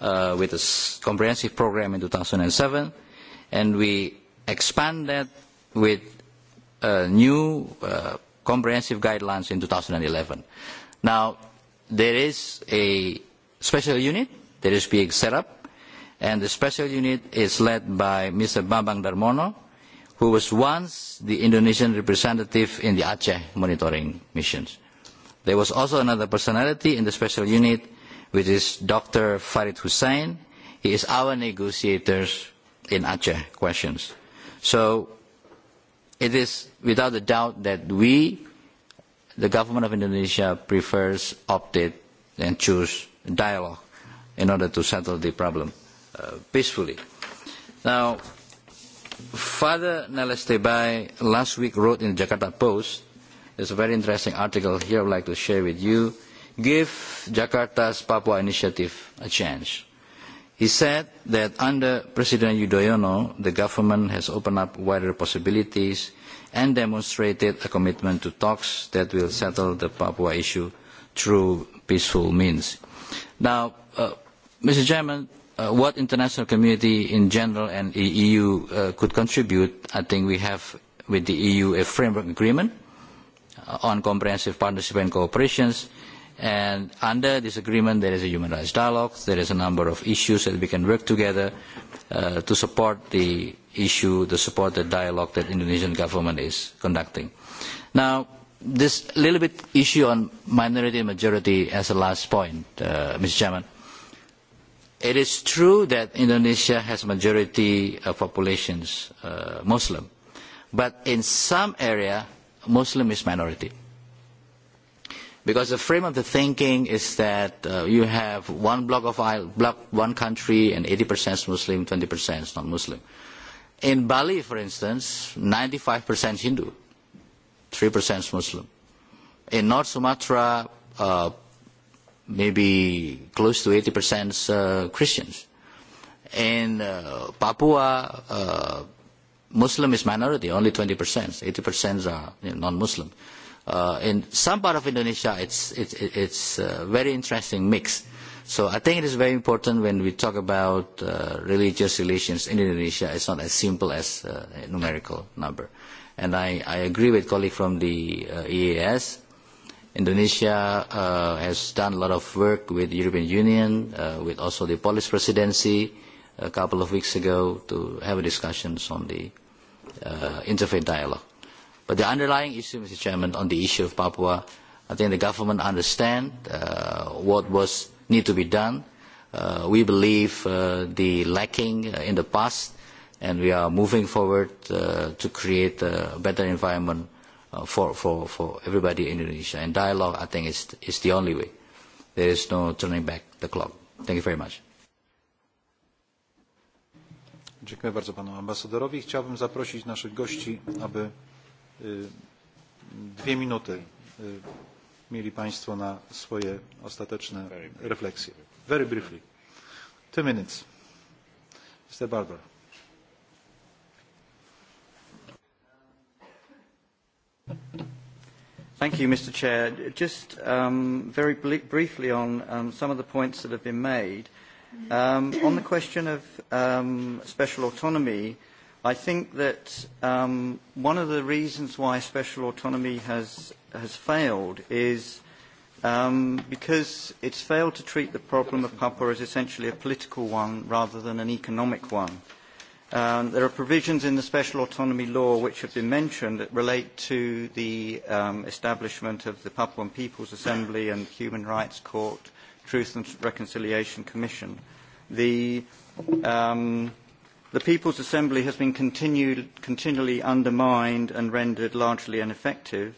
uh, with a comprehensive program in 2007, and we expand that with uh, new uh, comprehensive guidelines in 2011. Now, there is a special unit that is being set up And the special unit is led by Mr. Bambang Darmono, who was once the Indonesian representative in the Aceh monitoring missions. There was also another personality in the special unit, which is Dr. Farid Hussein. He is our negotiator in Aceh questions. So it is without a doubt that we, the government of Indonesia, prefers, opted and choose dialogue in order to settle the problem. Uh, peacefully. Now, Father Nalestebai last week wrote in the Jakarta Post, there's a very interesting article here I'd like to share with you, give Jakarta's Papua initiative a chance. He said that under President Yudhoyono, the government has opened up wider possibilities and demonstrated a commitment to talks that will settle the Papua issue through peaceful means. Now, uh, Mr. Chairman, uh, what international community in general and the EU uh, could contribute, I think we have with the EU a framework agreement uh, on comprehensive partnership and cooperation. And under this agreement, there is a human rights dialogue. There is a number of issues that we can work together uh, to support the issue, to support the dialogue that the Indonesian government is conducting. Now, this little bit issue on minority and majority as a last point, uh, Mr. Chairman. It is true that Indonesia has majority of uh, populations uh, Muslim, but in some area, Muslim is minority. Because the frame of the thinking is that uh, you have one block of isle, block, one country and 80% Muslim, 20% non-Muslim. In Bali, for instance, 95% Hindu, 3% Muslim. In North Sumatra, uh, maybe close to 80% uh, Christians. And uh, Papua, uh, Muslim is minority, only 20%. 80% are you know, non-Muslim. Uh, in some part of Indonesia, it's, it's, it's uh, a very interesting mix. So I think it is very important when we talk about uh, religious relations in Indonesia, it's not as simple as uh, a numerical number. And I, I agree with colleague from the uh, EAS Indonesia uh, has done a lot of work with the European Union, uh, with also the Polish presidency a couple of weeks ago to have a discussions on the uh, interfaith dialogue. But the underlying issue, Mr. Chairman, on the issue of Papua, I think the government understands uh, what was need to be done. Uh, we believe uh, the lacking uh, in the past, and we are moving forward uh, to create a better environment uh, for, for, for everybody in Indonesia. And dialogue, I think, is, is the only way. There is no turning back the clock. Thank you very much. Dziękuję bardzo panu ambasadorowi. Chciałbym zaprosić naszych gości, aby y, dwie minuty y, mieli państwo na swoje ostateczne refleksje. Very briefly. Two minutes. Mr. Barber. Thank you, Mr. Chair. Just um, very briefly on um, some of the points that have been made. Um, on the question of um, special autonomy, I think that um, one of the reasons why special autonomy has, has failed is um, because it's failed to treat the problem of Papua as essentially a political one rather than an economic one. Um, there are provisions in the special autonomy law which have been mentioned that relate to the um, establishment of the Papuan People's Assembly and Human Rights Court, Truth and Reconciliation Commission. The, um, the People's Assembly has been continued, continually undermined and rendered largely ineffective,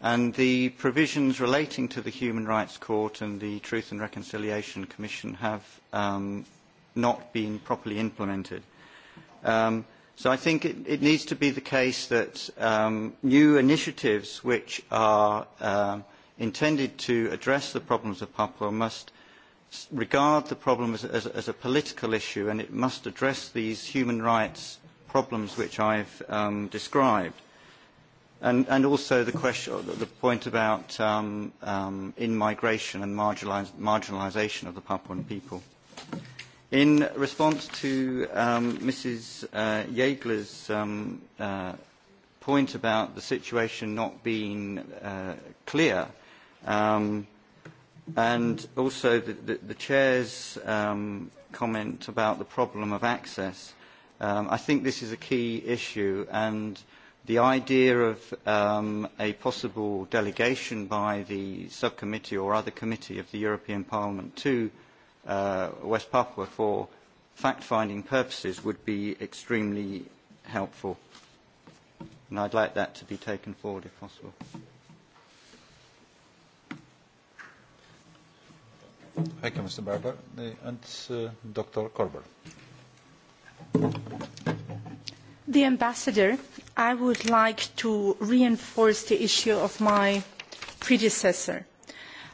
and the provisions relating to the Human Rights Court and the Truth and Reconciliation Commission have um, not been properly implemented. Um, so I think it, it needs to be the case that um, new initiatives which are um, intended to address the problems of Papua must regard the problem as, as, as a political issue and it must address these human rights problems which I've um, described. And, and also the, question, the point about um, um, in-migration and marginalisation of the Papuan people. In response to um, Mrs. Uh, Jaegler's um, uh, point about the situation not being uh, clear, um, and also the, the, the Chair's um, comment about the problem of access, um, I think this is a key issue, and the idea of um, a possible delegation by the subcommittee or other committee of the European Parliament to uh, uh, West Papua for fact-finding purposes would be extremely helpful. And I'd like that to be taken forward if possible. Thank you, Mr. Barber. And uh, Dr. Korber. The Ambassador, I would like to reinforce the issue of my predecessor.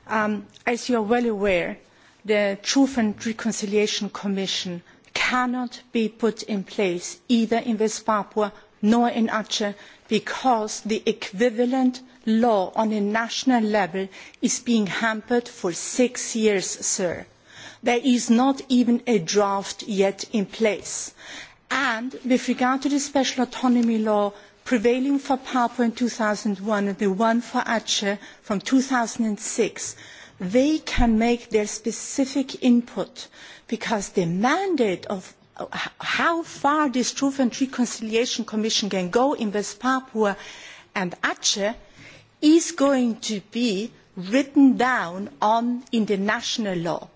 Um, as you are well aware, the Truth and Reconciliation Commission cannot be put in place either in West Papua nor in Aceh because the equivalent law on a national level is being hampered for six years, sir. There is not even a draft yet in place. And with regard to the special autonomy law prevailing for Papua in two thousand one and the one for Aceh from two thousand six they can make their specific input because the mandate of uh, how far this Truth and Reconciliation Commission can go in West Papua and Aceh is going to be written down on, in the national law.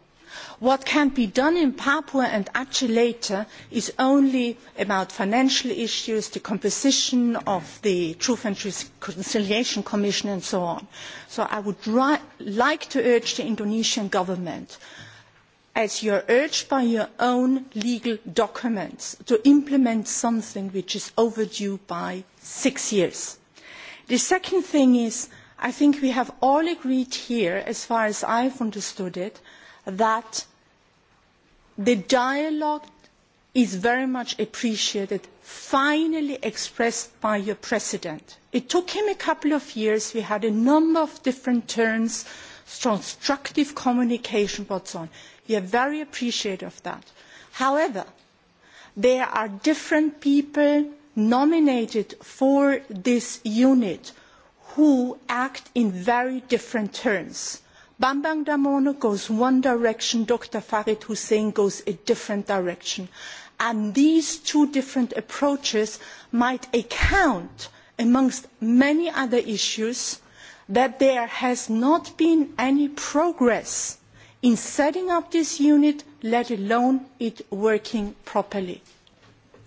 What can be done in Papua and actually later is only about financial issues, the composition of the Truth and Reconciliation Commission and so on. So I would like to urge the Indonesian government as you are urged by your own legal documents to implement something which is overdue by six years. The second thing is, I think we have all agreed here, as far as I have understood it, that the dialogue is very much appreciated, finally expressed by your president. It took him a couple of years. We had a number of different turns, constructive communication, what's on. We are very appreciative of that. However, there are different people nominated for this unit who act in very different terms. Bambang Damono goes one direction, Dr. Farid Hussein goes a different direction. And these two different approaches might account, amongst many other issues, that there has not been any progress in setting up this unit, let alone it working properly.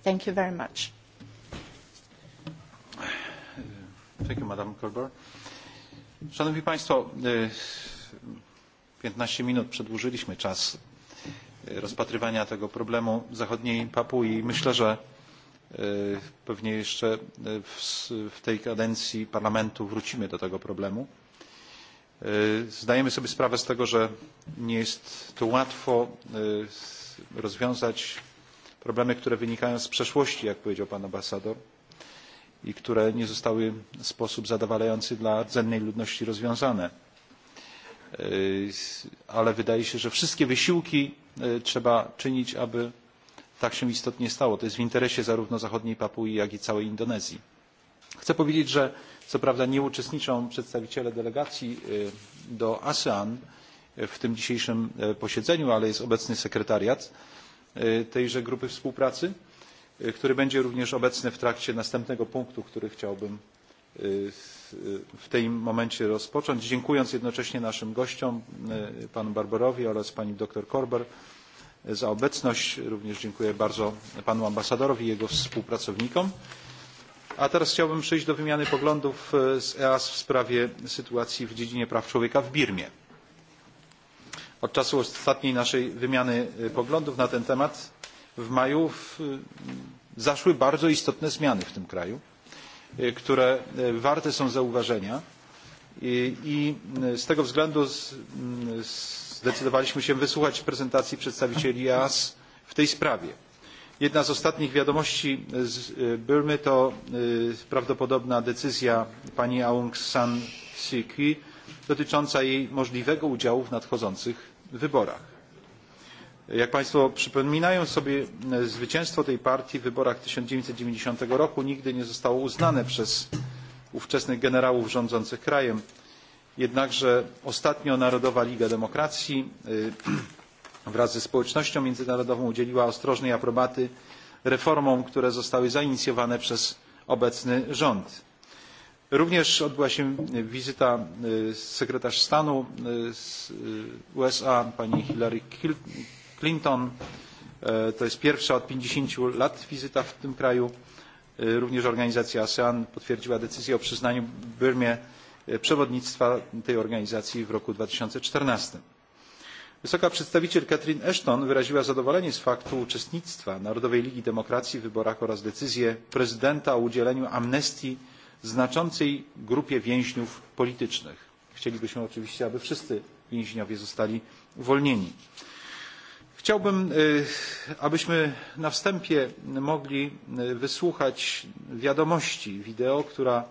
Thank you very much. Thank you, Madam Kolber. Szanowni Państwo, 15 minut przedłużyliśmy czas e, rozpatrywania tego problemu zachodniej Papui. Myślę, że e, pewnie jeszcze e, w tej kadencji parlamentu wrócimy do tego problemu. Zdajemy sobie sprawę z tego, że nie jest to łatwo rozwiązać problemy, które wynikają z przeszłości, jak powiedział pan ambasador, i które nie zostały w sposób zadowalający dla rdzennej ludności rozwiązane E, ale wydaje się, że wszystkie wysiłki e, trzeba czynić, aby tak się istotnie stało. To jest w interesie zarówno zachodniej Papui, jak i całej Indonezji. Chcę powiedzieć, że co prawda nie uczestniczą przedstawiciele delegacji e, do ASEAN w tym dzisiejszym posiedzeniu, ale jest obecny sekretariat tejże grupy współpracy, który będzie również obecny w trakcie następnego punktu, który chciałbym w tym momencie rozpocząć, dziękując jednocześnie naszym gościom, e, panu Barberowi oraz pani dr Korber e, za obecność. Również dziękuję bardzo panu ambasadorowi i jego współpracownikom. A teraz chciałbym przejść do wymiany poglądów e, z EAS w sprawie sytuacji w dziedzinie praw człowieka w Birmie. Od czasu ostatniej naszej wymiany poglądów na ten temat w maju w, zaszły bardzo istotne zmiany w tym kraju które warte są zauważenia i, i z tego względu z, mm, zdecydowaliśmy się wysłuchać prezentacji przedstawicieli EAS w tej sprawie. Jedna z ostatnich wiadomości z Burmy to prawdopodobna decyzja pani Aung San Suu Kyi dotycząca jej możliwego udziału w nadchodzących wyborach. Jak Państwo przypominają sobie, e, zwycięstwo tej partii w wyborach 1990 roku nigdy nie zostało uznane przez ówczesnych generałów rządzących krajem. Jednakże ostatnio Narodowa Liga Demokracji e, wraz ze społecznością międzynarodową udzieliła ostrożnej aprobaty reformom, które zostały zainicjowane przez obecny rząd. Również odbyła się wizyta e, sekretarz stanu z USA pani Hillary Clinton. E, to jest pierwsza od 50 lat wizyta w tym kraju. E, również organizacja ASEAN potwierdziła decyzję o przyznaniu Birmie e, przewodnictwa tej organizacji w roku 2014. Wysoka przedstawiciel Catherine Ashton wyraziła zadowolenie z faktu uczestnictwa Narodowej Ligi Demokracji w wyborach oraz decyzję prezydenta o udzieleniu amnestii znaczącej grupie więźniów politycznych. Chcielibyśmy oczywiście, aby wszyscy więźniowie zostali uwolnieni. Chciałbym, abyśmy na wstępie mogli wysłuchać wiadomości wideo, która,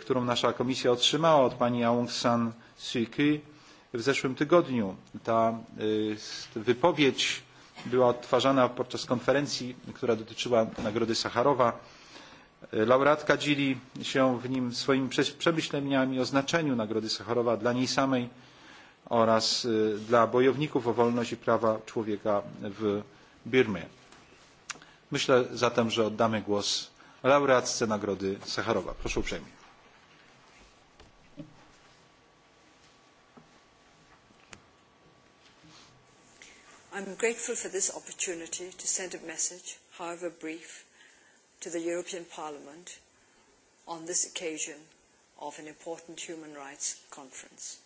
którą nasza komisja otrzymała od pani Aung San Suu Kyi w zeszłym tygodniu. Ta wypowiedź była odtwarzana podczas konferencji, która dotyczyła Nagrody Sacharowa. Laureatka dzieli się w nim swoimi przemyśleniami o znaczeniu Nagrody Sacharowa dla niej samej oraz dla bojowników o wolność i prawa człowieka w Birmie. Myślę zatem, że oddamy głos laureatce Nagrody Sacharowa. Proszę uprzejmie. I'm grateful for this opportunity to send a message, however brief, to the European Parliament on this occasion of an important human rights conference.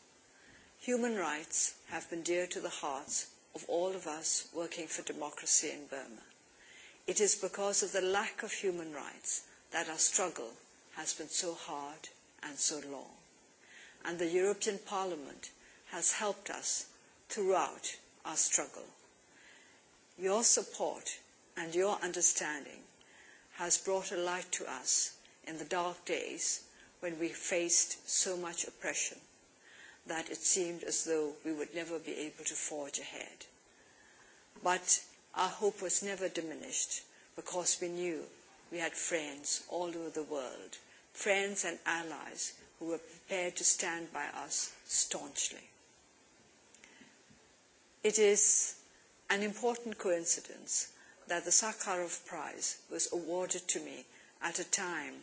Human rights have been dear to the hearts of all of us working for democracy in Burma. It is because of the lack of human rights that our struggle has been so hard and so long. And the European Parliament has helped us throughout our struggle. Your support and your understanding has brought a light to us in the dark days when we faced so much oppression that it seemed as though we would never be able to forge ahead. But our hope was never diminished because we knew we had friends all over the world, friends and allies who were prepared to stand by us staunchly. It is an important coincidence that the Sakharov Prize was awarded to me at a time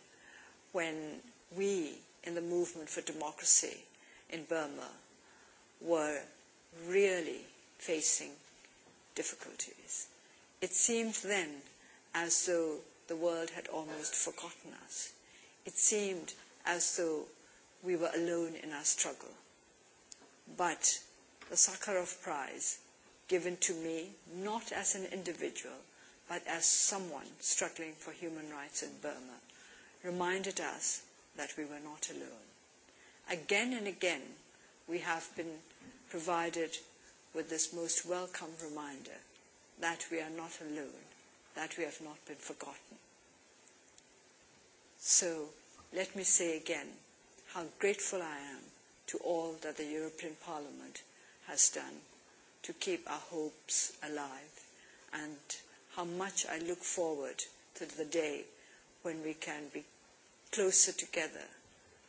when we in the movement for democracy in Burma were really facing difficulties. It seemed then as though the world had almost forgotten us. It seemed as though we were alone in our struggle. But the Sakharov Prize, given to me not as an individual, but as someone struggling for human rights in Burma, reminded us that we were not alone. Again and again, we have been provided with this most welcome reminder that we are not alone, that we have not been forgotten. So let me say again how grateful I am to all that the European Parliament has done to keep our hopes alive and how much I look forward to the day when we can be closer together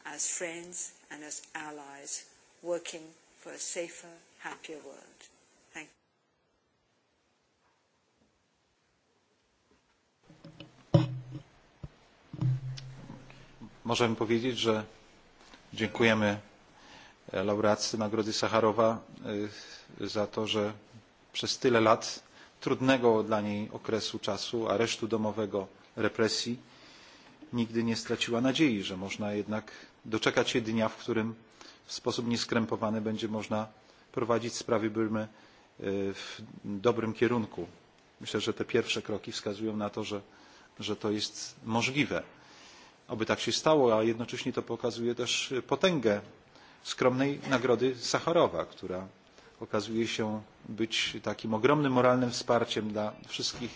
as friends and as allies working for a safer, happier world. Thank you. Możemy powiedzieć, że dziękujemy e, laureatce Nagrody Sacharowa e, za to, że przez tyle lat trudnego dla niej okresu czasu, aresztu domowego, represji, nigdy nie straciła nadziei, że można jednak doczekać się dnia, w którym w sposób nieskrępowany będzie można prowadzić sprawy Birmy e, w dobrym kierunku. Myślę, że te pierwsze kroki wskazują na to, że, że to jest możliwe. Oby tak się stało, a jednocześnie to pokazuje też potęgę skromnej nagrody Sacharowa, która okazuje się być takim ogromnym moralnym wsparciem dla wszystkich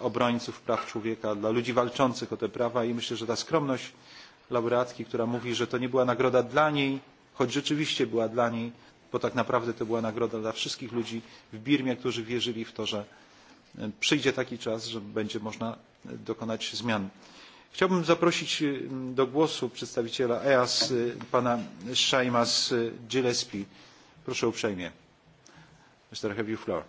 obrońców praw człowieka, dla ludzi walczących o te prawa i myślę, że ta skromność laureatki, która mówi, że to nie była nagroda dla niej, choć rzeczywiście była dla niej, bo tak naprawdę to była nagroda dla wszystkich ludzi w Birmie, którzy wierzyli w to, że e, przyjdzie taki czas, że będzie można e, dokonać zmian. Chciałbym zaprosić e, do głosu przedstawiciela EAS, pana Shaimas Gillespie. Proszę uprzejmie. Mr. Have you floor.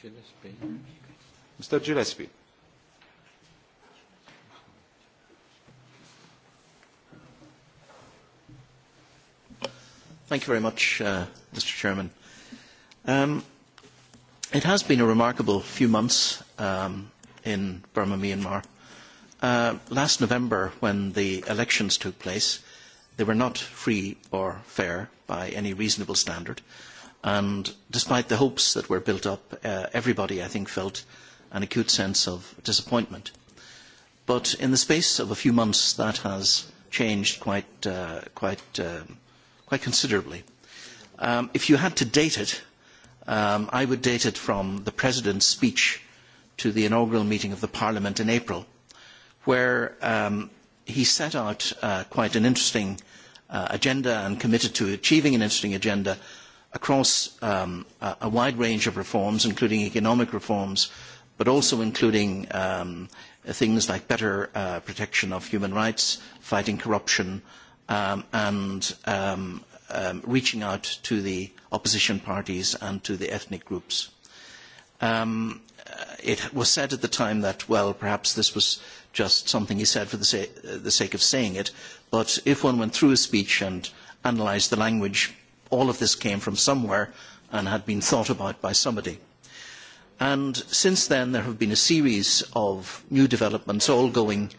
Gillespie. Mr. Gillespie. Thank you very much, uh, Mr. Chairman. Um, it has been a remarkable few months um, in Burma, Myanmar. Uh, last November, when the elections took place, they were not free or fair by any reasonable standard. Uh, And despite the hopes that were built up, uh, everybody, I think, felt an acute sense of disappointment. But in the space of a few months, that has changed quite, uh, quite, uh, quite considerably. Um, if you had to date it, um, I would date it from the President's speech to the inaugural meeting of the Parliament in April, where um, he set out uh, quite an interesting uh, agenda and committed to achieving an interesting agenda across um, a, a wide range of reforms, including economic reforms, but also including um, things like better uh, protection of human rights, fighting corruption, um, and um, um, reaching out to the opposition parties and to the ethnic groups. Um, uh, it was said at the time that, well, perhaps this was just something he said for the, sa the sake of saying it, but if one went through his speech and analysed the language all of this came from somewhere and had been thought about by somebody. And since then, there have been a series of new developments, all going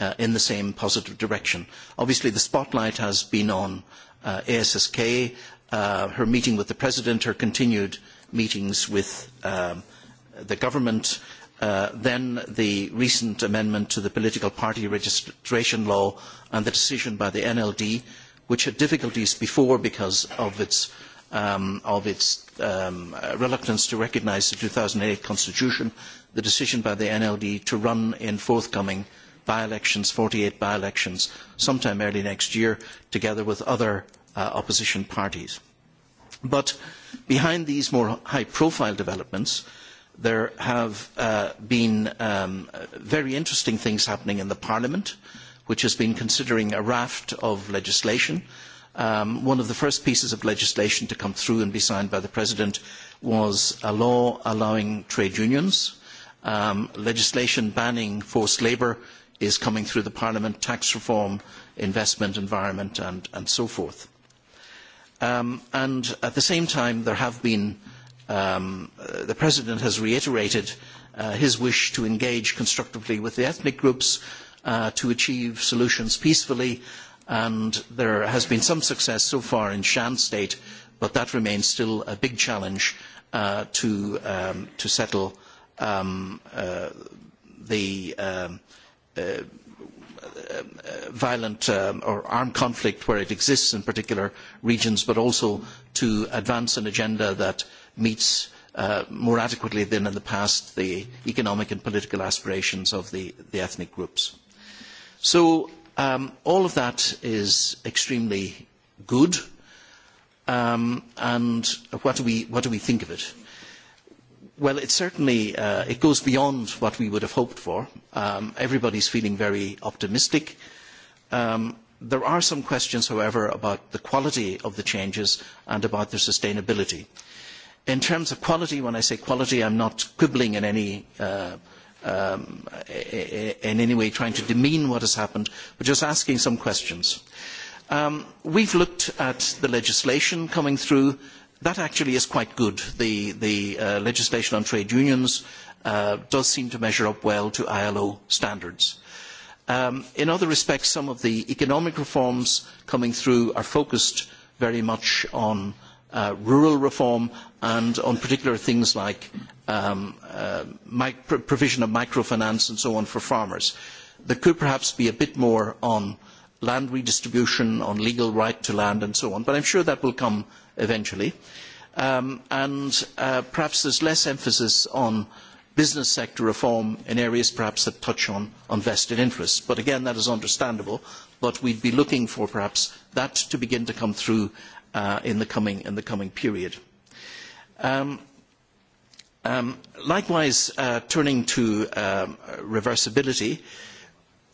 uh, in the same positive direction. Obviously, the spotlight has been on uh, ASSK, uh, her meeting with the President, her continued meetings with um, the government, uh, then the recent amendment to the political party registration law and the decision by the NLD which had difficulties before because of its, um, of its um, reluctance to recognise the two thousand eight constitution, the decision by the NLD to run in forthcoming by-elections, forty eight by-elections, sometime early next year, together with other uh, opposition parties. But behind these more high-profile developments, there have uh, been um, very interesting things happening in the Parliament. Uh, which has been considering a raft of legislation. Um, one of the first pieces of legislation to come through and be signed by the President was a law allowing trade unions. Um, legislation banning forced labour is coming through the Parliament, tax reform, investment, environment and, and so forth. Um, and at the same time, there have been, um, uh, the President has reiterated uh, his wish to engage constructively with the ethnic groups uh, to achieve solutions peacefully, and there has been some success so far in Shan State, but that remains still a big challenge uh, to, um, to settle um, uh, the um, uh, uh, violent um, or armed conflict where it exists in particular regions, but also to advance an agenda that meets uh, more adequately than in the past the economic and political aspirations of the, the ethnic groups. So um, all of that is extremely good. Um, and what do, we, what do we think of it? Well, it certainly uh, it goes beyond what we would have hoped for. Um, everybody's feeling very optimistic. Um, there are some questions, however, about the quality of the changes and about their sustainability. In terms of quality, when I say quality, I'm not quibbling in any uh, um, in any way trying to demean what has happened, but just asking some questions. Um, we've looked at the legislation coming through. That actually is quite good. The, the uh, legislation on trade unions uh, does seem to measure up well to ILO standards. Um, in other respects, some of the economic reforms coming through are focused very much on uh, uh, rural reform and on particular things like um, uh, provision of microfinance and so on for farmers. There could perhaps be a bit more on land redistribution, on legal right to land and so on, but I am sure that will come eventually. Um, and uh, perhaps there is less emphasis on business sector reform in areas perhaps that touch on, on vested interests. But again, that is understandable, but we would be looking for perhaps that to begin to come through uh, in, the coming, in the coming period. Um, um, likewise, uh, turning to um, reversibility,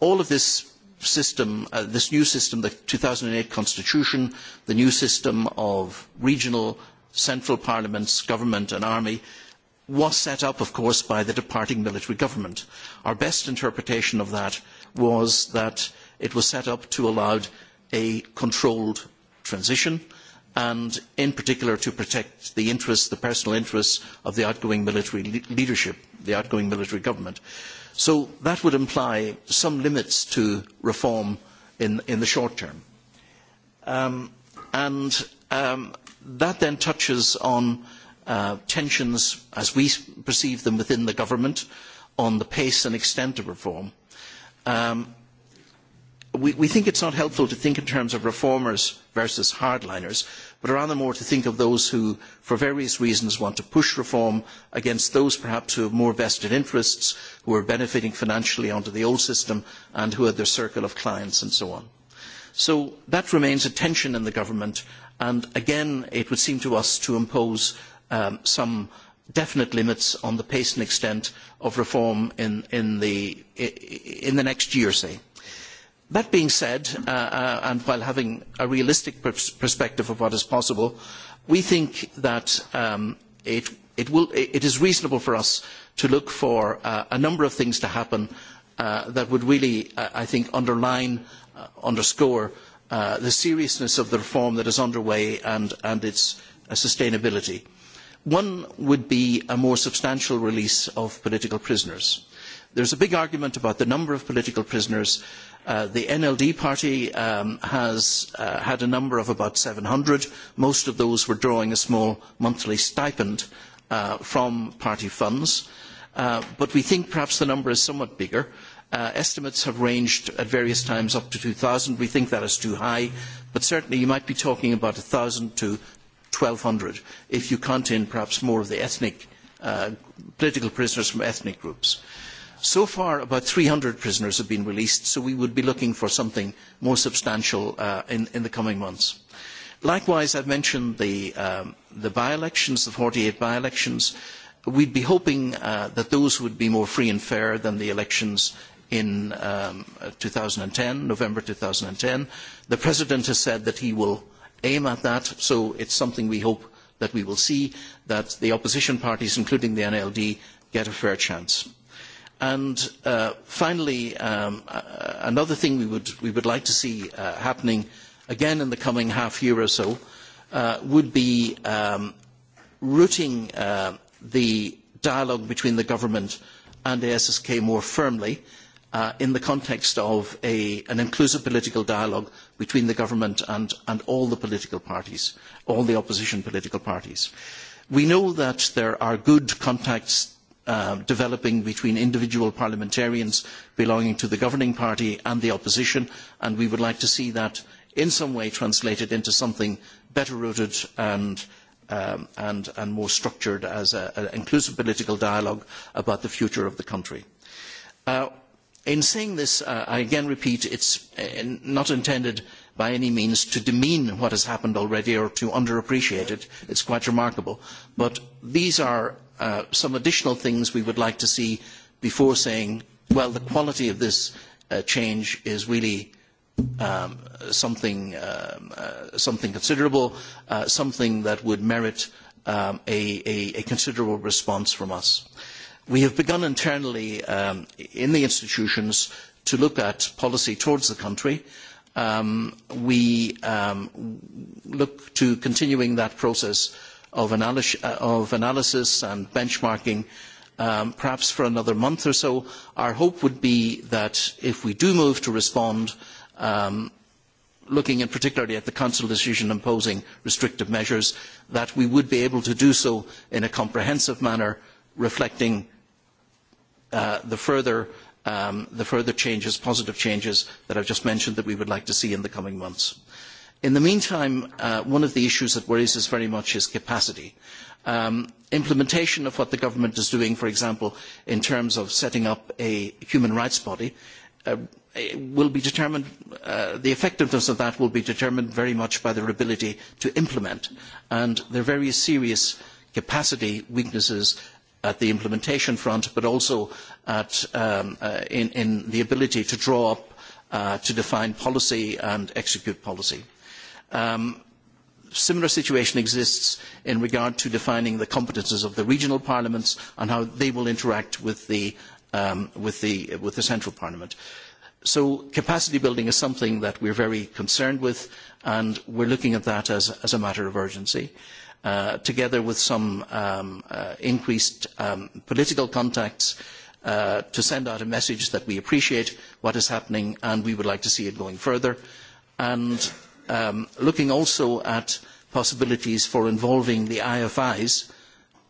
all of this system, uh, this new system, the 2008 constitution, the new system of regional, central parliaments, government and army, was set up, of course, by the departing military government. Our best interpretation of that was that it was set up to allow a controlled transition and in particular to protect the interests, the personal interests of the outgoing military leadership, the outgoing military government. So that would imply some limits to reform in, in the short term. Um, and um, that then touches on uh, tensions as we perceive them within the government on the pace and extent of reform. Um, we, we think it's not helpful to think in terms of reformers versus hardliners but rather more to think of those who, for various reasons, want to push reform against those perhaps who have more vested interests, who are benefiting financially under the old system, and who had their circle of clients and so on. So that remains a tension in the government, and again, it would seem to us to impose um, some definite limits on the pace and extent of reform in, in, the, in the next year, say. That being said, uh, uh, and while having a realistic pers perspective of what is possible, we think that um, it, it, will, it, is reasonable for us to look for uh, a number of things to happen uh, that would really, uh, I think, underline, uh, underscore the seriousness of the reform that is underway and, and its sustainability. One would be a more substantial release of political prisoners. There is a big argument about the number of political prisoners. Uh, the NLD party um, has uh, had a number of about seven hundred. Most of those were drawing a small monthly stipend uh, from party funds. Uh, but we think perhaps the number is somewhat bigger. Uh, estimates have ranged at various times up to two 2,000. We think that is too high, but certainly you might be talking about 1,000 to 1,200 if you count in perhaps more of the ethnic, political prisoners from ethnic groups. Uh, So far, about three hundred prisoners have been released, so we would be looking for something more substantial uh, in, in, the coming months. Likewise, I have mentioned the, um, the by-elections, the forty eight by-elections. We would be hoping uh, that those would be more free and fair than the elections in um, 2010, November ten. The President has said that he will aim at that, so it is something we hope that we will see, that the opposition parties, including the NLD, get a fair chance. And uh, finally, um, uh, another thing we would, we would like to see uh, happening again in the coming half year or so uh, would be um, rooting uh, the dialogue between the government and ASSK more firmly uh, in the context of a, an inclusive political dialogue between the government and, and all the political parties, all the opposition political parties. We know that there are good contacts Um, developing between individual parliamentarians belonging to the governing party and the opposition, and we would like to see that in some way translated into something better rooted and, um, and, and more structured as an inclusive political dialogue about the future of the country. Uh, in saying this, uh, I again repeat, it's uh, not intended by any means to demean what has happened already or to underappreciate it. It is quite remarkable. But these are uh, some additional things we would like to see before saying, well, the quality of this uh, change is really um, something, um, uh, something considerable, uh, something that would merit um, a, a, a considerable response from us. We have begun internally um, in the institutions to look at policy towards the country um, we um, look to continuing that process of, uh, of analysis and benchmarking um, perhaps for another month or so. Our hope would be that if we do move to respond, um, looking in particularly at the Council decision imposing restrictive measures, that we would be able to do so in a comprehensive manner, reflecting uh, the further um, the further changes, positive changes that I have just mentioned that we would like to see in the coming months. In the meantime, uh, one of the issues that worries us very much is capacity. Um, implementation of what the government is doing, for example, in terms of setting up a human rights body, uh, will be determined, uh, the effectiveness of that will be determined very much by their ability to implement. And there are very serious capacity weaknesses at the implementation front, but also at, um, uh, in, in, the ability to draw up, uh, to define policy and execute policy. Um, similar situation exists in regard to defining the competences of the regional parliaments and how they will interact with the, um, with the, with the central parliament. So capacity building is something that we are very concerned with and we are looking at that as, as a matter of urgency. Uh, uh, together with some um, uh, increased um, political contacts uh, to send out a message that we appreciate what is happening and we would like to see it going further. And um, looking also at possibilities for involving the IFIs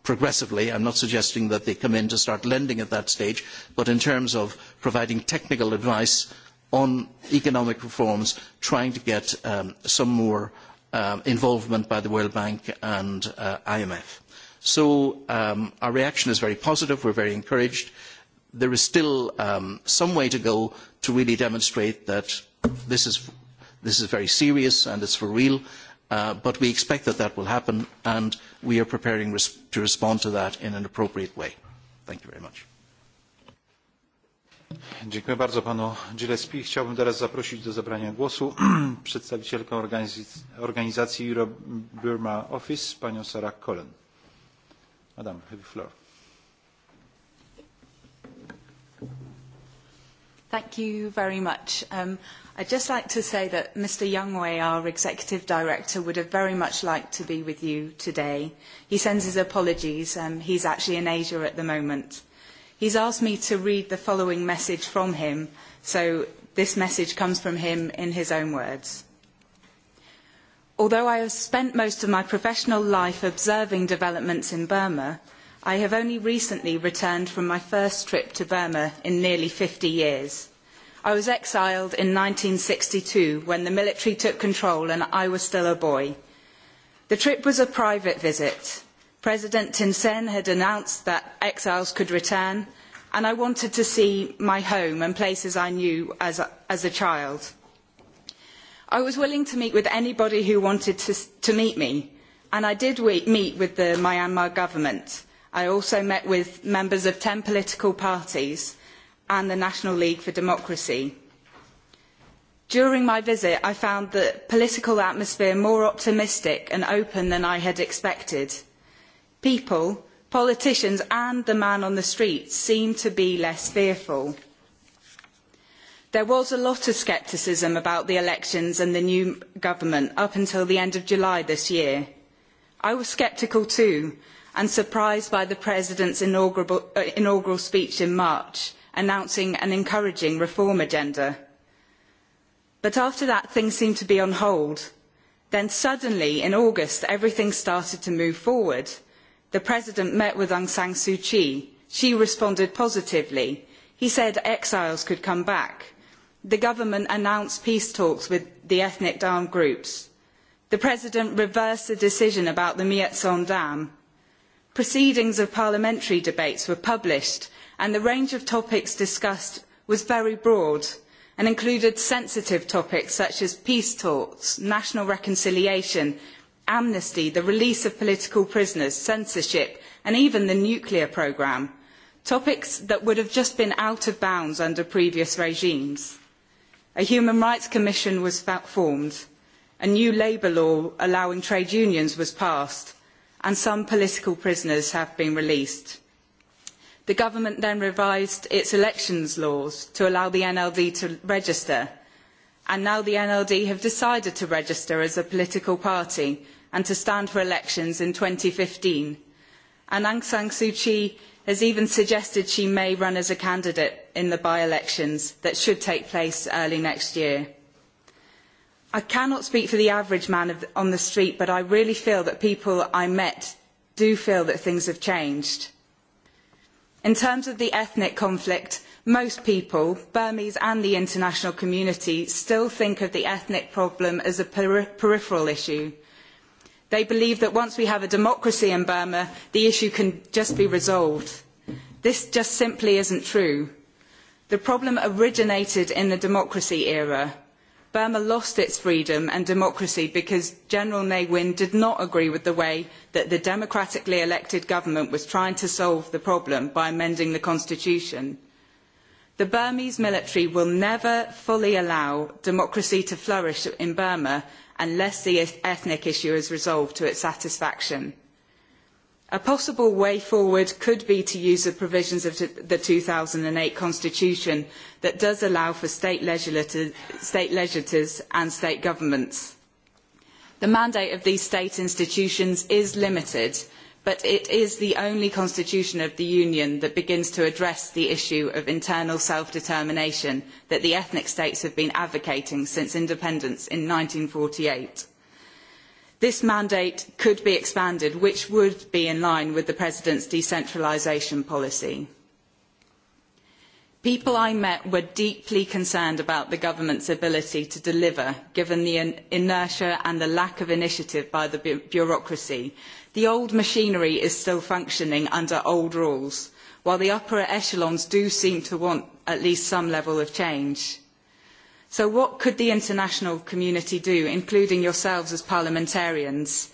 progressively. I am not suggesting that they come in to start lending at that stage, but in terms of providing technical advice on economic reforms, trying to get um, some more Um, involvement by the World Bank and uh, IMF. So um, our reaction is very positive. We're very encouraged. There is still um, some way to go to really demonstrate that this is, this is very serious and it's for real. Uh, but we expect that that will happen, and we are preparing res to respond to that in an appropriate way. Thank you very much. Dziękuję bardzo panu Gillespie. Chciałbym teraz zaprosić do zabrania głosu przedstawicielkę organizacji, Euro Burma Office, panią Sarah Cullen. Madam, have the floor. Thank you very much. Um, I'd just like to say that Mr. Youngway, our Executive Director, would have very much liked to be with you today. He sends his apologies. Um, he's actually in Asia at the moment. He has asked me to read the following message from him, so this message comes from him in his own words. Although I have spent most of my professional life observing developments in Burma, I have only recently returned from my first trip to Burma in nearly 50 years. I was exiled in sixty two when the military took control and I was still a boy. The trip was a private visit. President Hun Sen had announced that exiles could return, and I wanted to see my home and places I knew as a, as a child. I was willing to meet with anybody who wanted to, to meet me, and I did meet with the Myanmar government. I also met with members of ten political parties and the National League for Democracy. During my visit, I found the political atmosphere more optimistic and open than I had expected people, politicians and the man on the street seem to be less fearful. There was a lot of scepticism about the elections and the new government up until the end of July this year. I was sceptical too and surprised by the President's inaugural, uh, inaugural speech in March announcing an encouraging reform agenda. But after that, things seemed to be on hold. Then suddenly, in August, everything started to move forward – the President met with Aung San Suu Kyi. She responded positively. He said exiles could come back. The government announced peace talks with the ethnic dam groups. The President reversed the decision about the Mietzon Dam. Proceedings of parliamentary debates were published and the range of topics discussed was very broad and included sensitive topics such as peace talks, national reconciliation amnesty, the release of political prisoners, censorship, and even the nuclear programme, topics that would have just been out of bounds under previous regimes. A human rights commission was formed, a new labour law allowing trade unions was passed, and some political prisoners have been released. The government then revised its elections laws to allow the NLD to register, and now the NLD have decided to register as a political party and to stand for elections in fifteen, And Aung San Suu Kyi has even suggested she may run as a candidate in the by-elections that should take place early next year. I cannot speak for the average man on the street, but I really feel that people I met do feel that things have changed. In terms of the ethnic conflict, most people, Burmese and the international community, still think of the ethnic problem as a peripheral issue They believe that once we have a democracy in Burma, the issue can just be resolved. This just simply is not true. The problem originated in the democracy era. Burma lost its freedom and democracy because General Ne Win did not agree with the way that the democratically elected government was trying to solve the problem by amending the constitution. The Burmese military will never fully allow democracy to flourish in Burma unless the ethnic issue is resolved to its satisfaction. A possible way forward could be to use the provisions of the two thousand eight Constitution that does allow for state, legislat state legislators and state governments. The mandate of these state institutions is limited but it is the only constitution of the Union that begins to address the issue of internal self-determination that the ethnic states have been advocating since independence in forty eight. This mandate could be expanded, which would be in line with the President's decentralisation policy. People I met were deeply concerned about the government's ability to deliver, given the inertia and the lack of initiative by the bureaucracy. The old machinery is still functioning under old rules, while the upper echelons do seem to want at least some level of change. So what could the international community do, including yourselves as parliamentarians?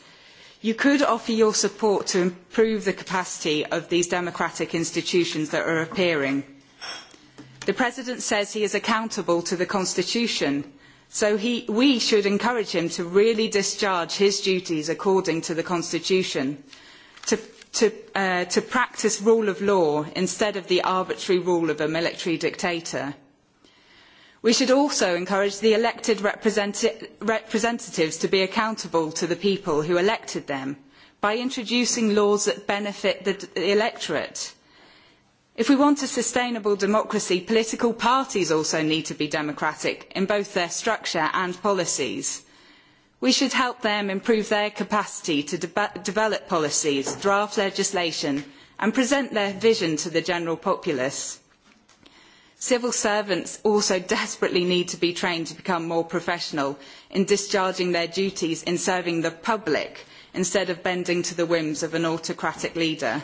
You could offer your support to improve the capacity of these democratic institutions that are appearing The President says he is accountable to the Constitution, so he, we should encourage him to really discharge his duties according to the Constitution, to, to, uh, to practice rule of law instead of the arbitrary rule of a military dictator. We should also encourage the elected representatives to be accountable to the people who elected them by introducing laws that benefit the electorate. If we want a sustainable democracy, political parties also need to be democratic in both their structure and policies. We should help them improve their capacity to de develop policies, draft legislation and present their vision to the general populace. Civil servants also desperately need to be trained to become more professional in discharging their duties in serving the public instead of bending to the whims of an autocratic leader.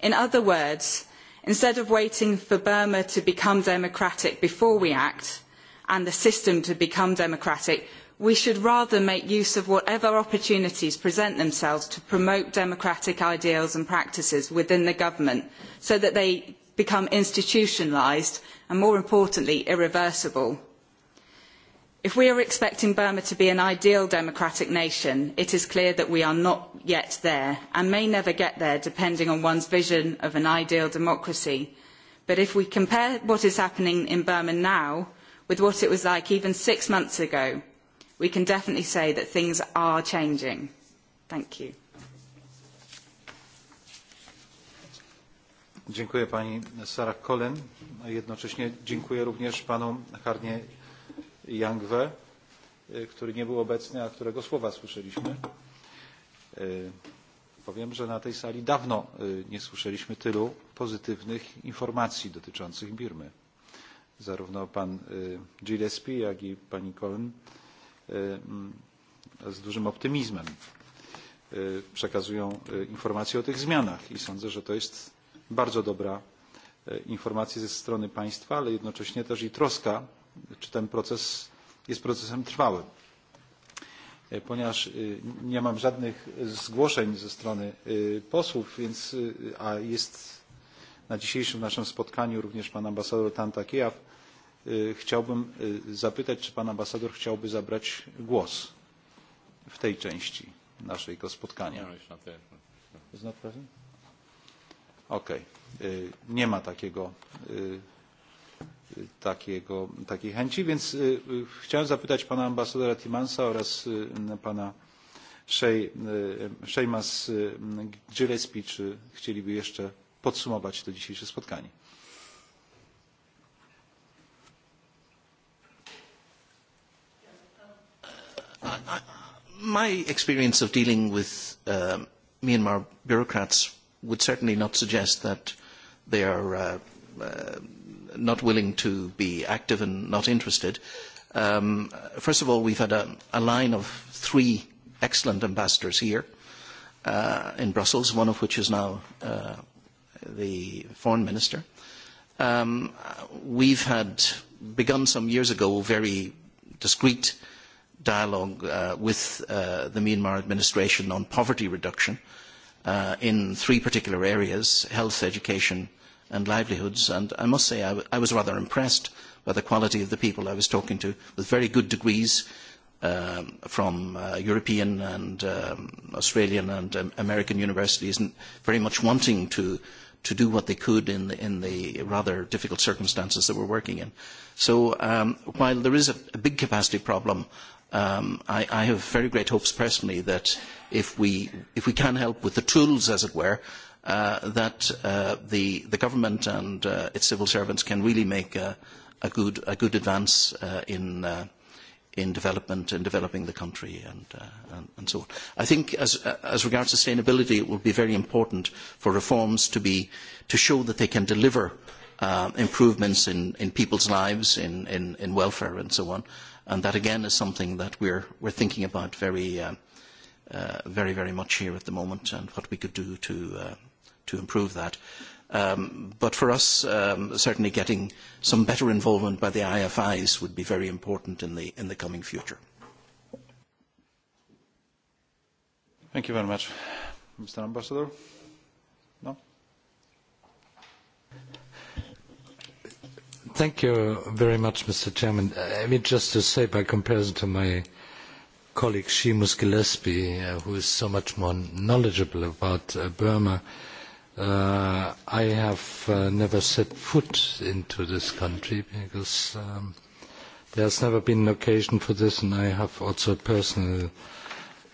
In other words, instead of waiting for Burma to become democratic before we act and the system to become democratic, we should rather make use of whatever opportunities present themselves to promote democratic ideals and practices within the government so that they become institutionalised and, more importantly, irreversible. If we are expecting Burma to be an ideal democratic nation, it is clear that we are not yet there and may never get there depending on one's vision of an ideal democracy. But if we compare what is happening in Burma now with what it was like even six months ago, we can definitely say that things are changing. Thank you. Dziękuję pani Sarah a jednocześnie dziękuję również panu Harnie Yangwe, który nie był obecny, a którego słowa słyszeliśmy. E, powiem, że na tej sali dawno e, nie słyszeliśmy tylu pozytywnych informacji dotyczących Birmy. Zarówno pan e, Gillespie, jak i pani Cohen z dużym optymizmem przekazują informacje o tych zmianach i sądzę, że to jest bardzo dobra informacja ze strony państwa, ale jednocześnie też i troska, czy ten proces jest procesem trwałym. E, ponieważ e, nie mam żadnych zgłoszeń ze strony e, posłów, więc, a jest na dzisiejszym naszym spotkaniu również pan ambasador Tanta Kijaw, chciałbym zapytać, czy pan ambasador chciałby zabrać głos w tej części naszego spotkania. Okay. Nie ma takiego takiego, takiej chęci, więc chciałem zapytać pana ambasadora Timansa oraz pana Sheamus Gillespie, czy chcieliby jeszcze podsumować to dzisiejsze spotkanie. my experience of dealing with um, Myanmar bureaucrats would certainly not suggest that they are uh, uh, not willing to be active and not interested. Um, first of all, we've had a, a line of three excellent ambassadors here uh, in Brussels, one of which is now uh, the foreign minister. Um, we've had begun some years ago very discreet dialogue uh, with uh, the Myanmar administration on poverty reduction uh, in three particular areas, health, education, and livelihoods. And I must say I, w I was rather impressed by the quality of the people I was talking to, with very good degrees um, from uh, European and um, Australian and um, American universities, and very much wanting to to do what they could in the, in the rather difficult circumstances that we're working in. So um, while there is a, a big capacity problem, um, I, I have very great hopes personally that if we, if we can help with the tools, as it were, uh, that uh, the, the government and uh, its civil servants can really make a, a, good, a good advance uh, in, uh, in development and developing the country and, uh, and, and so on. I think as, uh, as regards sustainability, it will be very important for reforms to, be, to show that they can deliver uh, improvements in, in people's lives, in, in, in welfare and so on. And that again is something that we're, we're thinking about very, uh, uh, very, very much here at the moment and what we could do to, uh, to improve that. Um, but for us, um, certainly getting some better involvement by the IFIs would be very important in the, in the coming future. Thank you very much. Mr. Ambassador? No? Thank you very much, Mr. Chairman. Uh, I mean, just to say, by comparison to my colleague Seamus Gillespie, uh, who is so much more knowledgeable about uh, Burma, Uh, I have uh, never set foot into this country because um, there has never been an occasion for this, and I have also a personal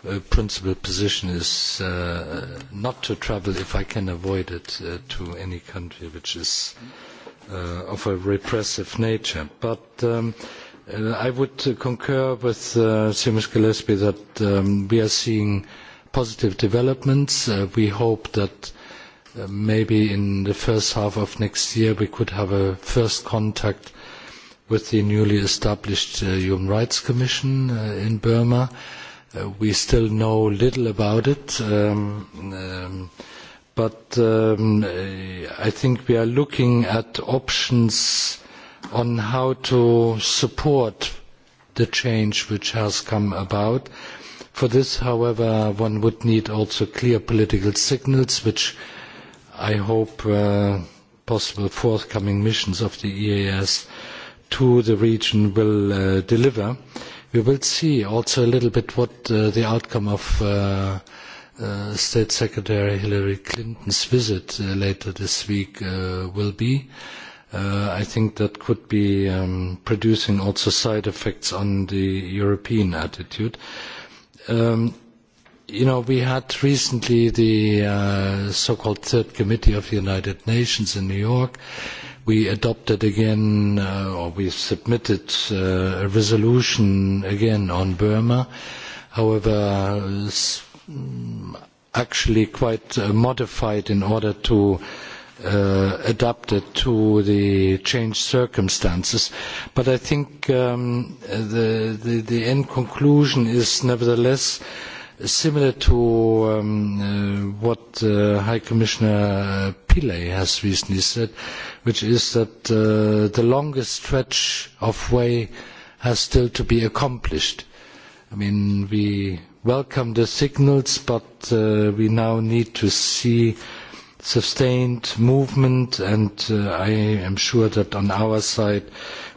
uh, principal position is uh, not to travel if I can avoid it uh, to any country which is uh, of a repressive nature. But um, uh, I would uh, concur with uh, Seamus Gillespie that um, we are seeing positive developments. Uh, we hope that maybe in the first half of next year we could have a first contact with the newly established uh, Human Rights Commission uh, in Burma. Uh, we still know little about it, um, um, but um, I think we are looking at options on how to support the change which has come about. For this, however, one would need also clear political signals which I hope, uh, possible forthcoming missions of the EAS to the region will uh, deliver. We will see also a little bit what uh, the outcome of uh, uh, State Secretary Hillary Clinton's visit uh, later this week uh, will be. Uh, I think that could be um, producing also side effects on the European attitude. Um, you know, we had recently the uh, so-called Third Committee of the United Nations in New York. We adopted again, uh, or we submitted uh, a resolution again on Burma. However, mm, actually quite uh, modified in order to uh, adapt it to the changed circumstances. But I think um, the, the, the end conclusion is nevertheless similar to um, uh, what uh, High Commissioner Pillay has recently said, which is that uh, the longest stretch of way has still to be accomplished. I mean, we welcome the signals, but uh, we now need to see sustained movement, and uh, I am sure that on our side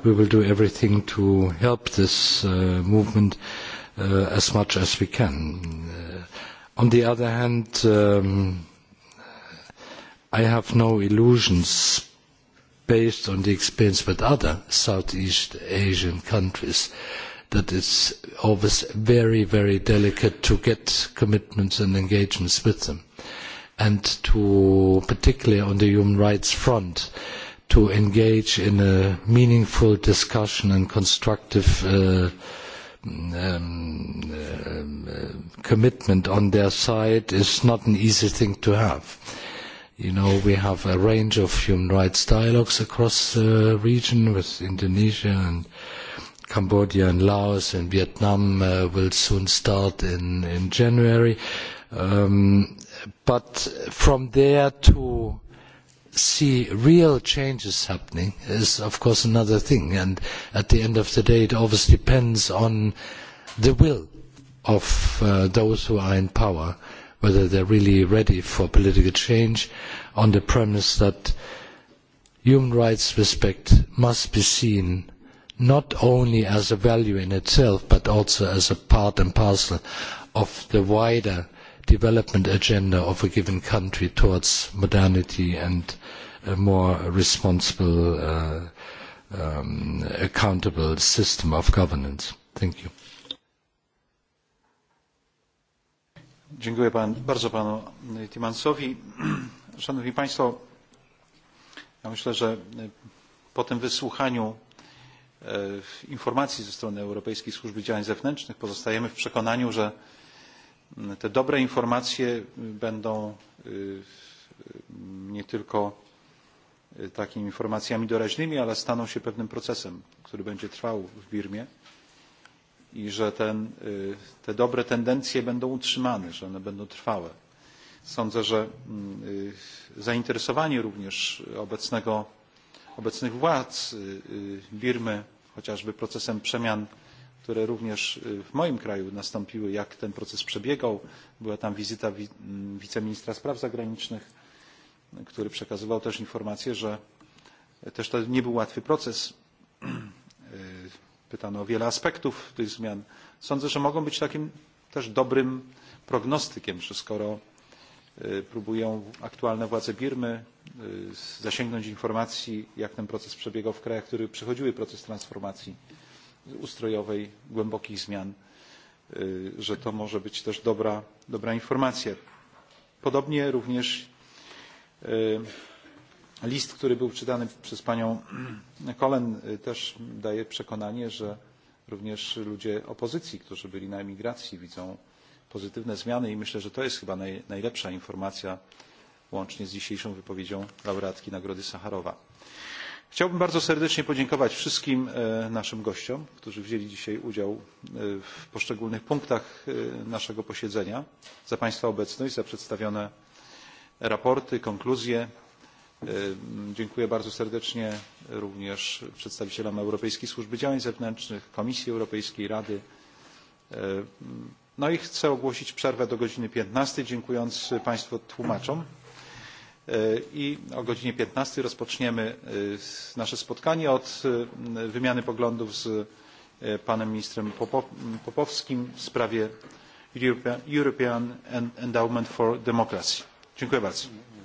we will do everything to help this uh, movement. Mm -hmm uh, as much as we can. Uh, on the other hand, um, I have no illusions based on the experience with other Southeast Asian countries that it's always very, very delicate to get commitments and engagements with them. And to, particularly on the human rights front, to engage in a meaningful discussion and constructive uh, um, uh, commitment on their side is not an easy thing to have. You know, we have a range of human rights dialogues across the region with Indonesia and Cambodia and Laos and Vietnam uh, will soon start in, in January. Um, but from there to see real changes happening is, of course, another thing. And at the end of the day, it always depends on the will of uh, those who are in power, whether they're really ready for political change on the premise that human rights respect must be seen not only as a value in itself, but also as a part and parcel of the wider development agenda of a given country towards modernity and a more responsible, uh, um, accountable system of governance. Thank you. Dziękuję pan, bardzo panu Timansowi. Szanowni Państwo, ja myślę, że po tym wysłuchaniu e, informacji ze strony Europejskiej Służby Działań Zewnętrznych pozostajemy w przekonaniu, że te dobre informacje będą nie tylko takimi informacjami doraźnymi, ale staną się pewnym procesem, który będzie trwał w Birmie i że ten, te dobre tendencje będą utrzymane, że one będą trwałe. Sądzę, że mm, zainteresowanie również obecnego, obecnych władz Birmy chociażby procesem przemian które również w moim kraju nastąpiły, jak ten proces przebiegał. Była tam wizyta wi mm, wiceministra spraw zagranicznych, który przekazywał też informację, że też to nie był łatwy proces. Pytano o wiele aspektów tych zmian. Sądzę, że mogą być takim też dobrym prognostykiem, że skoro próbują aktualne władze Birmy zasięgnąć informacji, jak ten proces przebiegał w krajach, które przechodziły proces transformacji, ustrojowej głębokich zmian, że to może być też dobra, dobra informacja. Podobnie również list, który był czytany przez panią Kolen też daje przekonanie, że również ludzie opozycji, którzy byli na emigracji, widzą pozytywne zmiany i myślę, że to jest chyba naj, najlepsza informacja łącznie z dzisiejszą wypowiedzią laureatki Nagrody Sacharowa. Chciałbym bardzo serdecznie podziękować wszystkim e, naszym gościom, którzy wzięli dzisiaj udział e, w poszczególnych punktach e, naszego posiedzenia, za Państwa obecność, za przedstawione raporty, konkluzje. Dziękuję bardzo serdecznie również przedstawicielom Europejskiej Służby Działań Zewnętrznych, Komisji Europejskiej, Rady. No i chcę ogłosić przerwę do godziny 15, dziękując Państwu tłumaczom i o godzinie 15 rozpoczniemy e, nasze spotkanie od e, wymiany poglądów z e, panem ministrem Popowskim w sprawie European Endowment for Democracy. Dziękuję bardzo.